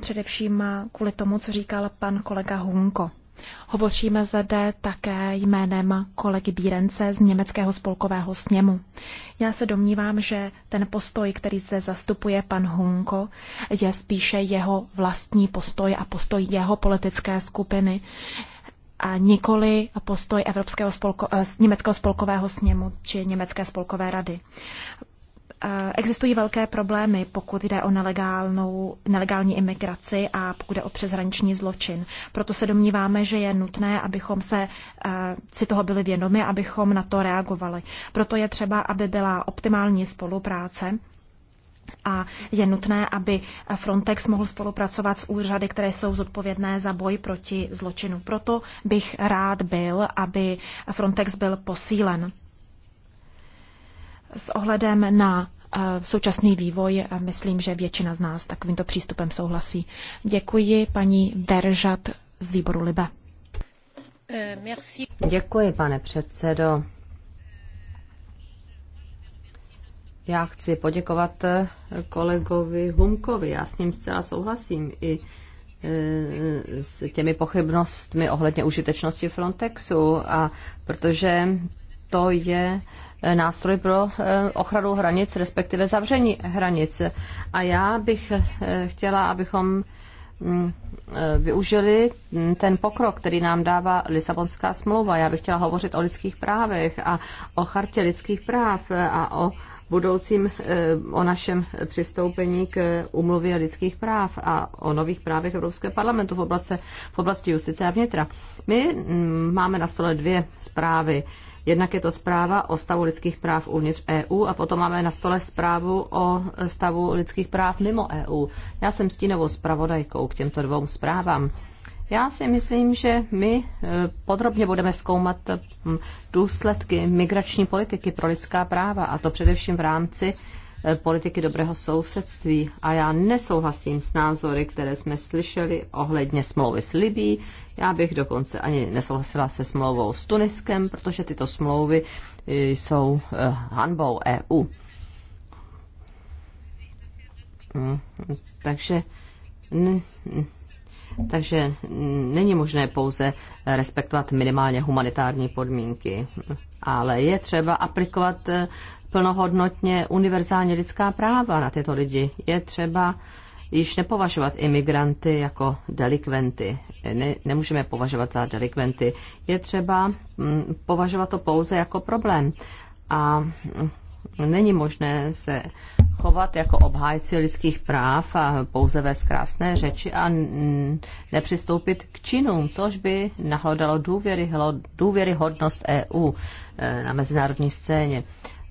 především eh, kvůli tomu, co říkal pan kolega Hunko. Hovoříme zde také jménem kolegy Bírence z Německého spolkového sněmu. Já se domnívám, že ten postoj, který zde zastupuje pan Hunko, je spíše jeho vlastní postoj a postoj jeho politické skupiny, a nikoli postoj Evropského spolko, eh, Německého spolkového sněmu či Německé spolkové rady. Eh, existují velké problémy, pokud jde o nelegálnou, nelegální imigraci a pokud jde o přeshraniční zločin. Proto se domníváme, že je nutné, abychom se eh, si toho byli vědomi, abychom na to reagovali. Proto je třeba, aby byla optimální spolupráce a je nutné, aby Frontex mohl spolupracovat s úřady, které jsou zodpovědné za boj proti zločinu. Proto bych rád byl, aby Frontex byl posílen. S ohledem na eh, současný vývoj, eh, myslím, že většina z nás takovýmto přístupem souhlasí. Děkuji paní Beržat z výboru Libe. Eh, Děkuji, pane předsedo. Já chci poděkovat eh, kolegovi Humkovi, já s ním zcela souhlasím i eh, s těmi pochybnostmi ohledně užitečnosti Frontexu, a protože to je eh, nástroj pro ochranu hranic, respektive zavření hranic. A já bych chtěla, abychom mm, využili mm, ten pokrok, který nám dává Lisabonská smlouva. Já bych chtěla hovořit o lidských právech a o chartě lidských práv a o budoucím, eh, o našem přistoupení k umluvě lidských práv a o nových právech Evropského parlamentu v oblasti, v oblasti justice a vnitra. My mm, máme na stole dvě zprávy. Jednak je to zpráva o stavu lidských práv uvnitř EU a potom máme na stole zprávu o stavu lidských práv mimo EU. Já jsem stínovou zpravodajkou k těmto dvou zprávám. Já si myslím, že my eh, podrobně budeme zkoumat eh, hm, důsledky migrační politiky pro lidská práva, a to především v rámci eh, politiky dobrého sousedství. A já nesouhlasím s názory, které jsme slyšeli ohledně smlouvy s Libí. Já bych dokonce ani nesouhlasila se smlouvou s Tuniskem, protože tyto smlouvy jsou hanbou EU. Hm, takže takže mm, není možné pouze respektovat minimálně humanitární podmínky, ale je třeba aplikovat eh, plnohodnotně univerzálně lidská práva na tyto lidi. Je třeba již nepovažovat imigranty jako delikventy. Ne, nemůžeme považovat za delikventy. Je třeba mm, považovat to pouze jako problém. A mm, Není možné se chovat jako obhájci lidských práv a pouze vést krásné řeči a nepřistoupit k činům, což by nahlodalo důvěryhodnost důvěry e EU eh, na mezinárodní scéně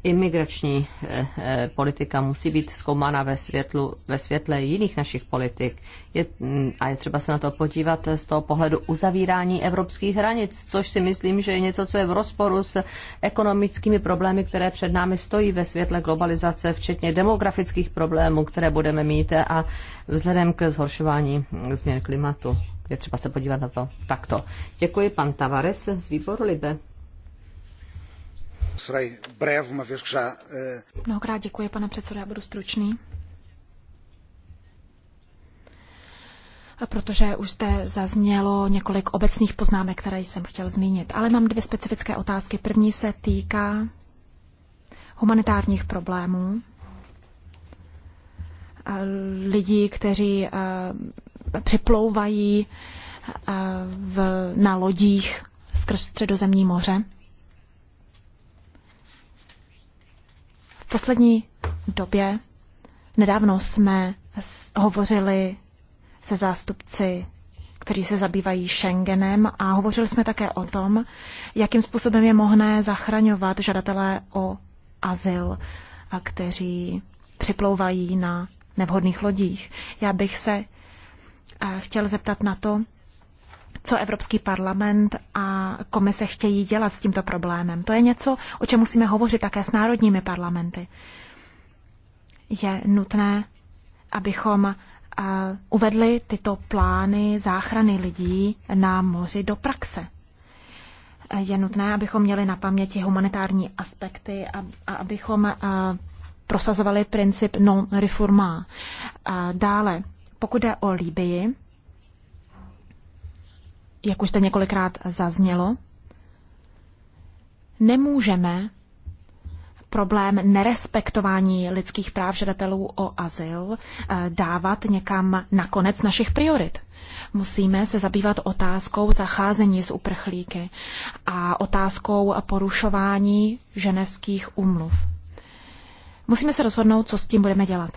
imigrační eh, eh, politika musí být zkoumána ve, světlu, ve světle jiných našich politik. Je, mm, a je třeba se na to podívat z toho pohledu uzavírání evropských hranic, což si myslím, že je něco, co je v rozporu s ekonomickými problémy, které před námi stojí ve světle globalizace, včetně demografických problémů, které budeme mít a vzhledem k zhoršování mm, změn klimatu. Je třeba se podívat na to takto. Děkuji, pan Tavares z výboru Libe. Eh, Mnohokrát děkuji, pane předsedo, já budu stručný. protože už zde zaznělo několik obecných poznámek, které jsem chtěl zmínit. Ale mám dvě specifické otázky. První se týká humanitárních problémů lidí, kteří eh, připlouvají eh, na lodích skrz středozemní moře. poslední době nedávno jsme hovořili se zástupci kteří se zabývají Schengenem a hovořili jsme také o tom, jakým způsobem je možné zachraňovat žadatelé o azyl, a kteří připlouvají na nevhodných lodích. Já bych se chtěl zeptat na to, co Evropský parlament a komise chtějí dělat s tímto problémem. To je něco, o čem musíme hovořit také s národními parlamenty. Je nutné, abychom eh, uvedli tyto plány záchrany lidí na moři do praxe. Eh, je nutné, abychom měli na paměti humanitární aspekty a, abychom eh, prosazovali princip non-reforma. Dále, pokud jde o Líbii, jak už jste několikrát zaznělo, nemůžeme problém nerespektování lidských práv žadatelů o azyl eh, dávat někam na konec našich priorit. Musíme se zabývat otázkou zacházení s uprchlíky a otázkou porušování ženevských úmluv. Musíme se rozhodnout, co s tím budeme dělat.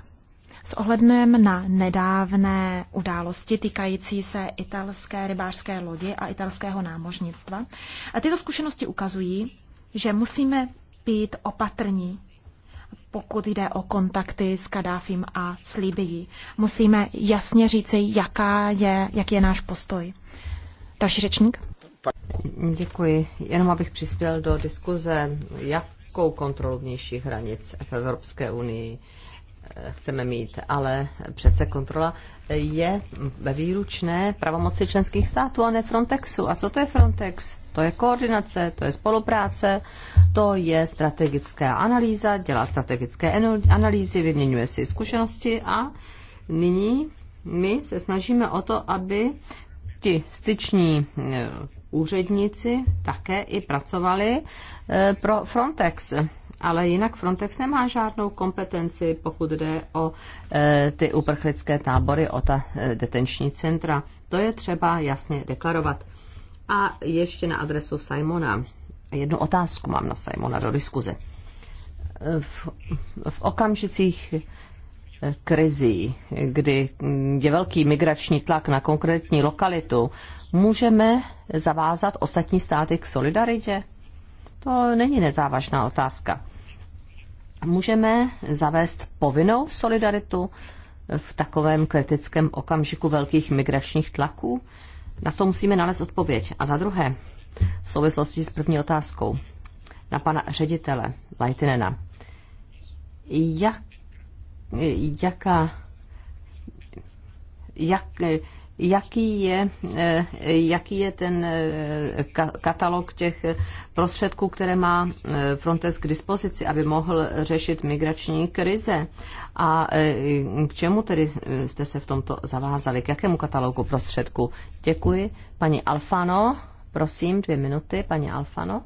S ohledem na nedávné události týkající se italské rybářské lodi a italského námořnictva, a tyto zkušenosti ukazují, že musíme být opatrní, pokud jde o kontakty s Kadáfim a s Libií. Musíme jasně říci, jaká je, jaký je náš postoj. Další řečník. Děkuji. Jenom abych přispěl do diskuze, jakou kontrolu vnějších hranic v Evropské unii chceme mít, ale přece kontrola je ve výručné pravomoci členských států a ne Frontexu. A co to je Frontex? To je koordinace, to je spolupráce, to je strategická analýza, dělá strategické analýzy, vyměňuje si zkušenosti a nyní my se snažíme o to, aby ti styční eh, úředníci také i pracovali eh, pro Frontex ale jinak Frontex nemá žádnou kompetenci, pokud jde o e, ty uprchlické tábory, o ta e, detenční centra. To je třeba jasně deklarovat. A ještě na adresu Simona. Jednu otázku mám na Simona do diskuze. V, v okamžicích e, krizí, kdy je velký migrační tlak na konkrétní lokalitu, můžeme zavázat ostatní státy k solidaritě? To není nezávažná otázka. Můžeme zavést povinnou solidaritu v takovém kritickém okamžiku velkých migračních tlaků? Na to musíme nalézt odpověď. A za druhé, v souvislosti s první otázkou na pana ředitele Lajtinena. Jak, jaká, jak, jaký je, eh, jaký je ten eh, katalog těch prostředků, které má eh, Frontex k dispozici, aby mohl řešit migrační krize. A k čemu tedy jste se v tomto zavázali? K jakému katalogu prostředků? Děkuji. Paní Alfano, prosím, dvě minuty. Paní Alfano.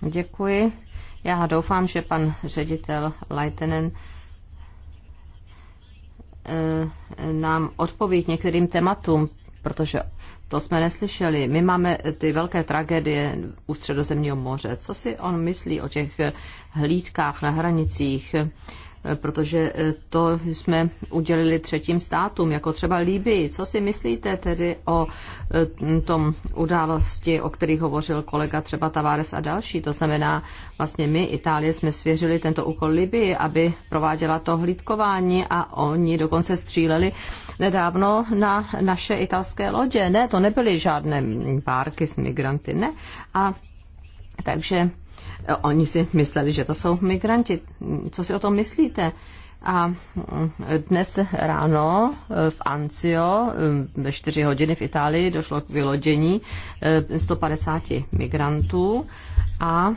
Děkuji. Já doufám, že pan ředitel Leitenen nám odpovědět některým tématům, protože to jsme neslyšeli. My máme ty velké tragédie u středozemního moře. Co si on myslí o těch hlídkách na hranicích? Eh, protože eh, to jsme udělili třetím státům, jako třeba Líbii. Co si myslíte tedy o eh, tom události, o kterých hovořil kolega třeba Tavares a další? To znamená, vlastně my, Itálie, jsme svěřili tento úkol Libii, aby prováděla to hlídkování a oni dokonce stříleli nedávno na naše italské lodě. Ne, to nebyly žádné párky s migranty, ne. A takže Oni si mysleli, že to jsou migranti. Co si o tom myslíte? A dnes ráno v Ancio ve 4 hodiny v Itálii došlo k vylodění 150 eh, migrantů a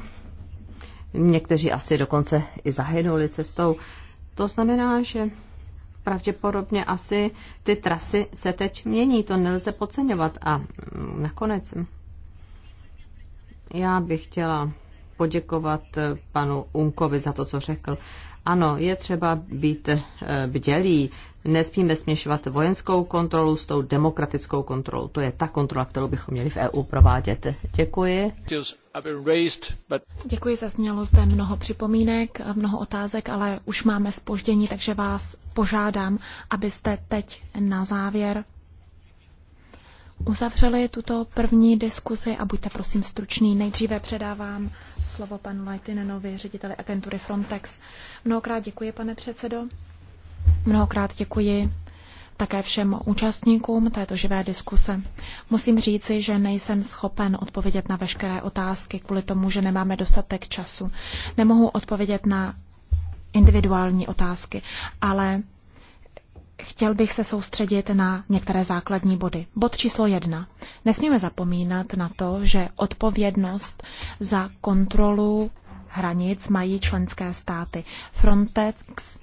někteří asi dokonce i zahynuli cestou. To znamená, že pravděpodobně asi ty trasy se teď mění, to nelze podceňovat. A nakonec já bych chtěla poděkovat eh, panu Unkovi za to, co řekl. Ano, je třeba být eh, bdělý. Nesmíme směšovat vojenskou kontrolu s tou demokratickou kontrolou. To je ta kontrola, kterou bychom měli v EU provádět. Děkuji. Děkuji, zaznělo zde mnoho připomínek, mnoho otázek, ale už máme spoždění, takže vás požádám, abyste teď na závěr uzavřeli tuto první diskuzi a buďte prosím struční. Nejdříve předávám slovo panu Leitinenovi, řediteli agentury Frontex. Mnohokrát děkuji, pane předsedo. Mnohokrát děkuji také všem účastníkům této živé diskuse. Musím říci, že nejsem schopen odpovědět na veškeré otázky kvůli tomu, že nemáme dostatek času. Nemohu odpovědět na individuální otázky, ale Chtěl bych se soustředit na některé základní body. Bod číslo jedna. Nesmíme zapomínat na to, že odpovědnost za kontrolu hranic mají členské státy. Frontex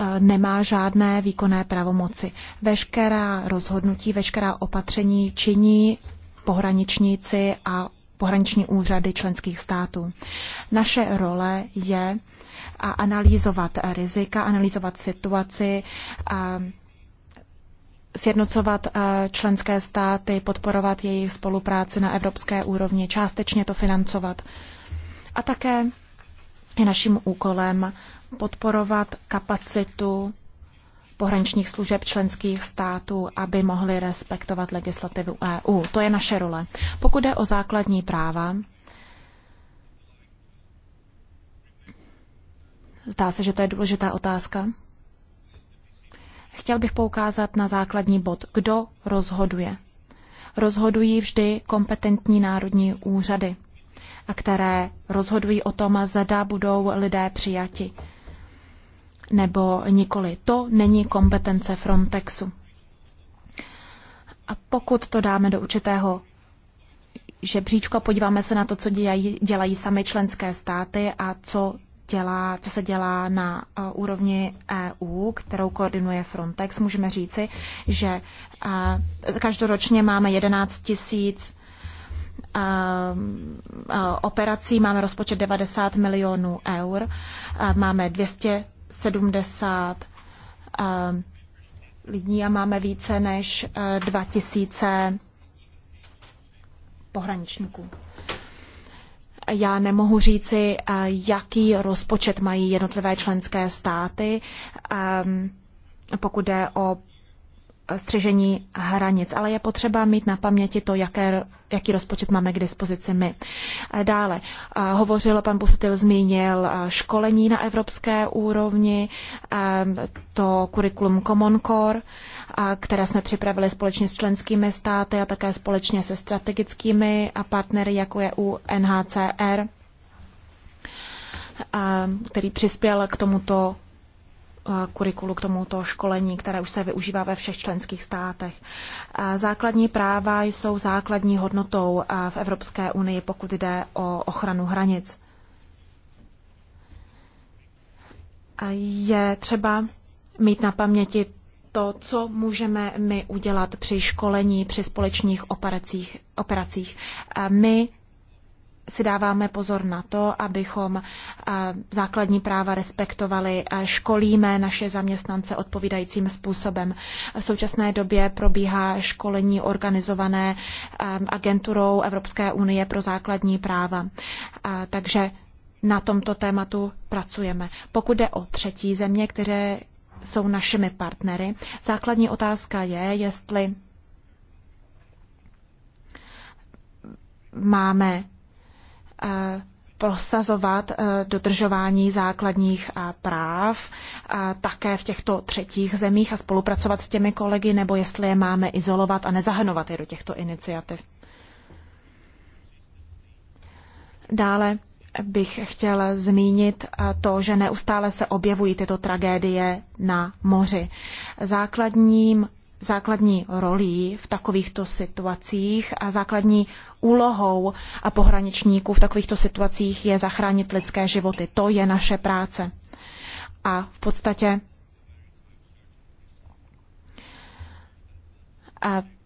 eh, nemá žádné výkonné pravomoci. Veškerá rozhodnutí, veškerá opatření činí pohraničníci a pohraniční úřady členských států. Naše role je a analyzovat rizika, analyzovat situaci, sjednocovat eh, členské státy, podporovat jejich spolupráci na evropské úrovni, částečně to financovat. A také je naším úkolem podporovat kapacitu pohraničních služeb členských států, aby mohly respektovat legislativu EU. To je naše role. Pokud jde o základní práva, Zdá se, že to je důležitá otázka. Chtěl bych poukázat na základní bod. Kdo rozhoduje? Rozhodují vždy kompetentní národní úřady, a které rozhodují o tom, zda budou lidé přijati nebo nikoli. To není kompetence Frontexu. A pokud to dáme do určitého že a podíváme se na to, co dělají, dělají sami členské státy a co dělá, co se dělá na eh, úrovni EU, kterou koordinuje Frontex, můžeme říci, že eh, každoročně máme 11 tisíc eh, operací, máme rozpočet 90 milionů eur, máme 270 lidí a máme více než 2000 pohraničníků. Já nemohu říci, eh, jaký rozpočet mají jednotlivé členské státy, ehm, pokud jde o střežení hranic, ale je potřeba mít na paměti to, jaké, jaký rozpočet máme k dispozici my. Dále hovořil pan Pusatil zmínil školení na evropské úrovni, to kurikulum Common Core, které jsme připravili společně s členskými státy a také společně se strategickými partnery, jako je UNHCR, který přispěl k tomuto Eh, kurikulu k tomuto školení, které už se využívá ve všech členských státech. Eh, základní práva jsou základní hodnotou eh, v Evropské unii, pokud jde o ochranu hranic. Je třeba mít na paměti to, co můžeme my udělat při školení, při společných operacích. operacích. My si dáváme pozor na to, abychom eh, základní práva respektovali, eh, školíme naše zaměstnance odpovídajícím způsobem. V současné době probíhá školení organizované eh, agenturou Evropské unie pro základní práva. Takže na tomto tématu pracujeme. Pokud jde o třetí země, které jsou našimi partnery, základní otázka je, jestli máme Eh, prosazovat eh, dodržování základních eh, práv také v těchto třetích zemích a spolupracovat s těmi kolegy, nebo jestli je máme izolovat a nezahrnovat je do těchto iniciativ. Dále bych chtěl zmínit to, že neustále se objevují tyto tragédie na moři. Základním základní rolí v takovýchto situacích a základní úlohou a pohraničníků v takovýchto situacích je zachránit lidské životy. To je naše práce. A v podstatě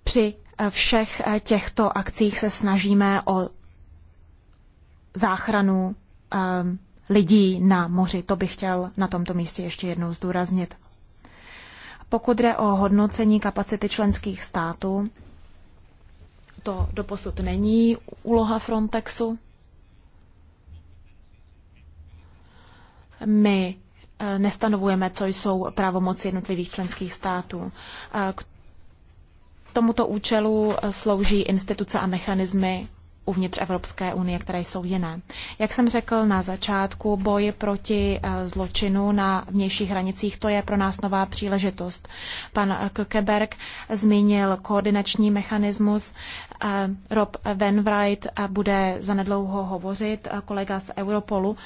při všech těchto akcích se snažíme o záchranu ehm, lidí na moři. To bych chtěl na tomto místě ještě jednou zdůraznit. Pokud jde o hodnocení kapacity členských států, to doposud není úloha Frontexu. My eh, nestanovujeme, co jsou pravomoci jednotlivých členských států. Eh, k tomuto účelu slouží instituce a mechanismy uvnitř Evropské unie, které jsou jiné. Jak jsem řekl na začátku, boj proti eh, zločinu na vnějších hranicích, to je pro nás nová příležitost. Pan Kökeberg zmínil koordinační mechanismus. Eh, Rob Wenwright eh, bude zanedlouho hovořit, kolega z Europolu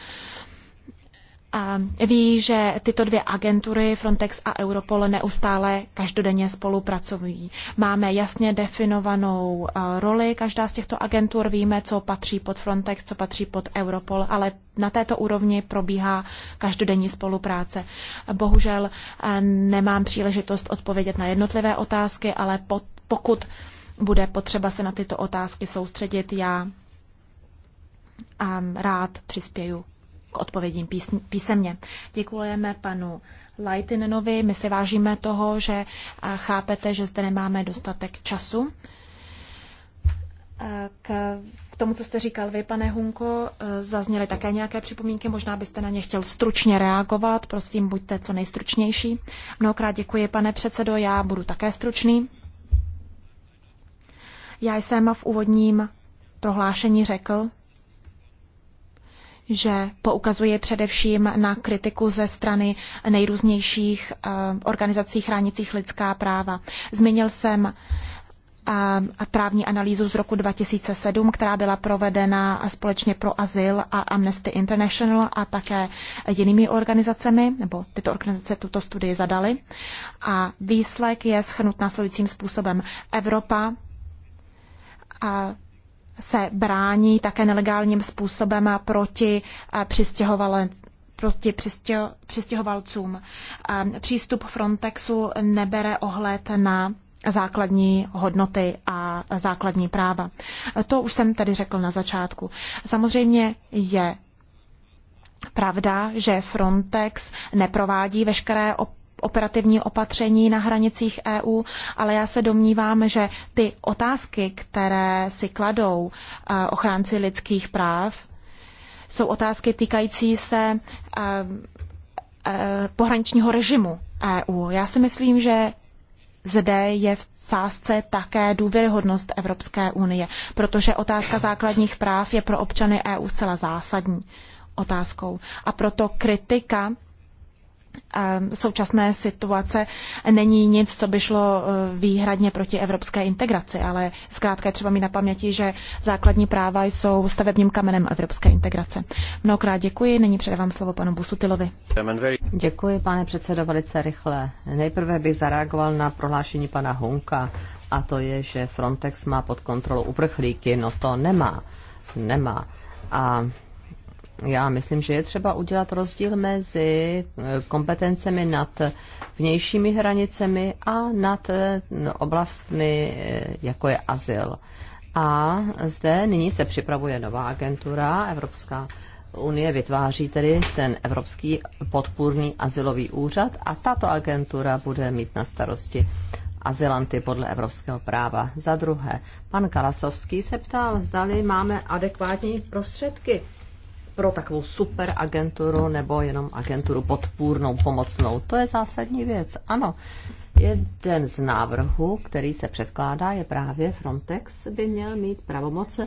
ví, že tyto dvě agentury, Frontex a Europol, neustále každodenně spolupracují. Máme jasně definovanou eh, roli každá z těchto agentur, víme, co patří pod Frontex, co patří pod Europol, ale na této úrovni probíhá každodenní spolupráce. Bohužel eh, nemám příležitost odpovědět na jednotlivé otázky, ale pokud bude potřeba se na tyto otázky soustředit, já eh, rád přispěju k odpovědím písemně. Děkujeme panu Leitinenovi. My si vážíme toho, že chápete, že zde nemáme dostatek času. K tomu, co jste říkal vy, pane Hunko, e, zazněly také nějaké připomínky. Možná byste na ně chtěl stručně reagovat. Prosím, buďte co nejstručnější. Mnohokrát děkuji, pane předsedo. Já budu také stručný. Já jsem v úvodním prohlášení řekl, že poukazuje především na kritiku ze strany nejrůznějších eh, organizací chránících lidská práva. Zmínil jsem eh, právní analýzu z roku 2007, která byla provedena společně pro azyl a Amnesty International a také jinými organizacemi, nebo tyto organizace tuto studii zadaly. A výsledek je schnut následujícím způsobem. Evropa a se brání také nelegálním způsobem proti eh, přistěhovalecům proti přistěhovalcům. Eh, přístup Frontexu nebere ohled na základní hodnoty a základní práva. To už jsem tady řekl na začátku. Samozřejmě je pravda, že Frontex neprovádí veškeré op- operativní opatření na hranicích EU, ale já se domnívám, že ty otázky, které si kladou eh, ochránci lidských práv, jsou otázky týkající se eh, eh, pohraničního režimu EU. Já si myslím, že zde je v sázce také důvěryhodnost Evropské unie, protože otázka základních práv je pro občany EU zcela zásadní otázkou. A proto kritika současné situace není nic, co by šlo e, výhradně proti evropské integraci, ale zkrátka je třeba mít na paměti, že základní práva jsou stavebním kamenem evropské integrace. Mnohokrát děkuji, nyní předávám slovo panu Busutilovi. Děkuji, pane předsedo, velice rychle. Nejprve bych zareagoval na prohlášení pana Hunka a to je, že Frontex má pod kontrolou uprchlíky, no to nemá. Nemá. A já myslím, že je třeba udělat rozdíl mezi eh, kompetencemi nad vnějšími hranicemi a nad eh, oblastmi, eh, jako je azyl. A zde nyní se připravuje nová agentura, Evropská unie vytváří tedy ten Evropský podpůrný azylový úřad a tato agentura bude mít na starosti azylanty podle evropského práva. Za druhé, pan Kalasovský se ptal, zdali máme adekvátní prostředky pro takovou super agenturu nebo jenom agenturu podpůrnou, pomocnou. To je zásadní věc. Ano, jeden z návrhů, který se předkládá, je právě Frontex by měl mít pravomoc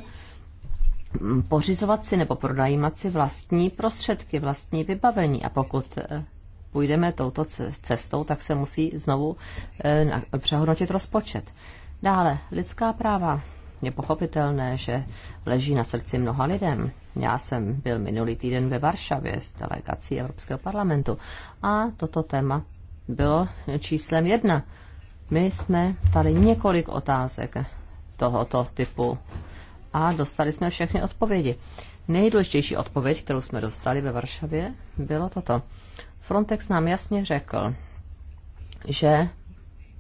mm, pořizovat si nebo prodajímat si vlastní prostředky, vlastní vybavení. A pokud eh, půjdeme touto cestou, tak se musí znovu eh, přehodnotit rozpočet. Dále, lidská práva je pochopitelné, že leží na srdci mnoha lidem. Já jsem byl minulý týden ve Varšavě s delegací Evropského parlamentu a toto téma bylo číslem jedna. My jsme tady několik otázek tohoto typu a dostali jsme všechny odpovědi. Nejdůležitější odpověď, kterou jsme dostali ve Varšavě, bylo toto. Frontex nám jasně řekl, že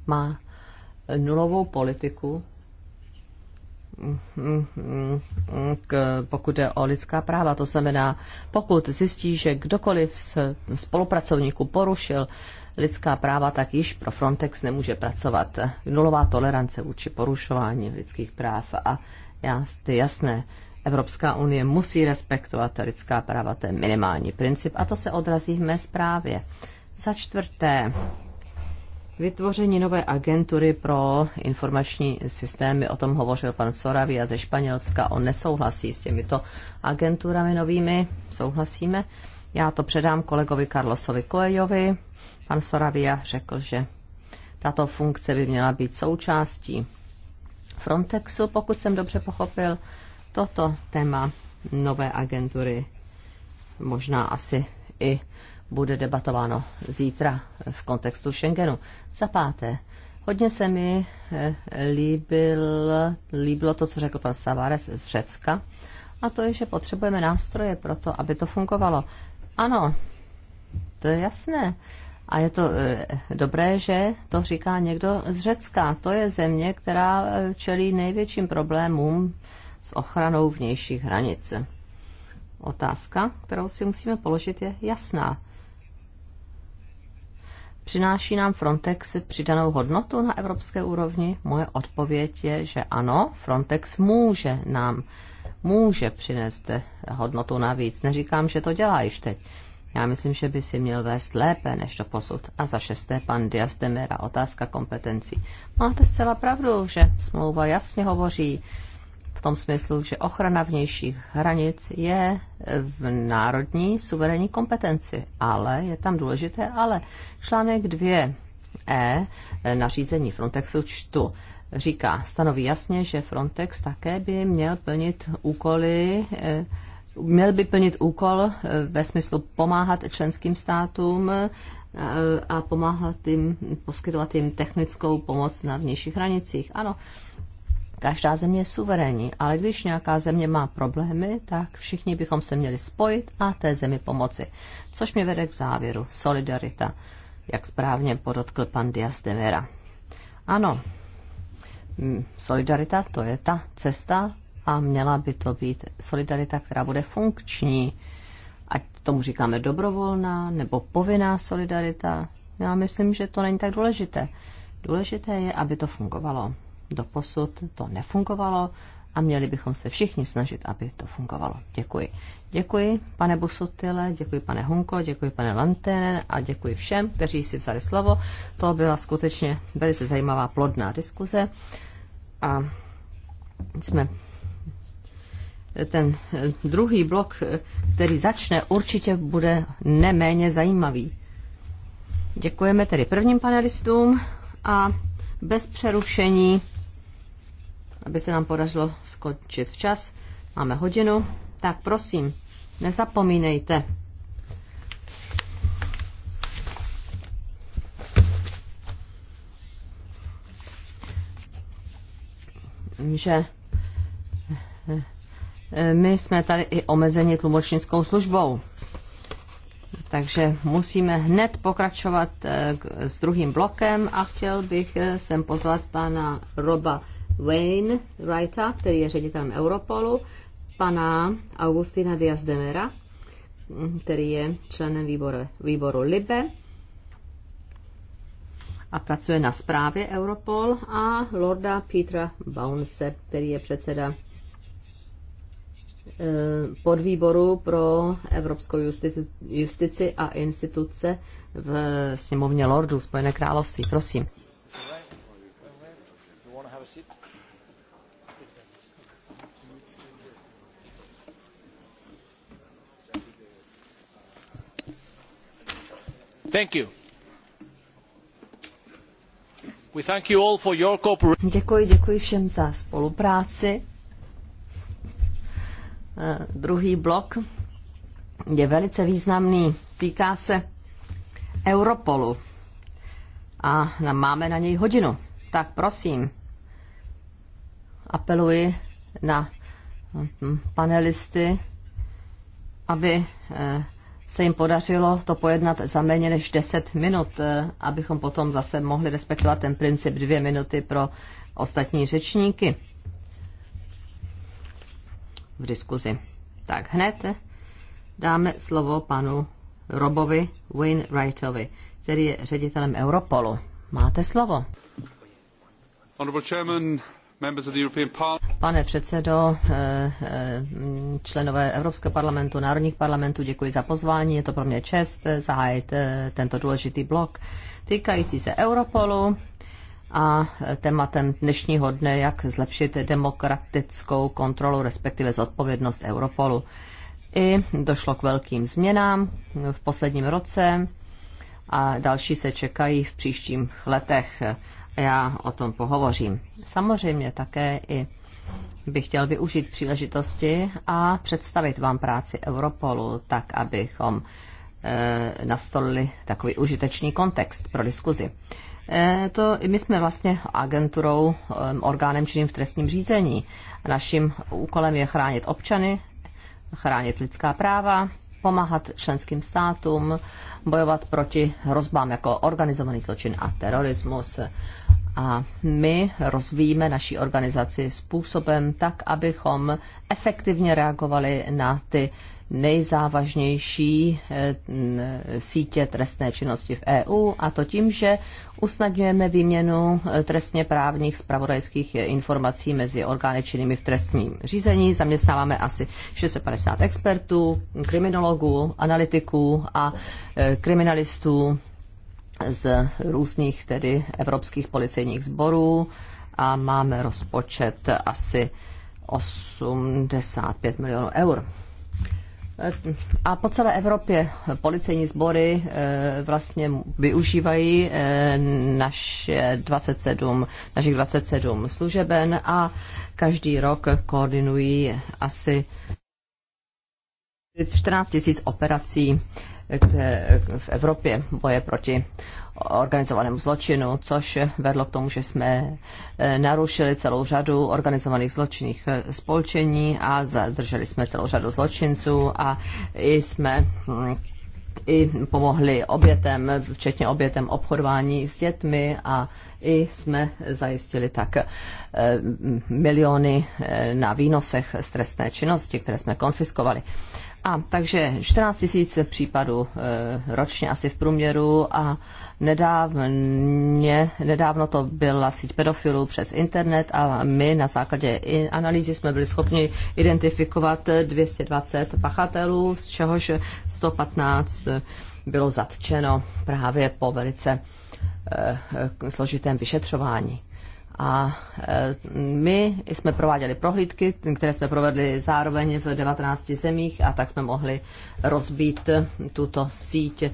má nulovou politiku k, pokud je o lidská práva. To znamená, pokud zjistí, že kdokoliv z spolupracovníků porušil lidská práva, tak již pro Frontex nemůže pracovat. Nulová tolerance vůči porušování lidských práv a jasné, Evropská unie musí respektovat lidská práva, to je minimální princip a to se odrazí v mé zprávě. Za čtvrté, Vytvoření nové agentury pro informační systémy, o tom hovořil pan Soravia ze Španělska, on nesouhlasí s těmito agenturami novými, souhlasíme. Já to předám kolegovi Carlosovi Koejovi. Pan Soravia řekl, že tato funkce by měla být součástí Frontexu, pokud jsem dobře pochopil toto téma nové agentury, možná asi i bude debatováno zítra v kontextu Schengenu. Za páté, hodně se mi eh, líbil, líbilo to, co řekl pan Savares z Řecka, a to je, že potřebujeme nástroje pro to, aby to fungovalo. Ano, to je jasné. A je to e, dobré, že to říká někdo z Řecka. To je země, která eh, čelí největším problémům s ochranou vnějších hranic. Otázka, kterou si musíme položit, je jasná. Přináší nám Frontex přidanou hodnotu na evropské úrovni? Moje odpověď je, že ano, Frontex může nám může přinést hodnotu navíc. Neříkám, že to dělá již teď. Já myslím, že by si měl vést lépe než to posud. A za šesté, pan Diaz otázka kompetencí. Máte zcela pravdu, že smlouva jasně hovoří, v tom smyslu, že ochrana vnějších hranic je v národní suverénní kompetenci, ale je tam důležité, ale článek 2e nařízení Frontexu čtu říká, stanoví jasně, že Frontex také by měl plnit úkoly eh, měl by plnit úkol eh, ve smyslu pomáhat členským státům eh, a pomáhat jim, poskytovat jim technickou pomoc na vnějších hranicích. Ano, Každá země je suverénní, ale když nějaká země má problémy, tak všichni bychom se měli spojit a té zemi pomoci. Což mě vede k závěru. Solidarita, jak správně podotkl pan Dias de Vera. Ano, mm, solidarita to je ta cesta a měla by to být solidarita, která bude funkční. Ať tomu říkáme dobrovolná nebo povinná solidarita, já myslím, že to není tak důležité. Důležité je, aby to fungovalo Doposud to nefungovalo a měli bychom se všichni snažit, aby to fungovalo. Děkuji. Děkuji, pane Busutile, děkuji, pane Honko, děkuji, pane Lantenen a děkuji všem, kteří si vzali slovo. To byla skutečně velice zajímavá, plodná diskuze a jsme ten druhý blok, který začne, určitě bude neméně zajímavý. Děkujeme tedy prvním panelistům a bez přerušení aby se nám podařilo skončit včas. Máme hodinu, tak prosím, nezapomínejte. že eh, eh, my jsme tady i omezeni tlumočnickou službou. Takže musíme hned pokračovat eh, s druhým blokem a chtěl bych sem pozvat pana Roba Wayne Wrighta, který je ředitelem Europolu, pana Augustina Diaz Demera, který je členem výboru, výboru LIBE a pracuje na zprávě Europol a Lorda Petra Bounce, který je předseda eh, podvýboru pro evropskou justici, justici a instituce v sněmovně Lordů Spojené království. Prosím. Děkuji, děkuji všem za spolupráci. Eh, druhý blok je velice významný. Týká se Europolu. A máme na něj hodinu. Tak prosím, apeluji na hm, panelisty, aby eh, se jim podařilo to pojednat za méně než 10 minut, eh, abychom potom zase mohli respektovat ten princip dvě minuty pro ostatní řečníky v diskuzi. Tak hned dáme slovo panu Robovi Wainwrightovi, který je ředitelem Europolu. Máte slovo. Honorable Chairman, Pane předsedo, eh, eh, členové Evropského parlamentu, národních parlamentů, děkuji za pozvání. Je to pro mě čest eh, zahájit tento důležitý blok týkající se Europolu a tématem dnešního dne, jak zlepšit demokratickou kontrolu, respektive zodpovědnost Europolu. I došlo k velkým změnám v posledním roce a další se čekají v příštích letech já o tom pohovořím. Samozřejmě také i bych chtěl využít příležitosti a představit vám práci Europolu, tak abychom e, nastolili takový užitečný kontext pro diskuzi. E, to my jsme vlastně agenturou, e, orgánem činným v trestním řízení. Naším úkolem je chránit občany, chránit lidská práva, pomáhat členským státům bojovat proti hrozbám jako organizovaný zločin a terorismus. A my rozvíjíme naší organizaci způsobem tak, abychom efektivně reagovali na ty nejzávažnější eh, sítě trestné činnosti v EU a to tím, že usnadňujeme výměnu eh, trestně právních spravodajských informací mezi orgány činnými v trestním řízení. Zaměstnáváme asi 650 expertů, kriminologů, analytiků a eh, kriminalistů z různých tedy evropských policejních sborů a máme rozpočet asi 85 milionů eur. A po celé Evropě policejní sbory eh, vlastně využívají eh, naše 27, našich 27 služeben a každý rok koordinují asi 14 000 operací eh, v Evropě boje proti organizovanému zločinu, což vedlo k tomu, že jsme eh, narušili celou řadu organizovaných zločinných eh, spolčení a zadrželi jsme celou řadu zločinců a i jsme hm, i pomohli obětem, včetně obětem obchodování s dětmi a i jsme zajistili tak eh, miliony na výnosech z trestné činnosti, které jsme konfiskovali. A takže 14 000 případů eh, ročně asi v průměru a nedávně, nedávno to byla síť pedofilů přes internet a my na základě analýzy jsme byli schopni identifikovat 220 pachatelů, z čehož 115 eh, bylo zatčeno právě po velice eh, složitém vyšetřování. A e, my jsme prováděli prohlídky, které jsme provedli zároveň v 19 zemích a tak jsme mohli rozbít tuto síť e,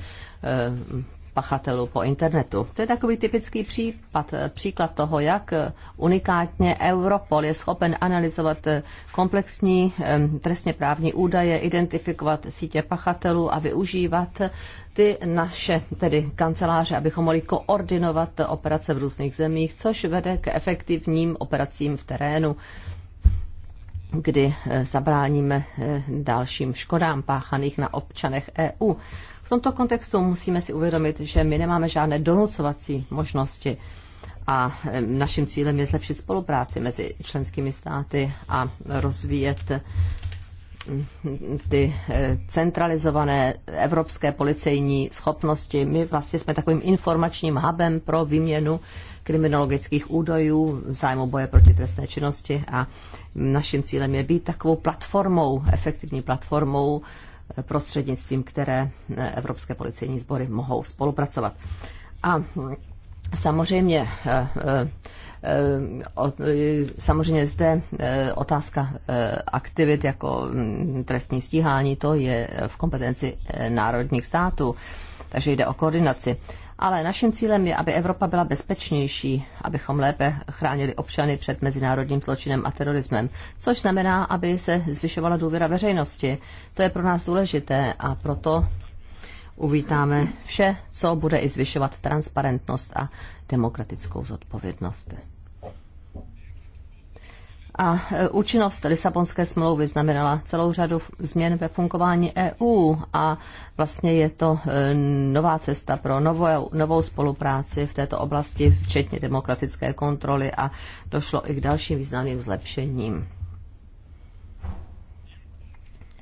pachatelů po internetu. To je takový typický případ, eh, příklad toho, jak eh, unikátně Europol je schopen analyzovat eh, komplexní trestně právní údaje, identifikovat sítě pachatelů a využívat ty naše tedy kanceláře, abychom mohli koordinovat operace v různých zemích, což vede k efektivním operacím v terénu kdy eh, zabráníme eh, dalším škodám páchaných na občanech EU. V tomto kontextu musíme si uvědomit, že my nemáme žádné donucovací možnosti a eh, naším cílem je zlepšit spolupráci mezi členskými státy a rozvíjet ty eh, centralizované evropské policejní schopnosti. My vlastně jsme takovým informačním hubem pro výměnu kriminologických údajů v zájmu boje proti trestné činnosti a naším cílem je být takovou platformou, efektivní platformou, eh, prostřednictvím které eh, evropské policejní sbory mohou spolupracovat. A samozřejmě Eh, eh, samozřejmě zde eh, otázka aktivit jako mm, trestní stíhání, to je v kompetenci národních států, takže jde o koordinaci. Ale naším cílem je, aby Evropa byla bezpečnější, abychom lépe chránili občany před mezinárodním zločinem a terorismem, což znamená, aby se zvyšovala důvěra veřejnosti. To je pro nás důležité a proto uvítáme vše, co bude i zvyšovat transparentnost a demokratickou zodpovědnost. A e, účinnost Lisabonské smlouvy znamenala celou řadu změn ve fungování EU a vlastně je to e, nová cesta pro novou, novou spolupráci v této oblasti, včetně demokratické kontroly a došlo i k dalším významným zlepšením.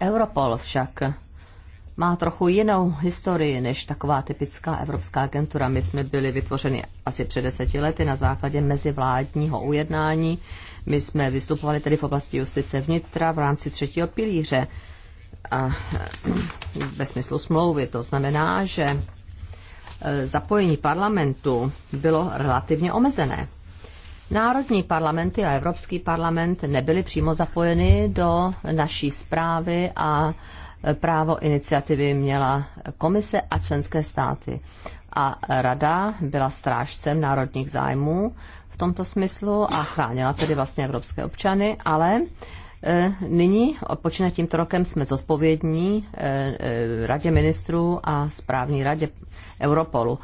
Europol však má trochu jinou historii než taková typická evropská agentura. My jsme byli vytvořeni asi před deseti lety na základě mezivládního ujednání my jsme vystupovali tedy v oblasti justice vnitra v rámci třetího pilíře a ve smyslu smlouvy. To znamená, že e, zapojení parlamentu bylo relativně omezené. Národní parlamenty a Evropský parlament nebyly přímo zapojeny do naší zprávy a e, právo iniciativy měla komise a členské státy. A rada byla strážcem národních zájmů tomto smyslu a chránila tedy vlastně evropské občany, ale e, Nyní, počínat tímto rokem, jsme zodpovědní e, e, Radě ministrů a správní radě Europolu.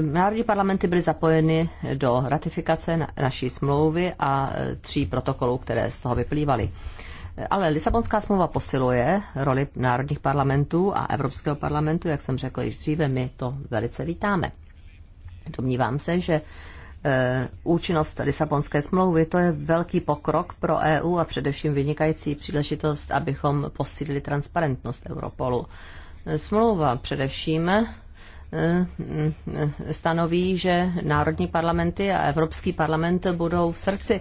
Národní parlamenty byly zapojeny do ratifikace naší smlouvy a tří protokolů, které z toho vyplývaly. Ale Lisabonská smlouva posiluje roli národních parlamentů a Evropského parlamentu, jak jsem řekl již dříve, my to velice vítáme. Domnívám se, že Eh, účinnost Lisabonské smlouvy. To je velký pokrok pro EU a především vynikající příležitost, abychom posílili transparentnost Europolu. Smlouva především eh, eh, stanoví, že národní parlamenty a Evropský parlament budou v srdci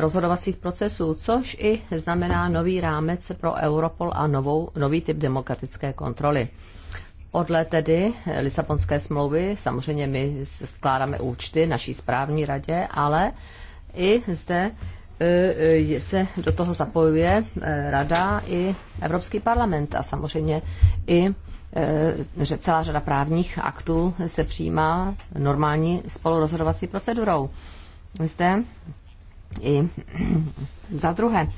rozhodovacích procesů, což i znamená nový rámec pro Europol a novou, nový typ demokratické kontroly. Podle tedy Lisabonské smlouvy samozřejmě my skládáme účty naší správní radě, ale i zde e, e, se do toho zapojuje e, rada i Evropský parlament a samozřejmě i že celá řada právních aktů se přijímá normální spolurozhodovací procedurou. Zde i za druhé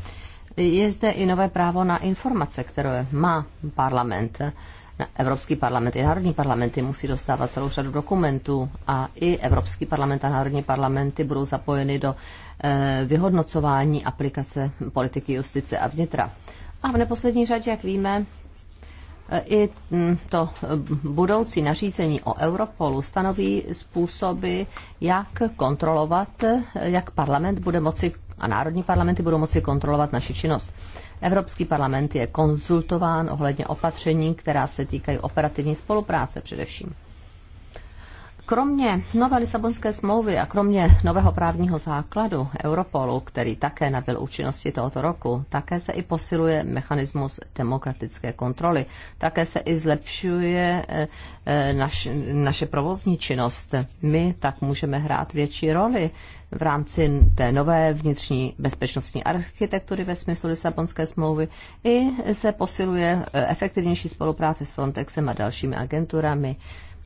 je zde i nové právo na informace, které má parlament Evropský parlament i národní parlamenty musí dostávat celou řadu dokumentů a i Evropský parlament a národní parlamenty budou zapojeny do eh, vyhodnocování aplikace politiky justice a vnitra. A v neposlední řadě, jak víme, eh, i hm, to hm, budoucí nařízení o Europolu stanoví způsoby, jak kontrolovat, eh, jak parlament bude moci a národní parlamenty budou moci kontrolovat naši činnost. Evropský parlament je konzultován ohledně opatření, která se týkají operativní spolupráce především. Kromě nové Lisabonské smlouvy a kromě nového právního základu Europolu, který také nabyl účinnosti tohoto roku, také se i posiluje mechanismus demokratické kontroly. Také se i zlepšuje eh, eh, naš, naše provozní činnost. My tak můžeme hrát větší roli v rámci té nové vnitřní bezpečnostní architektury ve smyslu Lisabonské smlouvy i se posiluje eh, efektivnější spolupráce s Frontexem a dalšími agenturami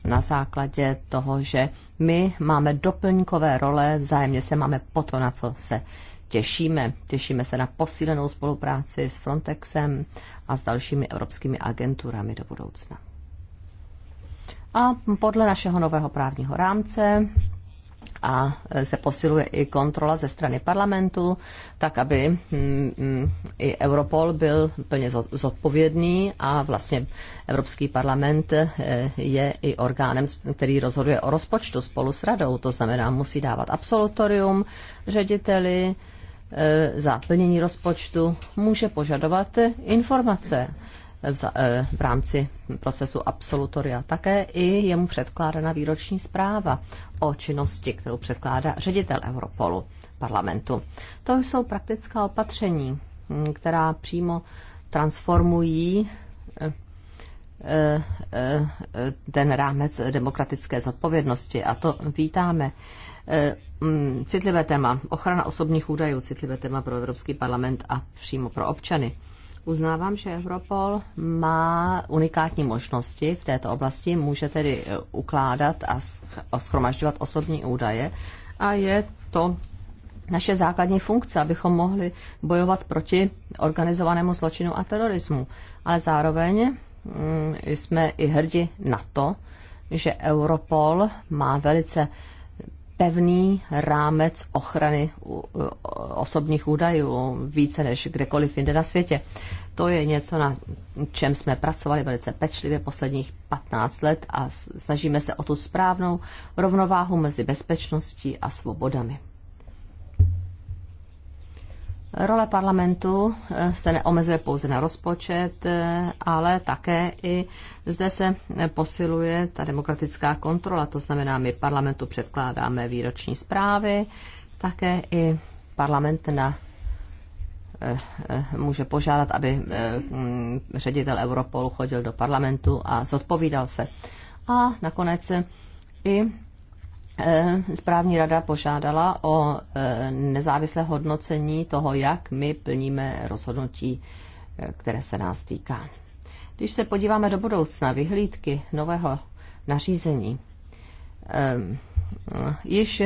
na základě toho, že my máme doplňkové role, vzájemně se máme po to, na co se těšíme. Těšíme se na posílenou spolupráci s Frontexem a s dalšími evropskými agenturami do budoucna. A podle našeho nového právního rámce a e, se posiluje i kontrola ze strany parlamentu, tak aby mm, mm, i Europol byl plně zodpovědný a vlastně Evropský parlament e, je i orgánem, který rozhoduje o rozpočtu spolu s radou, to znamená musí dávat absolutorium řediteli, e, za plnění rozpočtu může požadovat informace Eh, v rámci procesu absolutoria. Také i je mu předkládána výroční zpráva o činnosti, kterou předkládá ředitel Europolu parlamentu. To jsou praktická opatření, hm, která přímo transformují eh, eh, ten rámec demokratické zodpovědnosti a to vítáme. Hm, citlivé téma, ochrana osobních údajů, citlivé téma pro Evropský parlament a přímo pro občany. Uznávám, že Europol má unikátní možnosti v této oblasti, může tedy e, ukládat a schromažďovat osobní údaje a je to naše základní funkce, abychom mohli bojovat proti organizovanému zločinu a terorismu. Ale zároveň mm, jsme i hrdi na to, že Europol má velice pevný rámec ochrany osobních údajů více než kdekoliv jinde na světě. To je něco, na čem jsme pracovali velice pečlivě posledních 15 let a snažíme se o tu správnou rovnováhu mezi bezpečností a svobodami. Role parlamentu eh, se neomezuje pouze na rozpočet, eh, ale také i zde se posiluje ta demokratická kontrola. To znamená, my parlamentu předkládáme výroční zprávy, také i parlament na eh, může požádat, aby mm, ředitel Europolu chodil do parlamentu a zodpovídal se. A nakonec i Eh, správní rada požádala o eh, nezávislé hodnocení toho, jak my plníme rozhodnutí, eh, které se nás týká. Když se podíváme do budoucna, vyhlídky nového nařízení, Již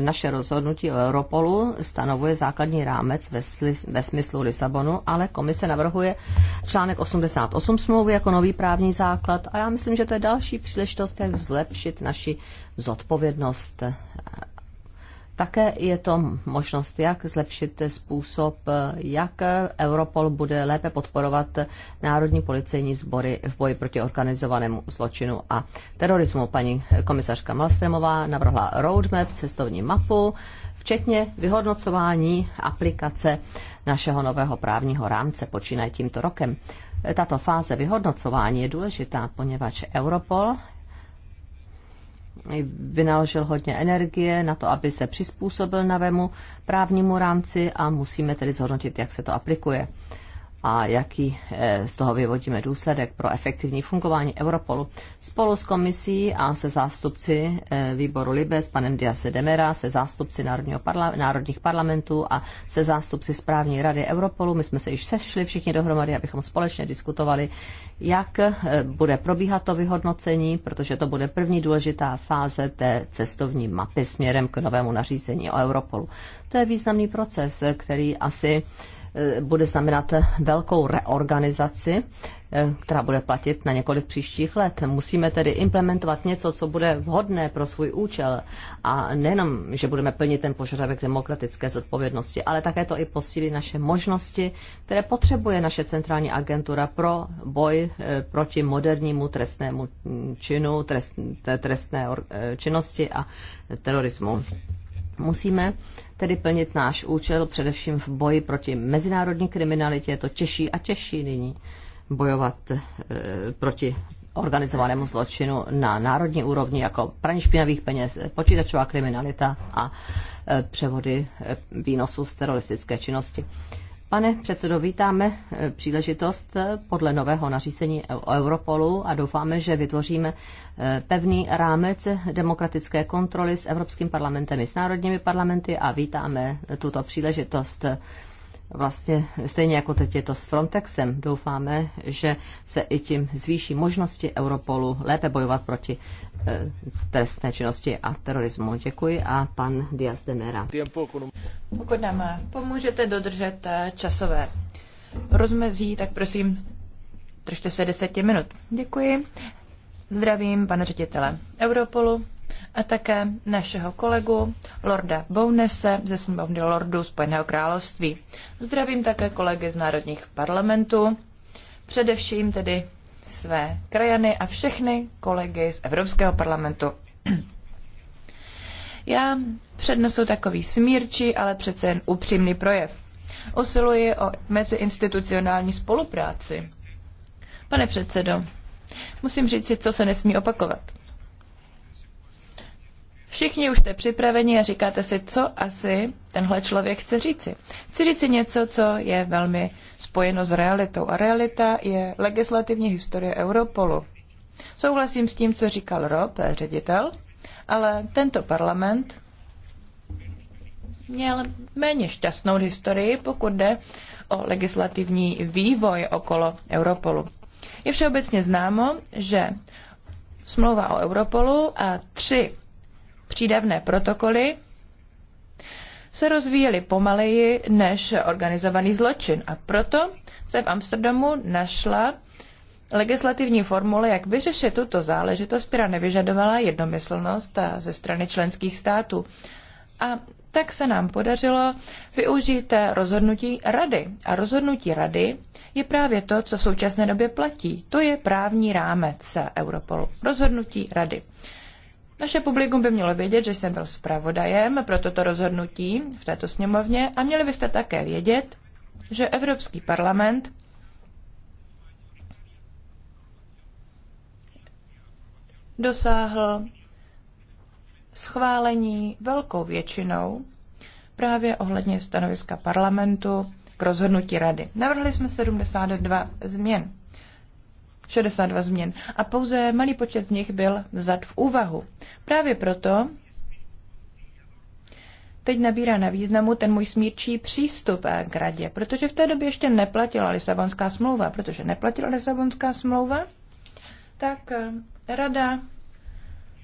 naše rozhodnutí o Europolu stanovuje základní rámec ve, ve smyslu Lisabonu, ale komise navrhuje článek 88 smlouvy jako nový právní základ a já myslím, že to je další příležitost, jak zlepšit naši zodpovědnost také je to možnost, jak zlepšit způsob, jak Europol bude lépe podporovat národní policejní sbory v boji proti organizovanému zločinu a terorismu. Paní komisařka Malstremová navrhla roadmap, cestovní mapu, včetně vyhodnocování aplikace našeho nového právního rámce počínaje tímto rokem. Tato fáze vyhodnocování je důležitá, poněvadž Europol vynaložil hodně energie na to, aby se přizpůsobil novému právnímu rámci a musíme tedy zhodnotit, jak se to aplikuje a jaký eh, z toho vyvodíme důsledek pro efektivní fungování Europolu. Spolu s komisí a se zástupci eh, výboru Libe, s panem Diase Demera, se zástupci národního parla- národních parlamentů a se zástupci správní rady Europolu, my jsme se již sešli všichni dohromady, abychom společně diskutovali, jak eh, bude probíhat to vyhodnocení, protože to bude první důležitá fáze té cestovní mapy směrem k novému nařízení o Europolu. To je významný proces, který asi Eh, bude znamenat velkou reorganizaci, eh, která bude platit na několik příštích let. Musíme tedy implementovat něco, co bude vhodné pro svůj účel a nejenom, že budeme plnit ten požadavek demokratické zodpovědnosti, ale také to i posílí naše možnosti, které potřebuje naše centrální agentura pro boj eh, proti modernímu trestnému činu, trest, trestné činnosti a terorismu. Musíme tedy plnit náš účel především v boji proti mezinárodní kriminalitě. Je to těžší a těžší nyní bojovat e, proti organizovanému zločinu na národní úrovni, jako praní špinavých peněz, počítačová kriminalita a eh, převody eh, výnosů z teroristické činnosti. E, Pane předsedo, vítáme eh, příležitost eh, podle nového nařízení Europolu a doufáme, že vytvoříme eh, pevný rámec demokratické kontroly s Evropským parlamentem i s národními parlamenty a vítáme tuto příležitost vlastně stejně jako teď je to s Frontexem, doufáme, že se i tím zvýší možnosti Europolu lépe bojovat proti eh, trestné činnosti a terorismu. Děkuji a pan Diaz de Mera. Pokud nám pomůžete dodržet eh, časové rozmezí, tak prosím, držte se deseti minut. Děkuji. Zdravím, pane ředitele Europolu a také našeho kolegu Lorda Bownese ze sněmovny Lordů Spojeného království. Zdravím také kolegy z národních parlamentů, především tedy své krajany a všechny kolegy z Evropského parlamentu. Já přednesu takový smírčí, ale přece jen upřímný projev. Usiluji o meziinstitucionální spolupráci. Pane předsedo, musím říct si, co se nesmí opakovat. Všichni už jste připraveni a říkáte si, co asi tenhle člověk chce říci. Chci říci něco, co je velmi spojeno s realitou. A realita je legislativní historie Europolu. Souhlasím s tím, co říkal Rob, ředitel, ale tento parlament měl méně šťastnou historii, pokud jde o legislativní vývoj okolo Europolu. Je všeobecně známo, že smlouva o Europolu a tři přídavné protokoly se rozvíjely pomaleji než organizovaný zločin. A proto se v Amsterdamu našla legislativní formule, jak vyřešit tuto záležitost, která nevyžadovala jednomyslnost ze strany členských států. A tak se nám podařilo využít rozhodnutí rady. A rozhodnutí rady je právě to, co v současné době platí. To je právní rámec Europolu. Rozhodnutí rady. Naše publikum by mělo vědět, že jsem byl zpravodajem pro toto rozhodnutí v této sněmovně a měli byste také vědět, že Evropský parlament dosáhl schválení velkou většinou právě ohledně stanoviska parlamentu k rozhodnutí rady. Navrhli jsme 72 změn. 62 změn a pouze malý počet z nich byl vzat v úvahu. Právě proto teď nabírá na významu ten můj smírčí přístup k radě, protože v té době ještě neplatila Lisabonská smlouva. Protože neplatila Lisabonská smlouva, tak eh, rada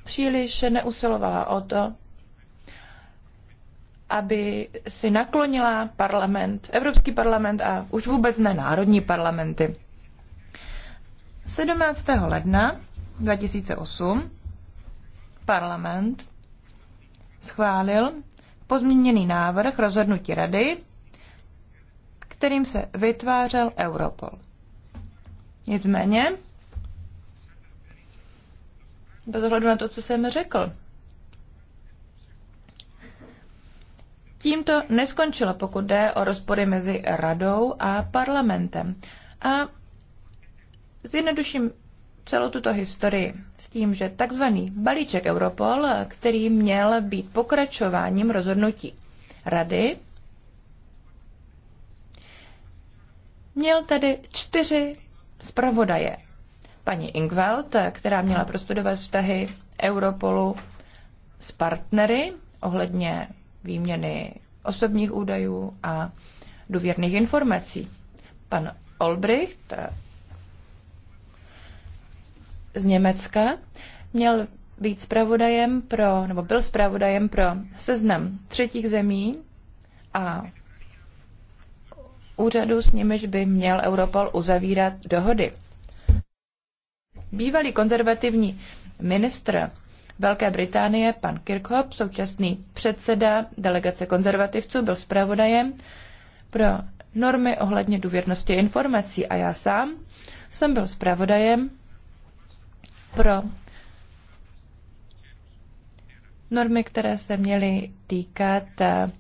příliš neusilovala o to, aby si naklonila parlament, Evropský parlament a už vůbec ne národní parlamenty. 17. ledna 2008 parlament schválil pozměněný návrh rozhodnutí rady, kterým se vytvářel Europol. Nicméně, bez ohledu na to, co jsem řekl, tímto neskončilo, pokud jde o rozpory mezi radou a parlamentem. A zjednoduším celou tuto historii s tím, že takzvaný balíček Europol, který měl být pokračováním rozhodnutí rady, měl tedy čtyři zpravodaje. Paní Ingveld, která měla prostudovat vztahy Europolu s partnery ohledně výměny osobních údajů a důvěrných informací. Pan Olbricht, z Německa měl být zpravodajem pro, nebo byl zpravodajem pro seznam třetích zemí a úřadu s nimiž by měl Europol uzavírat dohody. Bývalý konzervativní ministr Velké Británie, pan Kirchhoff, současný předseda delegace konzervativců, byl zpravodajem pro normy ohledně důvěrnosti informací a já sám jsem byl zpravodajem pro normy, které se měly týkat eh,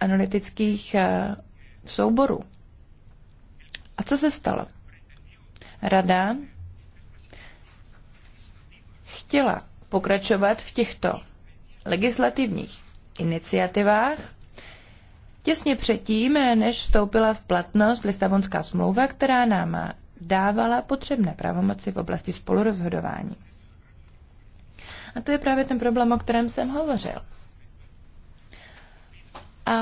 analytických eh, souborů. A co se stalo? Rada chtěla pokračovat v těchto legislativních iniciativách těsně předtím, než vstoupila v platnost Lisabonská smlouva, která nám dávala potřebné pravomoci v oblasti spolurozhodování. A to je právě ten problém, o kterém jsem hovořil. A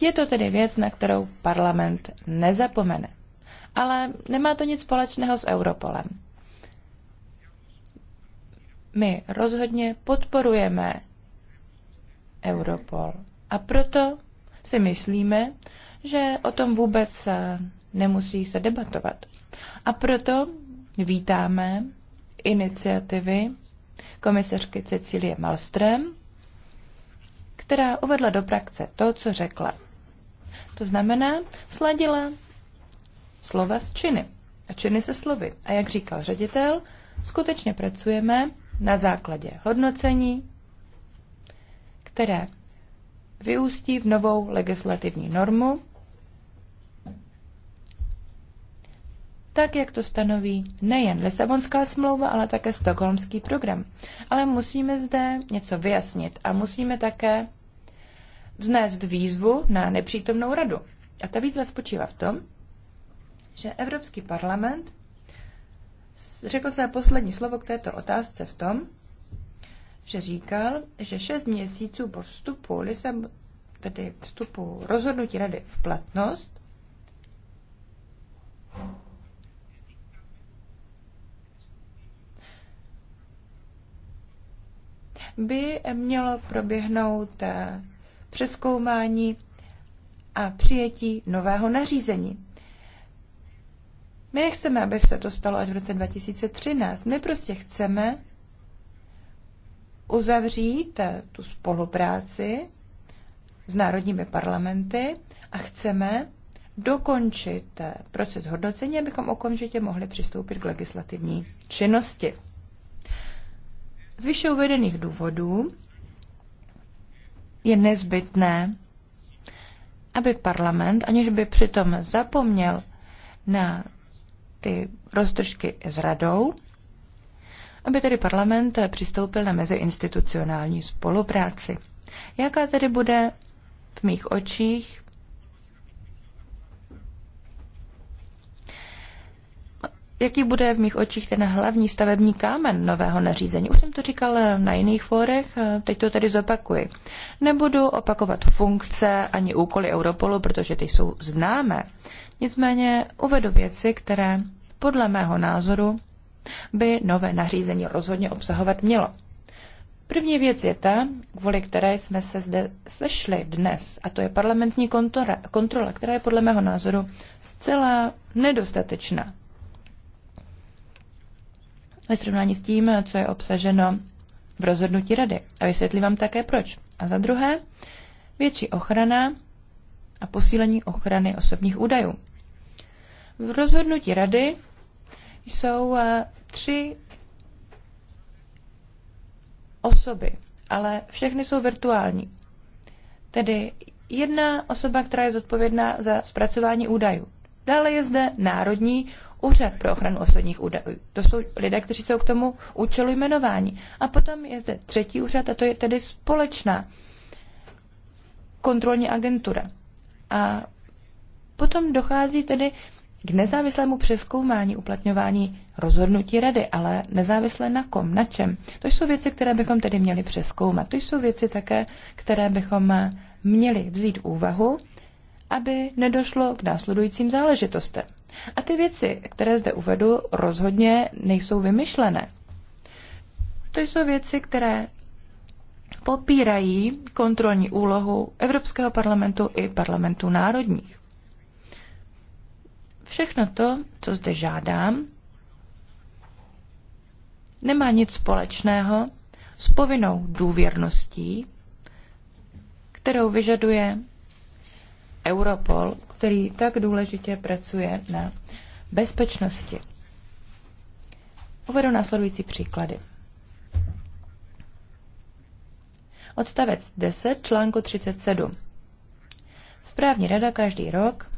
je to tedy věc, na kterou parlament nezapomene. Ale nemá to nic společného s Europolem. My rozhodně podporujeme Europol. A proto si myslíme, že o tom vůbec eh, nemusí se debatovat. A proto vítáme iniciativy komisařky Cecilie Malström, která uvedla do praxe to, co řekla. To znamená, sladila slova s činy a činy se slovy. A jak říkal ředitel, skutečně pracujeme na základě hodnocení, které vyústí v novou legislativní normu, tak jak to stanoví nejen Lisabonská smlouva, ale také Stockholmský program. Ale musíme zde něco vyjasnit a musíme také vznést výzvu na nepřítomnou radu. A ta výzva spočívá v tom, že Evropský parlament řekl své poslední slovo k této otázce v tom, že říkal, že šest měsíců po vstupu, Lisab- tedy vstupu rozhodnutí rady v platnost, by mělo proběhnout eh, přeskoumání a přijetí nového nařízení. My nechceme, aby se to stalo až v roce 2013. My prostě chceme uzavřít eh, tu spolupráci s národními parlamenty a chceme dokončit eh, proces hodnocení, abychom okamžitě mohli přistoupit k legislativní činnosti. Z vyše uvedených důvodů je nezbytné, aby parlament, aniž by přitom zapomněl na ty roztržky s radou, aby tedy parlament přistoupil na meziinstitucionální spolupráci. Jaká tedy bude v mých očích jaký bude v mých očích ten hlavní stavební kámen nového nařízení. Už jsem to říkal na jiných fórech, eh, teď to tedy zopakuji. Nebudu opakovat funkce ani úkoly Europolu, protože ty jsou známé. Nicméně uvedu věci, které podle mého názoru by nové nařízení rozhodně obsahovat mělo. První věc je ta, kvůli které jsme se zde sešli dnes, a to je parlamentní kontrola, kontrola která je podle mého názoru zcela nedostatečná ve srovnání s tím, co je obsaženo v rozhodnutí rady. A vysvětlím vám také proč. A za druhé, větší ochrana a posílení ochrany osobních údajů. V rozhodnutí rady jsou eh, tři osoby, ale všechny jsou virtuální. Tedy jedna osoba, která je zodpovědná za zpracování údajů. Dále je zde národní úřad pro ochranu osobních údajů. To jsou lidé, kteří jsou k tomu účelu jmenování. A potom je zde třetí úřad, a to je tedy společná kontrolní agentura. A potom dochází tedy k nezávislému přeskoumání uplatňování rozhodnutí rady, ale nezávisle na kom, na čem. To jsou věci, které bychom tedy měli přeskoumat. To jsou věci také, které bychom měli vzít úvahu, aby nedošlo k následujícím záležitostem. A ty věci, které zde uvedu, rozhodně nejsou vymyšlené. To jsou věci, které popírají kontrolní úlohu Evropského parlamentu i parlamentů národních. Všechno to, co zde žádám, nemá nic společného s povinnou důvěrností, kterou vyžaduje Europol který tak důležitě pracuje na bezpečnosti. Uvedu následující příklady. Odstavec 10 článku 37. Správní rada každý rok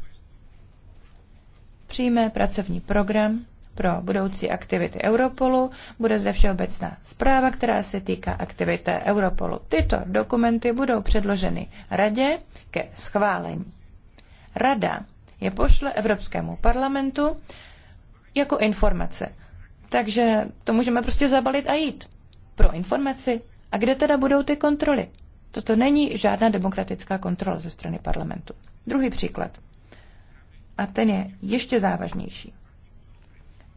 přijme pracovní program pro budoucí aktivity Europolu. Bude zde všeobecná zpráva, která se týká aktivity Europolu. Tyto dokumenty budou předloženy radě ke schválení. Rada je pošle Evropskému parlamentu jako informace. Takže to můžeme prostě zabalit a jít. Pro informaci. A kde teda budou ty kontroly? Toto není žádná demokratická kontrola ze strany parlamentu. Druhý příklad. A ten je ještě závažnější.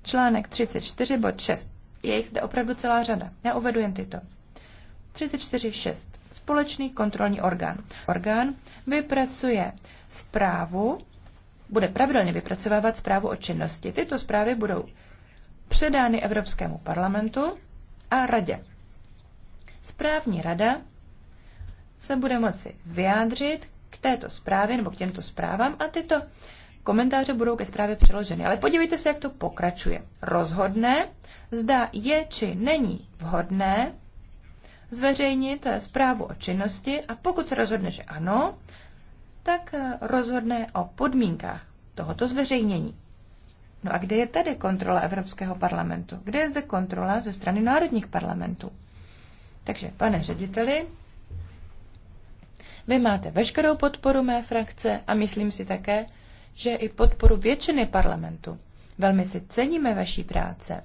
Článek 34 bod 6. Je jich zde opravdu celá řada. Já uvedu jen tyto. 34.6. Společný kontrolní orgán. Orgán vypracuje zprávu, bude pravidelně vypracovávat zprávu o činnosti. Tyto zprávy budou předány Evropskému parlamentu a radě. Správní rada se bude moci vyjádřit k této zprávě nebo k těmto zprávám a tyto komentáře budou ke zprávě přeloženy. Ale podívejte se, jak to pokračuje. Rozhodne, zda je či není vhodné zveřejnit zprávu o činnosti a pokud se rozhodne, že ano, tak eh, rozhodne o podmínkách tohoto zveřejnění. No a kde je tedy kontrola Evropského parlamentu? Kde je zde kontrola ze strany národních parlamentů? Takže, pane řediteli, vy máte veškerou podporu mé frakce a myslím si také, že i podporu většiny parlamentu. Velmi si ceníme vaší práce.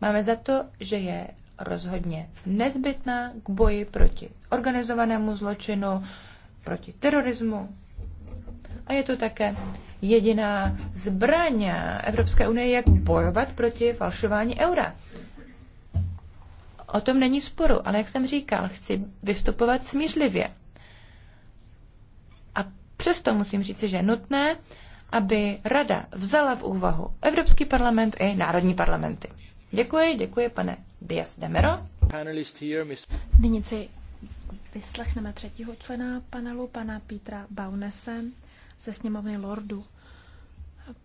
Máme za to, že je rozhodně nezbytná k boji proti organizovanému zločinu, proti terorismu. A je to také jediná zbraň Evropské unie, jak bojovat proti falšování eura. O tom není sporu, ale jak jsem říkal, chci vystupovat smířlivě. A přesto musím říci, že je nutné, aby Rada vzala v úvahu Evropský parlament i národní parlamenty. Děkuji, děkuji pane Dias Demero. Nyní si vyslechneme třetího člena panelu, pana Petra Baunese ze sněmovny Lordu.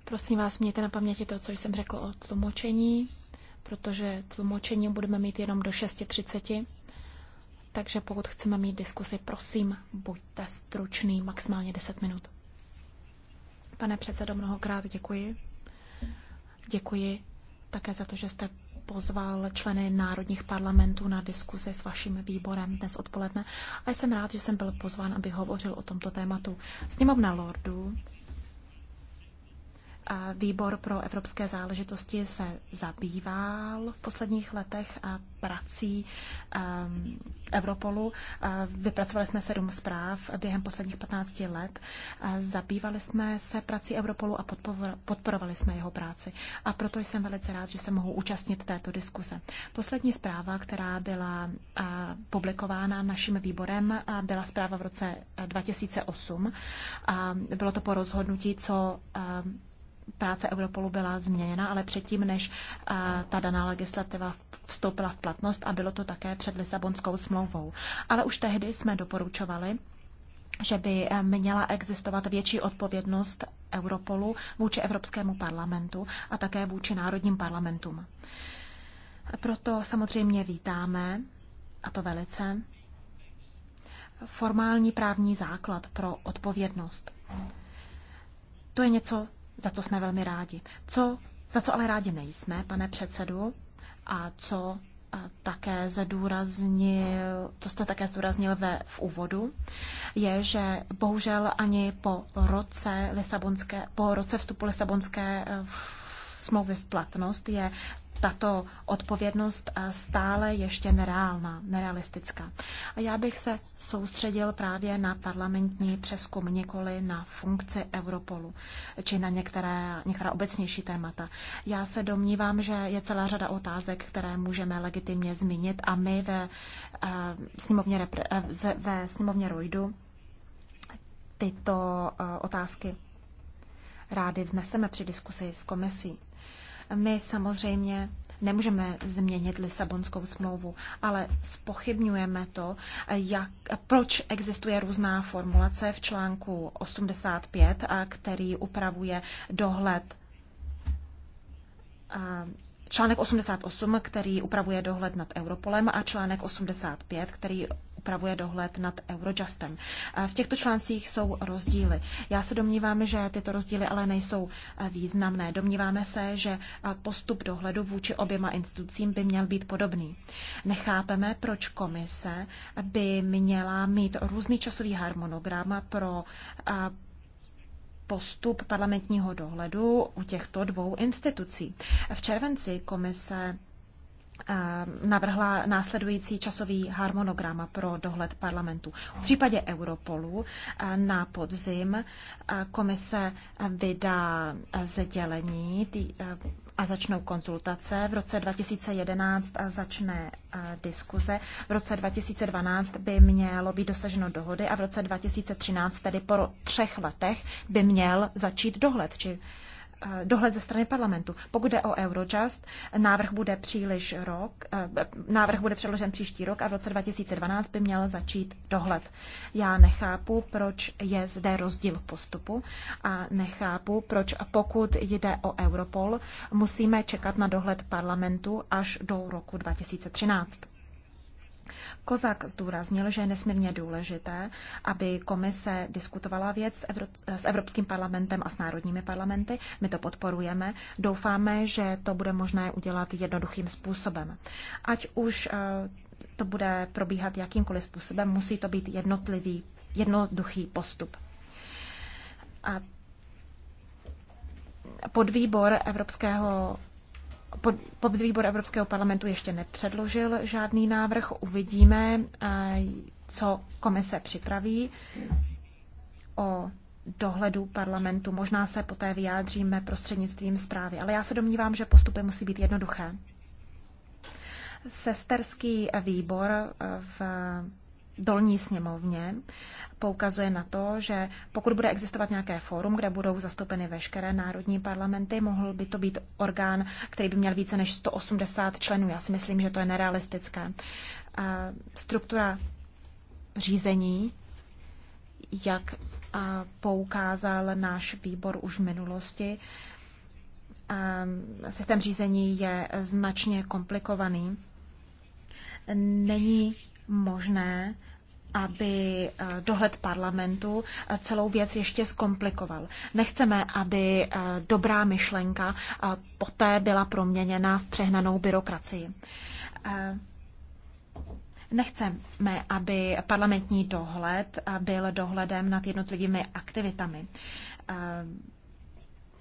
Prosím vás, mějte na paměti to, co jsem řekl o tlumočení, protože tlumočení budeme mít jenom do 6.30. Takže pokud chceme mít diskusi, prosím, buďte stručný, maximálně 10 minut. Pane předsedo, mnohokrát děkuji. Děkuji také za to, že jste pozval členy národních parlamentů na diskuzi s vaším výborem dnes odpoledne a jsem rád, že jsem byl pozván, aby hovořil o tomto tématu. Sněmovna Lordů Výbor pro evropské záležitosti se zabýval v posledních letech prací ehm, Europolu. Vypracovali jsme sedm zpráv během posledních 15 let. Zabývali jsme se prací Europolu a podporovali jsme jeho práci. A proto jsem velice rád, že se mohu účastnit této diskuse. Poslední zpráva, která byla publikována naším výborem, byla zpráva v roce 2008. Bylo to po rozhodnutí, co ehm, práce Europolu byla změněna, ale předtím, než ta daná legislativa vstoupila v platnost a bylo to také před Lisabonskou smlouvou. Ale už tehdy jsme doporučovali, že by měla existovat větší odpovědnost Europolu vůči Evropskému parlamentu a také vůči národním parlamentům. Proto samozřejmě vítáme, a to velice, formální právní základ pro odpovědnost. To je něco, za to jsme velmi rádi. Co, za co ale rádi nejsme, pane předsedu, a co také zdůraznil, co jste také zdůraznil ve, v úvodu, je, že bohužel ani po roce, Lisabonské, po roce vstupu Lisabonské eh, v smlouvy v platnost je tato odpovědnost eh, stále ještě nereálná, nerealistická. A já bych se soustředil právě na parlamentní přeskum, nikoli na funkci Europolu, či na některé, některá obecnější témata. Já se domnívám, že je celá řada otázek, které můžeme legitimně zmínit a my ve eh, sněmovně, eh, ve sněmovně Rojdu tyto otázky rádi vzneseme při diskusi s komisí. My samozřejmě nemůžeme změnit Lisabonskou smlouvu, ale spochybňujeme to, jak, proč existuje různá formulace v článku 85, který upravuje dohled článek 88, který upravuje dohled nad Europolem a článek 85, který upravuje dohled nad Eurojustem. V těchto článcích jsou rozdíly. Já se domnívám, že tyto rozdíly ale nejsou eh, významné. Domníváme se, že eh, postup dohledu vůči oběma institucím by měl být podobný. Nechápeme, proč komise by měla mít různý časový harmonogram pro eh, postup parlamentního dohledu u těchto dvou institucí. V červenci komise navrhla následující časový harmonogram pro dohled parlamentu. V případě Europolu na podzim komise vydá sdělení a začnou konzultace. V roce 2011 začne diskuze. V roce 2012 by mělo být dosaženo dohody a v roce 2013, tedy po třech letech, by měl začít dohled, či Eh, dohled ze strany parlamentu. Pokud jde o Eurojust, návrh bude příliš rok, eh, návrh bude předložen příští rok a v roce 2012 by měl začít dohled. Já nechápu, proč je zde rozdíl v postupu a nechápu, proč pokud jde o Europol, musíme čekat na dohled parlamentu až do roku 2013. Kozak zdůraznil, že je nesmírně důležité, aby komise diskutovala věc s Evropským parlamentem a s národními parlamenty. My to podporujeme. Doufáme, že to bude možné udělat jednoduchým způsobem. Ať už eh, to bude probíhat jakýmkoliv způsobem, musí to být jednotlivý, jednoduchý postup. A podvýbor Evropského výbor Evropského parlamentu ještě nepředložil žádný návrh. Uvidíme, eh, co komise připraví o dohledu parlamentu. Možná se poté vyjádříme prostřednictvím zprávy, ale já se domnívám, že postupy musí být jednoduché. Sesterský výbor eh, v dolní sněmovně poukazuje na to, že pokud bude existovat nějaké fórum, kde budou zastoupeny veškeré národní parlamenty, mohl by to být orgán, který by měl více než 180 členů. Já si myslím, že to je nerealistické. Struktura řízení, jak poukázal náš výbor už v minulosti, systém řízení je značně komplikovaný. Není možné, aby eh, dohled parlamentu eh, celou věc ještě zkomplikoval. Nechceme, aby eh, dobrá myšlenka poté byla proměněna v přehnanou byrokracii. Nechceme, aby parlamentní dohled byl dohledem nad jednotlivými aktivitami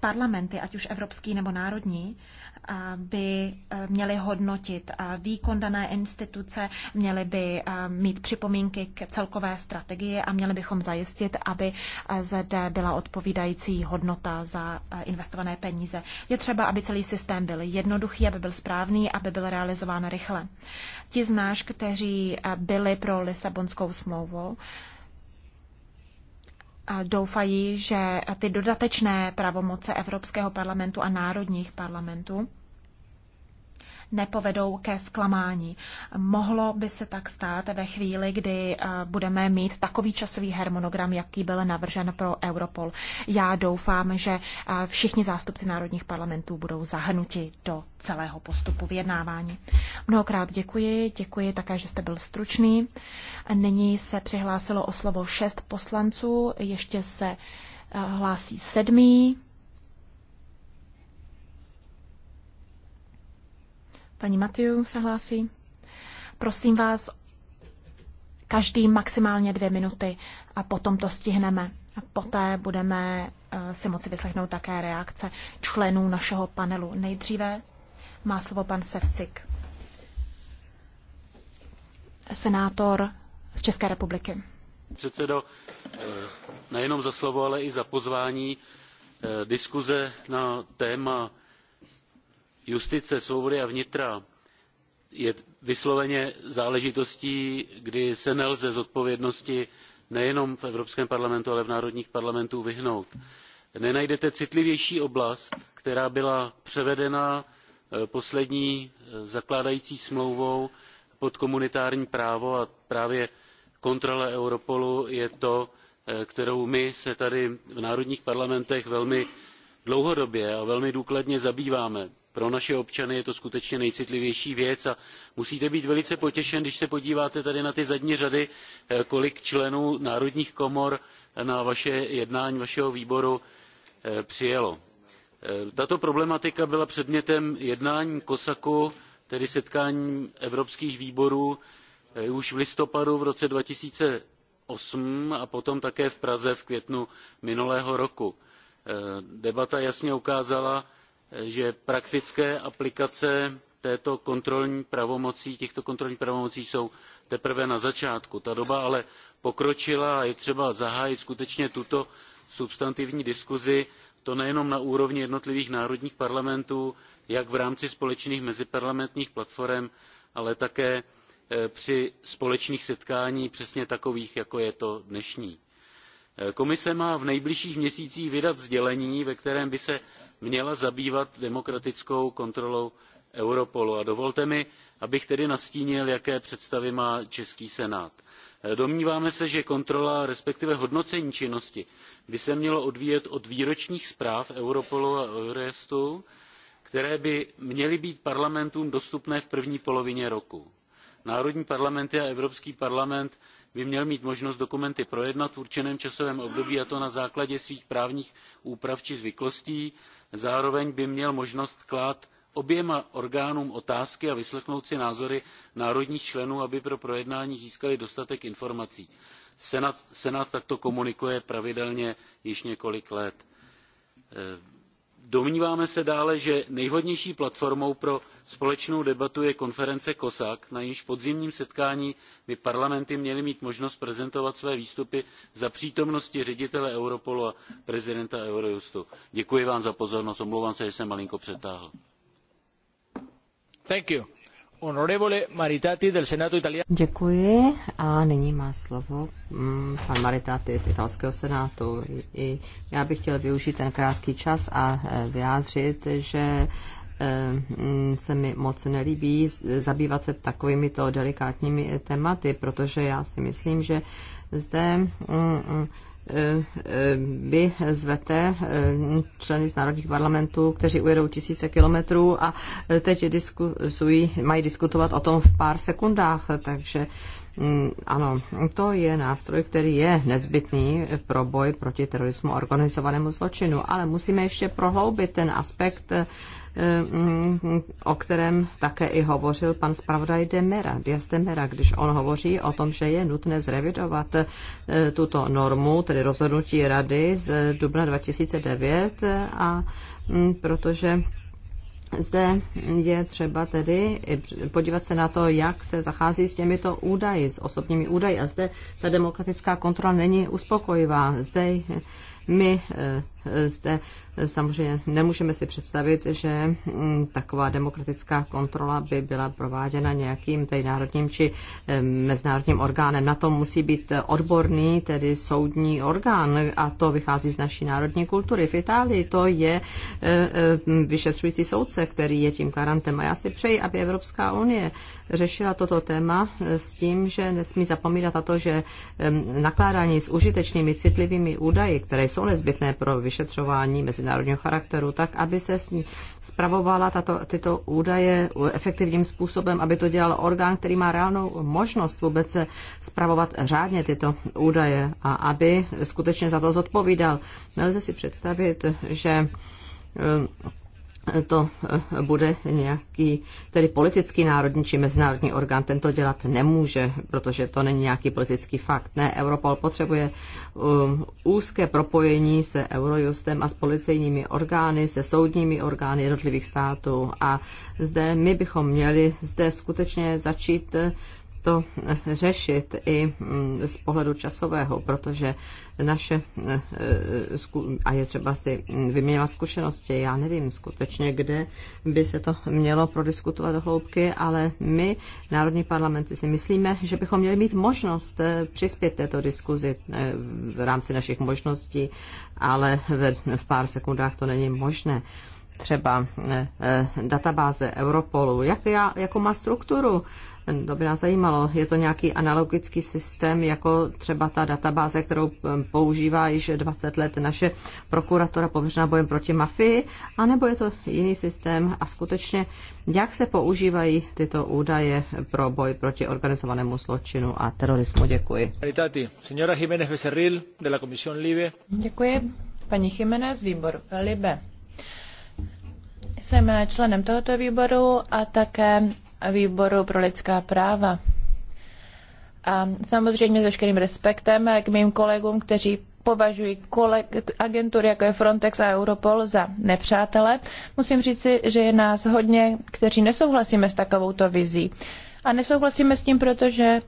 parlamenty, ať už evropský nebo národní, by eh, měly hodnotit eh, výkon dané instituce, měly by eh, mít připomínky k celkové strategii a měli bychom zajistit, aby zde byla odpovídající hodnota za investované peníze. Je třeba, aby celý systém byl jednoduchý, aby byl správný, aby byl realizován rychle. Ti z náš, kteří byli pro Lisabonskou smlouvu, doufají, že ty dodatečné pravomoce Evropského parlamentu a národních parlamentů nepovedou ke zklamání. Mohlo by se tak stát ve chvíli, kdy eh, budeme mít takový časový harmonogram, jaký byl navržen pro Europol. Já doufám, že eh, všichni zástupci národních parlamentů budou zahrnuti do celého postupu vyjednávání. Mnohokrát děkuji, děkuji také, že jste byl stručný. Nyní se přihlásilo o slovo šest poslanců, ještě se eh, hlásí sedmý. Paní Matiu se hlásí. Prosím vás, každý maximálně dvě minuty a potom to stihneme. A poté budeme eh, si moci vyslechnout také reakce členů našeho panelu. Nejdříve má slovo pan Sevcik, senátor z České republiky. Předsedo, eh, nejenom za slovo, ale i za pozvání eh, diskuze na téma justice, svobody a vnitra je vysloveně záležitostí, kdy se nelze zodpovědnosti nejenom v Evropském parlamentu, ale v národních parlamentech vyhnout. Nenajdete citlivější oblast, která byla převedena eh, poslední eh, zakládající smlouvou pod komunitární právo a právě kontrola Europolu je to, eh, kterou my se tady v národních parlamentech velmi dlouhodobě a velmi důkladně zabýváme pro naše občany je to skutečně nejcitlivější věc a musíte být velice potěšen když se podíváte tady na ty zadní řady eh, kolik členů národních komor na vaše jednání vašeho výboru eh, přijelo. Eh, tato problematika byla předmětem jednání cosacu tedy setkání evropských výborů už v listopadu v roce two thousand and eight a potom také v praze v květnu minulého roku. debata jasně ukázala že praktické aplikace této kontrolní pravomocí, těchto kontrolních pravomocí jsou teprve na začátku. Ta doba ale pokročila a je třeba zahájit skutečně tuto substantivní diskuzi, to nejenom na úrovni jednotlivých národních parlamentů, jak v rámci společných meziparlamentních platform, ale také eh, při společných setkáních přesně takových, jako je to dnešní komise má v nejbližších měsících vydat sdělení ve kterém by se měla zabývat demokratickou kontrolou europolu a dovolte mi abych tedy nastínil jaké představy má český senát. domníváme se že kontrola respektive hodnocení činnosti by se mělo odvíjet od výročních zpráv europolu a eurojustu které by měly být parlamentům dostupné v první polovině roku. národní parlamenty a evropský parlament by měl mít možnost dokumenty projednat v určeném časovém období a to na základě svých právních úprav či zvyklostí zároveň by měl možnost klást oběma orgánům otázky a vyslechnout si názory národních členů aby pro projednání získali dostatek informací. senát takto komunikuje pravidelně již několik let eh, domníváme se dále že nejvhodnější platformou pro společnou debatu je konference cosac na jejímž podzimním setkání by parlamenty měly mít možnost prezentovat své výstupy za přítomnosti ředitele europolu a prezidenta eurojustu. děkuji vám za pozornost omlouvám se že jsem malinko přetáhl. Honorevole Maritati del Senátu italiano. Děkuji a nyní má slovo mm, pan Maritati z italského senátu. I já bych chtěl využít ten krátký čas a eh, vyjádřit, že eh, mm, se mi moc nelíbí zabývat se takovými to delikátními eh, tématy, protože já si myslím, že zde mm, vy zvete eh, členy z národních parlamentů, kteří ujedou tisíce kilometrů a eh, teď diskusují, mají diskutovat o tom v pár sekundách, takže Mm, ano, to je nástroj, který je nezbytný pro boj proti terorismu a organizovanému zločinu, ale musíme ještě prohloubit ten aspekt, eh, mm, o kterém také i hovořil pan zpravodaj Demera, Dias Demera, když on hovoří o tom, že je nutné zrevidovat eh, tuto normu, tedy rozhodnutí rady z dubna 2009, eh, a mm, protože zde je třeba tedy podívat se na to, jak se zachází s těmito údaji, s osobními údaji. A zde ta demokratická kontrola není uspokojivá. Zde my eh, zde samozřejmě nemůžeme si představit, že hm, taková demokratická kontrola by byla prováděna nějakým tady národním či eh, mezinárodním orgánem. Na to musí být odborný, tedy soudní orgán a to vychází z naší národní kultury. V Itálii to je eh, vyšetřující soudce, který je tím garantem. A já si přeji, aby Evropská unie řešila toto téma s tím, že nesmí zapomínat na to, že nakládání s užitečnými citlivými údaji, které jsou nezbytné pro vyšetřování mezinárodního charakteru, tak aby se spravovala tato, tyto údaje efektivním způsobem, aby to dělal orgán, který má reálnou možnost vůbec spravovat řádně tyto údaje a aby skutečně za to zodpovídal. Nelze si představit, že to eh, bude nějaký tedy politický národní či mezinárodní orgán. Ten to dělat nemůže, protože to není nějaký politický fakt. Ne, Europol potřebuje um, úzké propojení se Eurojustem a s policejními orgány, se soudními orgány jednotlivých států. A zde my bychom měli zde skutečně začít eh, to řešit i mm, z pohledu časového, protože naše, eh, a je třeba si vyměňovat zkušenosti, já nevím skutečně, kde by se to mělo prodiskutovat do hloubky, ale my, Národní parlamenty, si myslíme, že bychom měli mít možnost eh, přispět této diskuzi eh, v rámci našich možností, ale v pár sekundách to není možné třeba databáze Europolu, jak já, jakou má strukturu, to by nás zajímalo. Je to nějaký analogický systém, jako třeba ta databáze, kterou um, používá již 20 let naše prokuratura pověřená bojem proti mafii, anebo je to jiný systém a skutečně, jak se používají tyto údaje pro boj proti organizovanému zločinu a terorismu? Děkuji. Děkuji. Paní Jiménez, výbor Libe. Jsem členem tohoto výboru a také výboru pro lidská práva. A samozřejmě s veškerým respektem k mým kolegům, kteří považují koleg- agentury jako je Frontex a Europol za nepřátele, musím říci, že je nás hodně, kteří nesouhlasíme s takovouto vizí. A nesouhlasíme s tím, protože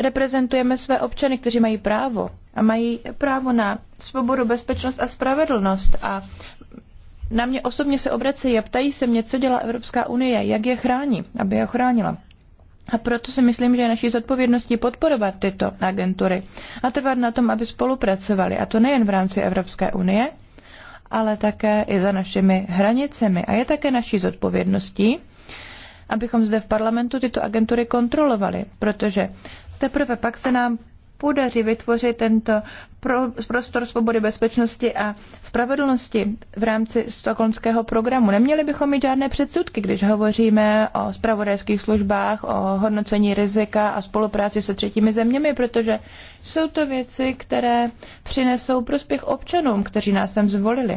reprezentujeme své občany, kteří mají právo a mají právo na svobodu, bezpečnost a spravedlnost. A na mě osobně se obracejí a ptají se mě, co dělá Evropská unie, jak je chrání, aby je ochránila. A proto si myslím, že je naší zodpovědností podporovat tyto agentury a trvat na tom, aby spolupracovali. A to nejen v rámci Evropské unie, ale také i za našimi hranicemi. A je také naší zodpovědností, abychom zde v parlamentu tyto agentury kontrolovali, protože teprve pak se nám podaří vytvořit tento prostor svobody, bezpečnosti a spravedlnosti v rámci stokholmského programu. Neměli bychom mít žádné předsudky, když hovoříme o spravodajských službách, o hodnocení rizika a spolupráci se třetími zeměmi, protože jsou to věci, které přinesou prospěch občanům, kteří nás sem zvolili.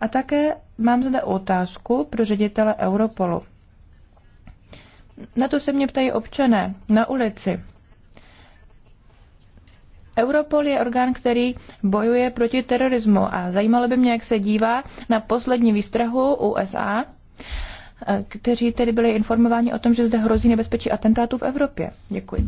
A také mám zde otázku pro ředitele Europolu. Na to se mě ptají občané na ulici. Europol je orgán, který bojuje proti terorismu a zajímalo by mě, jak se dívá na poslední výstrahu USA, eh, kteří tedy byli informováni o tom, že zde hrozí nebezpečí atentátů v Evropě. Děkuji.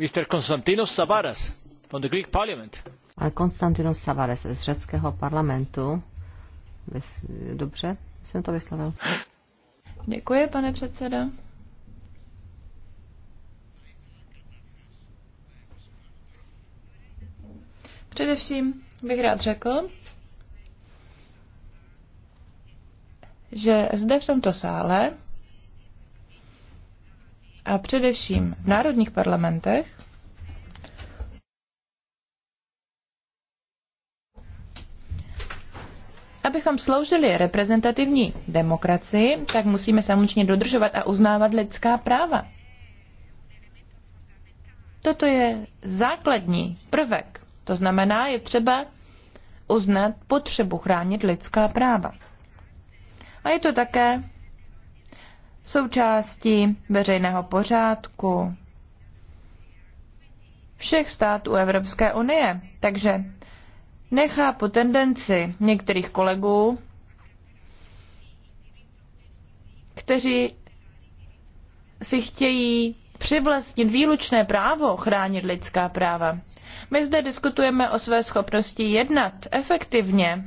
Mr. Konstantinos Savaras Ale Konstantinos Savaras z řeckého parlamentu. Dobře jsem to vyslovil. Děkuji, pane předsedo. Především bych rád řekl, že zde v tomto sále a především v národních parlamentech Abychom sloužili reprezentativní demokracii, tak musíme samozřejmě dodržovat a uznávat lidská práva. Toto je základní prvek. To znamená, je třeba uznat potřebu chránit lidská práva. A je to také součástí veřejného pořádku všech států Evropské unie. Takže nechápu tendenci některých kolegů, kteří si chtějí přivlastnit výlučné právo chránit lidská práva. My zde diskutujeme o své schopnosti jednat efektivně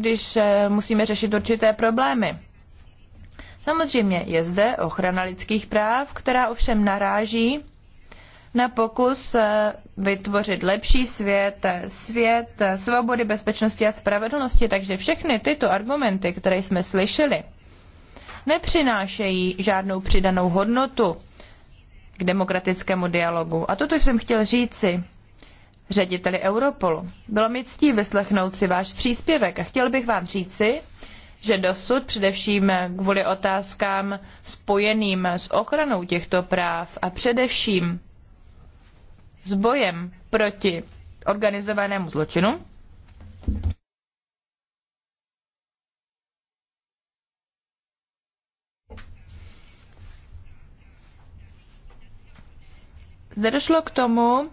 když eh, musíme řešit určité problémy. Samozřejmě je zde ochrana lidských práv, která ovšem naráží na pokus eh, vytvořit lepší svět, eh, svět svobody, bezpečnosti a spravedlnosti. Takže všechny tyto argumenty, které jsme slyšeli, nepřinášejí žádnou přidanou hodnotu k demokratickému dialogu. A toto jsem chtěl říci řediteli Europolu. Bylo mi ctí vyslechnout si váš příspěvek a chtěl bych vám říci, že dosud především kvůli otázkám spojeným s ochranou těchto práv a především s bojem proti organizovanému zločinu, Zde došlo k tomu,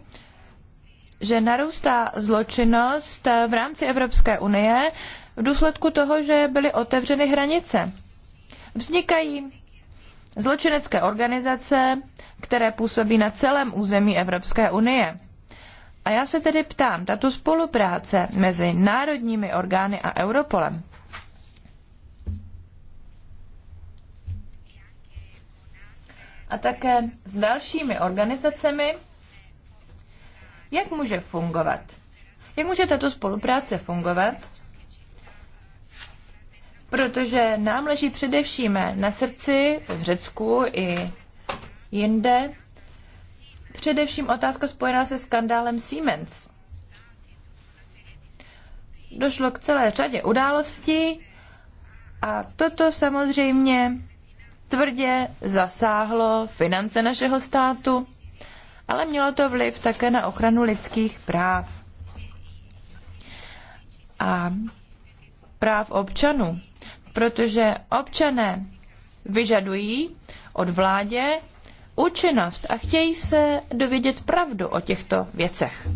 že narůstá zločinnost eh, v rámci Evropské unie v důsledku toho, že byly otevřeny hranice. Vznikají zločinecké organizace, které působí na celém území Evropské unie. A já se tedy ptám, tato spolupráce mezi národními orgány a Europolem, a také s dalšími organizacemi, jak může fungovat? Jak může tato spolupráce fungovat? Protože nám leží především na srdci v Řecku i jinde především otázka spojená se skandálem Siemens. Došlo k celé řadě událostí a toto samozřejmě tvrdě zasáhlo finance našeho státu ale mělo to vliv také na ochranu lidských práv a práv občanů, protože občané vyžadují od vládě účinnost a chtějí se dovědět pravdu o těchto věcech.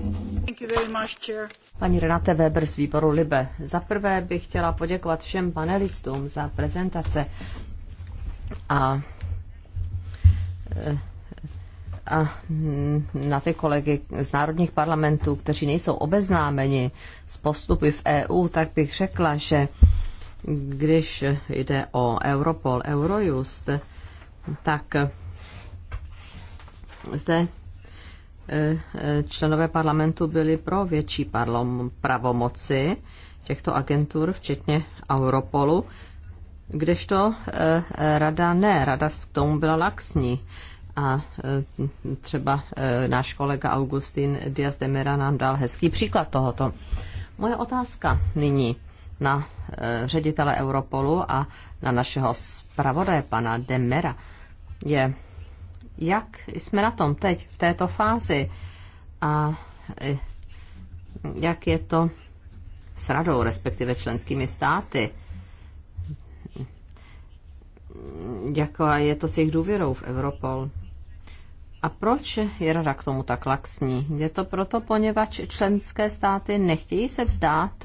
Paní Renate Weber z výboru Libe. Za prvé bych chtěla poděkovat všem panelistům za prezentace a e, a mm, na ty kolegy z národních parlamentů, kteří nejsou obeznámeni s postupy v EU, tak bych řekla, že když jde o Europol, Eurojust, tak zde e, e, členové parlamentu byli pro větší parlom, pravomoci těchto agentur, včetně Europolu, kdežto e, rada ne, rada k tomu byla laxní a e, třeba e, náš kolega Augustin Diaz de Mera nám dal hezký příklad tohoto. Moje otázka nyní na e, ředitele Europolu a na našeho zpravodaje pana Demera je, jak jsme na tom teď v této fázi a jak je to s radou, respektive členskými státy, jaká je to s jejich důvěrou v Europol. A proč je rada k tomu tak laxní? Je to proto, poněvadž členské státy nechtějí se vzdát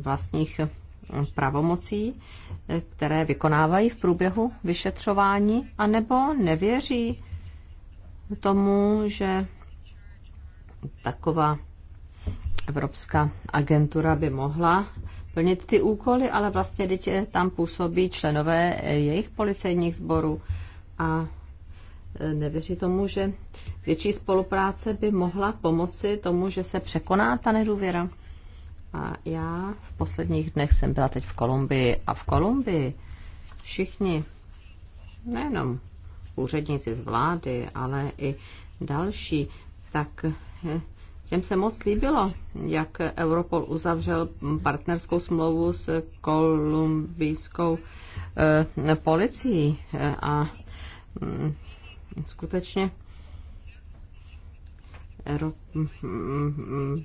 vlastních pravomocí, které vykonávají v průběhu vyšetřování, anebo nevěří tomu, že taková Evropská agentura by mohla plnit ty úkoly, ale vlastně teď eh, tam působí členové eh, jejich policejních sborů a eh, nevěří tomu, že větší spolupráce by mohla pomoci tomu, že se překoná ta nedůvěra. A já v posledních dnech jsem byla teď v Kolumbii a v Kolumbii všichni, nejenom úředníci z vlády, ale i další, tak Těm se moc líbilo, jak Europol uzavřel partnerskou smlouvu s kolumbijskou eh, policií a mm, skutečně mm,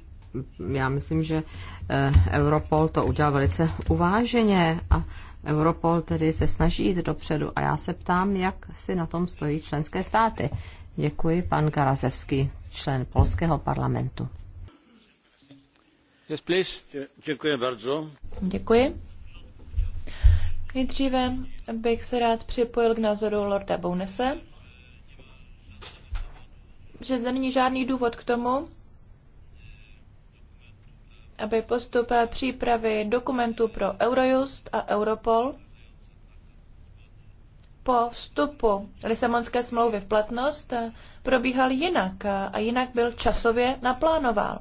já myslím, že eh, Europol to udělal velice uváženě a Europol tedy se snaží jít dopředu a já se ptám, jak si na tom stojí členské státy. Děkuji, pan Karazevský, člen polského parlamentu. Yes, Děkuji bardzo. Děkuji. Nejdříve bych se rád připojil k názoru Lorda Bounese, že zde není žádný důvod k tomu, aby postup přípravy dokumentů pro Eurojust a Europol po vstupu Lisabonské smlouvy v platnost eh, probíhal jinak eh, a jinak byl časově naplánoval.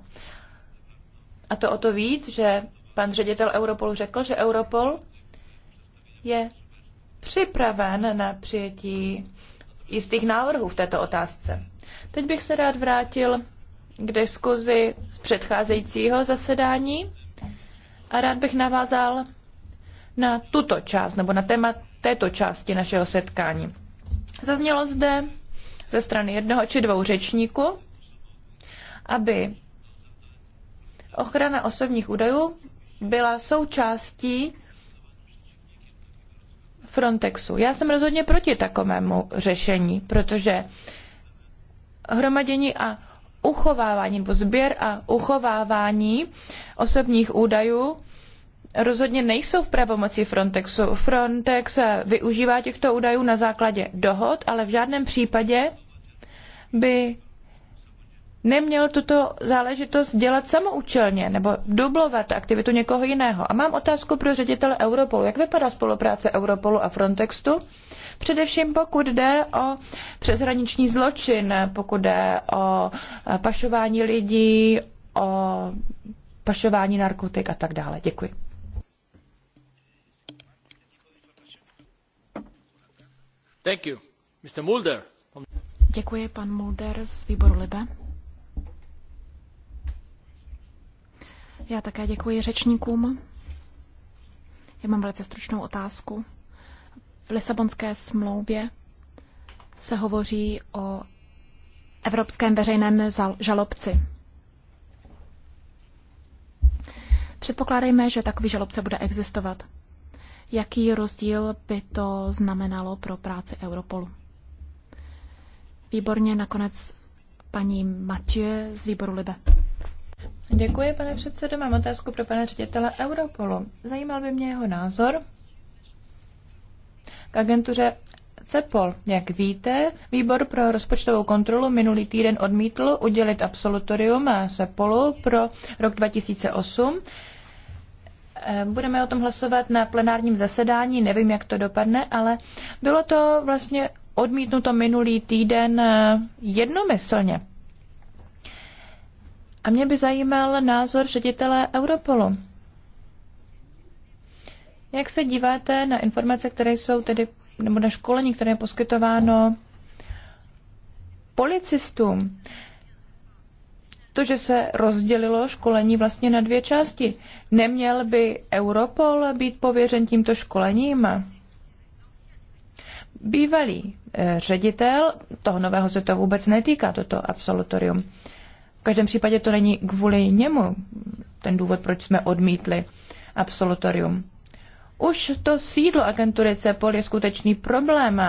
A to o to víc, že pan ředitel Europolu řekl, že Europol je připraven na přijetí jistých návrhů v této otázce. Teď bych se rád vrátil k diskuzi z předcházejícího zasedání a rád bych navázal na tuto část nebo na téma této části našeho setkání. Zaznělo zde ze strany jednoho či dvou řečníků, aby ochrana osobních údajů byla součástí Frontexu. Já jsem rozhodně proti takovému řešení, protože hromadění a uchovávání nebo sběr a uchovávání osobních údajů rozhodně nejsou v pravomoci Frontexu. Frontex využívá těchto údajů na základě dohod, ale v žádném případě by neměl tuto záležitost dělat samoučelně nebo dublovat aktivitu někoho jiného. A mám otázku pro ředitele Europolu. Jak vypadá spolupráce Europolu a Frontexu? Především pokud jde o přeshraniční zločin, pokud jde o pašování lidí, o pašování narkotik a tak dále. Děkuji. Mulder. Děkuji, pan Mulder z výboru Libe. Já také děkuji řečníkům. Já mám velice stručnou otázku. V Lisabonské smlouvě se hovoří o evropském veřejném žalobci. Předpokládejme, že takový žalobce bude existovat jaký rozdíl by to znamenalo pro práci Europolu. Výborně nakonec paní Matě z výboru Libe. Děkuji, pane předsedo. Mám otázku pro pana ředitele Europolu. Zajímal by mě jeho názor k agentuře CEPOL. Jak víte, výbor pro rozpočtovou kontrolu minulý týden odmítl udělit absolutorium CEPOLu pro rok 2008 Eh, budeme o tom hlasovat na plenárním zasedání, nevím, jak to dopadne, ale bylo to vlastně odmítnuto minulý týden eh, jednomyslně. A mě by zajímal názor ředitele Europolu. Jak se díváte na informace, které jsou tedy, nebo na školení, které je poskytováno policistům? to, že se rozdělilo školení vlastně na dvě části. Neměl by Europol být pověřen tímto školením? Bývalý eh, ředitel, toho nového se to vůbec netýká, toto absolutorium. V každém případě to není kvůli němu ten důvod, proč jsme odmítli absolutorium. Už to sídlo agentury CEPOL je skutečný problém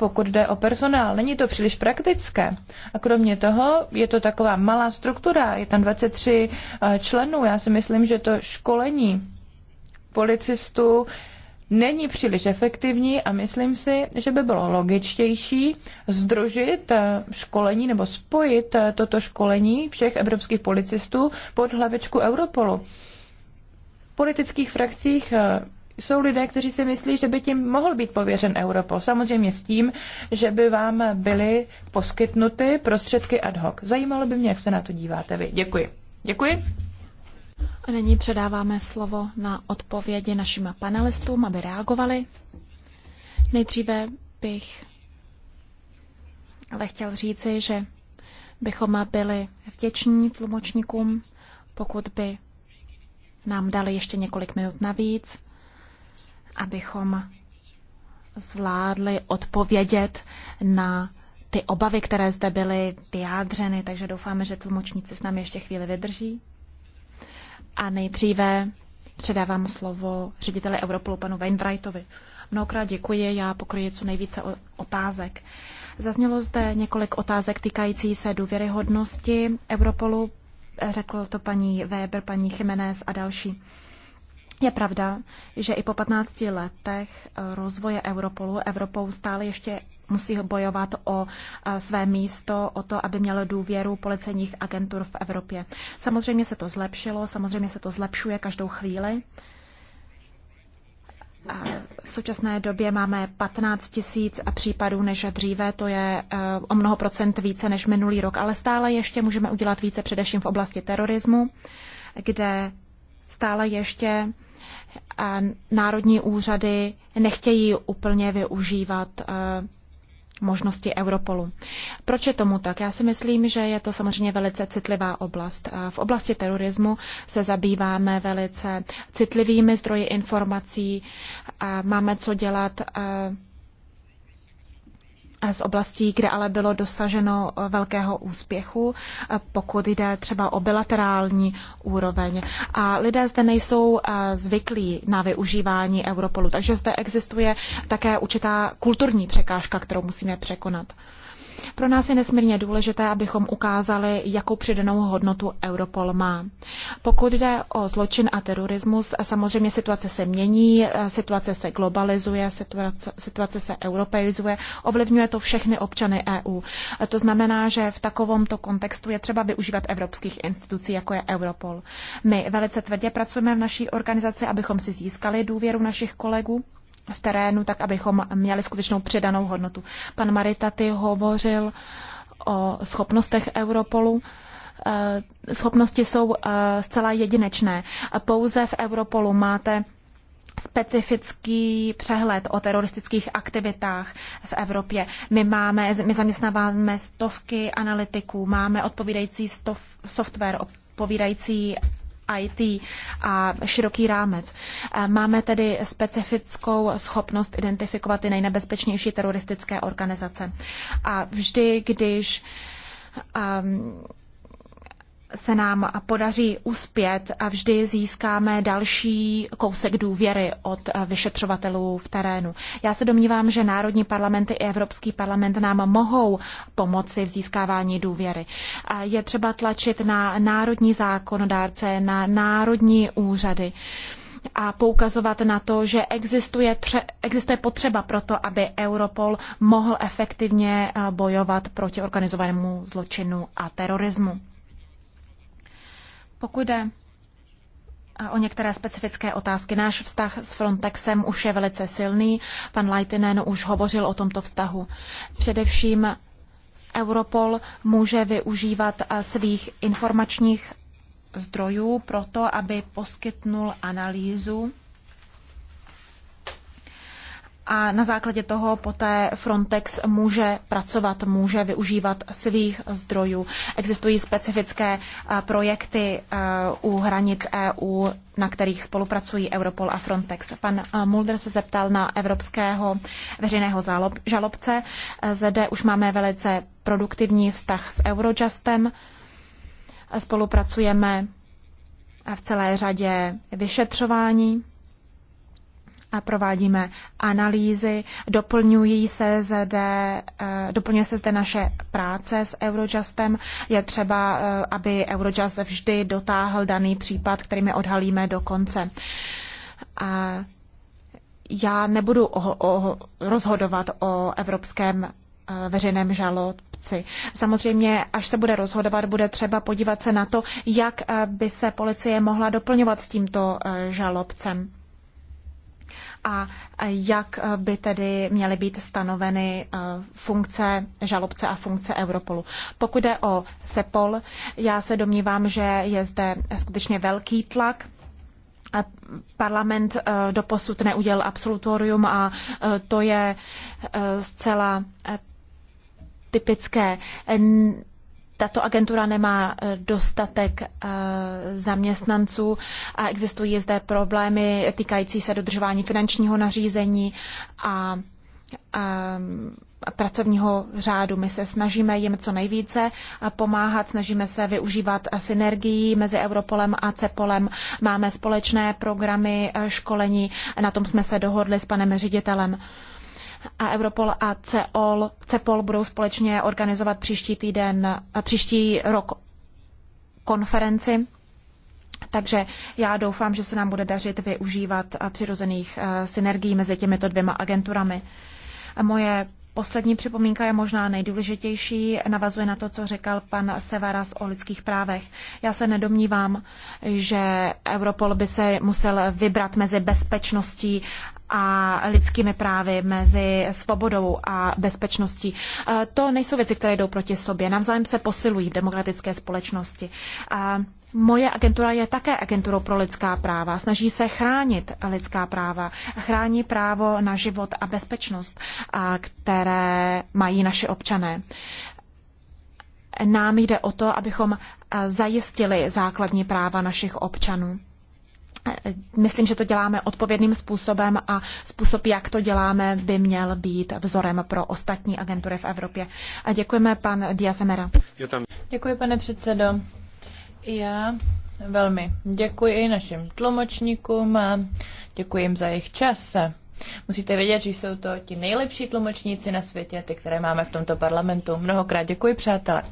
pokud jde o personál. Není to příliš praktické. A kromě toho je to taková malá struktura, je tam 23 eh, členů. Já si myslím, že to školení policistů není příliš efektivní a myslím si, že by bylo logičtější združit eh, školení nebo spojit eh, toto školení všech evropských policistů pod hlavičku Europolu. V politických frakcích jsou lidé, kteří si myslí, že by tím mohl být pověřen Europol. Samozřejmě s tím, že by vám byly poskytnuty prostředky ad hoc. Zajímalo by mě, jak se na to díváte vy. Děkuji. Děkuji. A nyní předáváme slovo na odpovědi našim panelistům, aby reagovali. Nejdříve bych ale chtěl říci, že bychom byli vděční tlumočníkům, pokud by nám dali ještě několik minut navíc abychom zvládli odpovědět na ty obavy, které zde byly vyjádřeny, takže doufáme, že tlumočníci s námi ještě chvíli vydrží. A nejdříve předávám slovo řediteli Europolu panu Weinbrightovi. Mnohokrát děkuji, já pokryji co nejvíce otázek. Zaznělo zde několik otázek týkající se důvěryhodnosti Europolu, řekl to paní Weber, paní Jiménez a další. Je pravda, že i po 15 letech eh, rozvoje Europolu Evropou stále ještě musí bojovat o eh, své místo, o to, aby mělo důvěru policejních agentur v Evropě. Samozřejmě se to zlepšilo, samozřejmě se to zlepšuje každou chvíli. V současné době máme 15 tisíc případů než dříve, to je eh, o mnoho procent více než minulý rok, ale stále ještě můžeme udělat více především v oblasti terorismu, kde stále ještě národní úřady nechtějí úplně využívat eh, možnosti Europolu. Proč je tomu tak? Já si myslím, že je to samozřejmě velice citlivá oblast. Eh, v oblasti terorismu se zabýváme velice citlivými zdroji informací, máme co dělat eh, z oblastí, kde ale bylo dosaženo eh, velkého úspěchu, eh, pokud jde třeba o bilaterální úroveň. A lidé zde nejsou eh, zvyklí na využívání Europolu, takže zde existuje také určitá kulturní překážka, kterou musíme překonat. Pro nás je nesmírně důležité, abychom ukázali, jakou přidanou hodnotu Europol má. Pokud jde o zločin a terorismus, samozřejmě situace se mění, situace se globalizuje, situace, situace se europeizuje, ovlivňuje to všechny občany EU. To znamená, že v takovomto kontextu je třeba využívat evropských institucí, jako je Europol. My velice tvrdě pracujeme v naší organizaci, abychom si získali důvěru našich kolegů v terénu, tak abychom měli skutečnou přidanou hodnotu. Pan Maritaty hovořil o schopnostech Europolu. Eh, schopnosti jsou eh, zcela jedinečné. Pouze v Europolu máte specifický přehled o teroristických aktivitách v Evropě. My máme, my zaměstnáváme stovky analytiků, máme odpovídající stov, software, odpovídající IT a široký rámec. Eh, máme tedy specifickou schopnost identifikovat ty nejnebezpečnější teroristické organizace. A vždy, když um, se nám podaří uspět a vždy získáme další kousek důvěry od vyšetřovatelů v terénu. Já se domnívám, že národní parlamenty i Evropský parlament nám mohou pomoci v získávání důvěry. Je třeba tlačit na národní zákonodárce, na národní úřady a poukazovat na to, že existuje, tře- existuje potřeba pro to, aby Europol mohl efektivně eh, bojovat proti organizovanému zločinu a terorismu. Pokud jde eh, o některé specifické otázky. Náš vztah s Frontexem už je velice silný. Pan Leitinen už hovořil o tomto vztahu. Především Europol může využívat eh, svých informačních zdrojů pro to, aby poskytnul analýzu a na základě toho poté Frontex může pracovat, může využívat svých zdrojů. Existují specifické eh, projekty eh, u hranic EU, na kterých spolupracují Europol a Frontex. Pan eh, Mulder se zeptal na evropského veřejného žalobce. Zde už máme velice produktivní vztah s Eurojustem. Spolupracujeme v celé řadě vyšetřování provádíme analýzy, doplňují se zde, eh, doplňuje se zde naše práce s Eurojustem. Je třeba, eh, aby Eurojust vždy dotáhl daný případ, který my odhalíme do konce. A já nebudu o, o, rozhodovat o evropském eh, veřejném žalobci. Samozřejmě, až se bude rozhodovat, bude třeba podívat se na to, jak by se policie mohla doplňovat s tímto žalobcem a jak by tedy měly být stanoveny eh, funkce žalobce a funkce Europolu. Pokud jde o SEPOL, já se domnívám, že je zde skutečně velký tlak parlament eh, doposud neudělal absolutorium a eh, to je zcela typické. Tato agentura nemá eh, dostatek eh, zaměstnanců a existují zde problémy týkající se dodržování finančního nařízení a, a eh, pracovního řádu. My se snažíme jim co nejvíce pomáhat, snažíme se využívat synergii mezi Europolem a Cepolem. Máme společné programy školení, na tom jsme se dohodli s panem ředitelem a Europol a CEOL, CEPOL budou společně organizovat příští týden, eh, příští rok konferenci. Takže já doufám, že se nám bude dařit využívat eh, přirozených eh, synergií mezi těmito dvěma agenturami. Moje Poslední připomínka je možná nejdůležitější, navazuje na to, co řekl pan Severas o lidských právech. Já se nedomnívám, že Europol by se musel vybrat mezi bezpečností a lidskými právy, mezi svobodou a bezpečností. E, to nejsou věci, které jdou proti sobě. Navzájem se posilují v demokratické společnosti. E, Moje agentura je také agenturou pro lidská práva. Snaží se chránit lidská práva. Chrání právo na život a bezpečnost, které mají naše občané. Nám jde o to, abychom zajistili základní práva našich občanů. Myslím, že to děláme odpovědným způsobem a způsob, jak to děláme, by měl být vzorem pro ostatní agentury v Evropě. A děkujeme, pan Diazemera. Děkuji, pane předsedo. Já velmi děkuji našim tlumočníkům a děkuji jim za jejich čas. Musíte vědět, že jsou to ti nejlepší tlumočníci na světě, ty, které máme v tomto parlamentu. Mnohokrát děkuji, přátelé.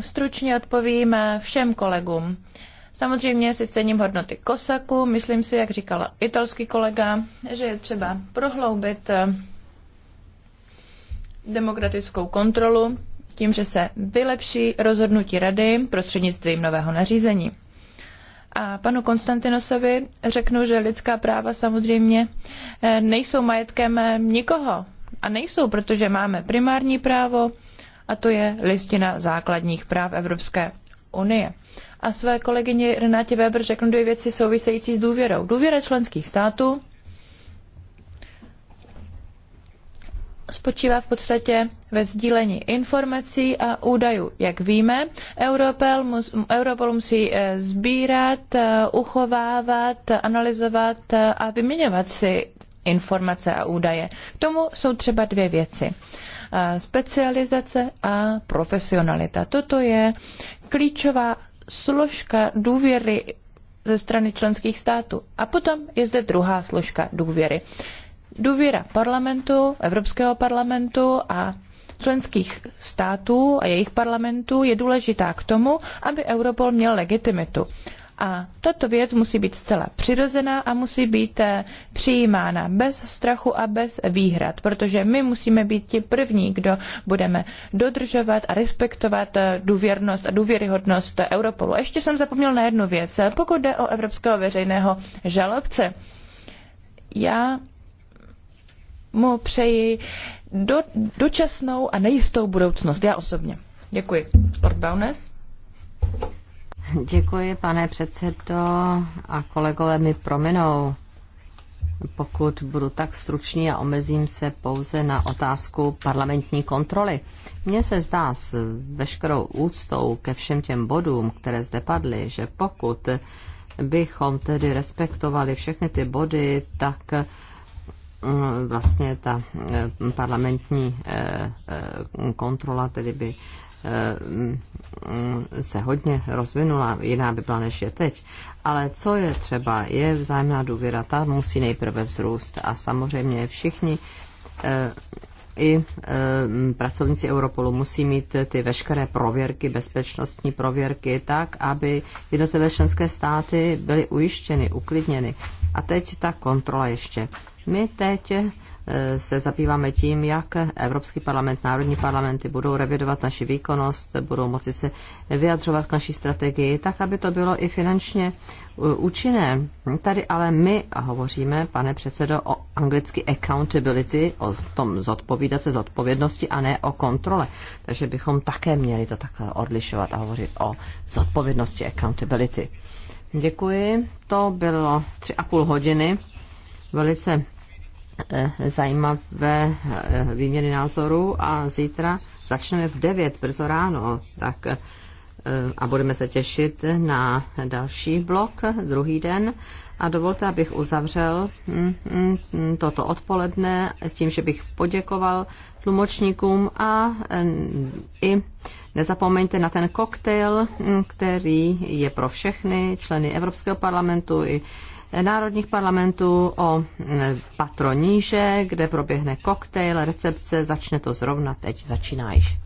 Stručně odpovím všem kolegům. Samozřejmě si cením hodnoty kosaku. Myslím si, jak říkala italský kolega, že je třeba prohloubit demokratickou kontrolu tím, že se vylepší rozhodnutí rady prostřednictvím nového nařízení. A panu Konstantinosovi řeknu, že lidská práva samozřejmě eh, nejsou majetkem eh, nikoho. A nejsou, protože máme primární právo a to je listina základních práv Evropské unie. A své kolegyně Renátě Weber řeknu dvě věci související s důvěrou. Důvěra členských států spočívá v podstatě ve sdílení informací a údajů. Jak víme, Europol, mus, Europol musí eh, sbírat, eh, uchovávat, analyzovat eh, a vyměňovat si informace a údaje. K tomu jsou třeba dvě věci. Specializace a profesionalita. Toto je klíčová složka důvěry ze strany členských států. A potom je zde druhá složka důvěry důvěra parlamentu, Evropského parlamentu a členských států a jejich parlamentů je důležitá k tomu, aby Europol měl legitimitu. A tato věc musí být zcela přirozená a musí být eh, přijímána bez strachu a bez výhrad, protože my musíme být ti první, kdo budeme dodržovat a respektovat eh, důvěrnost a důvěryhodnost Europolu. A ještě jsem zapomněl na jednu věc. Pokud jde o evropského veřejného žalobce, já mu přeji do, dočasnou a nejistou budoucnost. Já osobně. Děkuji. Lord Baunes. Děkuji, pane předsedo. A kolegové mi prominou, pokud budu tak stručný a omezím se pouze na otázku parlamentní kontroly. Mně se zdá s veškerou úctou ke všem těm bodům, které zde padly, že pokud bychom tedy respektovali všechny ty body, tak Eh, vlastně ta eh, parlamentní eh, kontrola tedy by mm, se hodně rozvinula, jiná by byla než je teď. Ale co je třeba, je vzájemná důvěra, ta musí nejprve vzrůst a samozřejmě všichni i pracovníci Europolu musí mít ty veškeré prověrky, bezpečnostní prověrky, tak, aby jednotlivé členské státy byly ujištěny, uklidněny. A teď ta kontrola ještě. My teď eh, se zabýváme tím, jak Evropský parlament, národní parlamenty budou revidovat naši výkonnost, budou moci se vyjadřovat k naší strategii, tak, aby to bylo i finančně eh, účinné. Tady ale my hovoříme, pane předsedo, o anglicky accountability, o tom zodpovídat se zodpovědnosti a ne o kontrole. Takže bychom také měli to takhle odlišovat a hovořit o zodpovědnosti accountability. Děkuji. To bylo tři a půl hodiny. Velice Eh, zajímavé eh, výměny názorů a zítra začneme v 9 brzo ráno, tak eh, a budeme se těšit na další blok, druhý den. A dovolte, abych uzavřel hm, hm, toto odpoledne tím, že bych poděkoval tlumočníkům a i nezapomeňte na ten koktejl, hm, který je pro všechny členy Evropského parlamentu i národních parlamentů o mm, patroníže, kde proběhne koktejl, recepce, začne to zrovna teď, začíná již.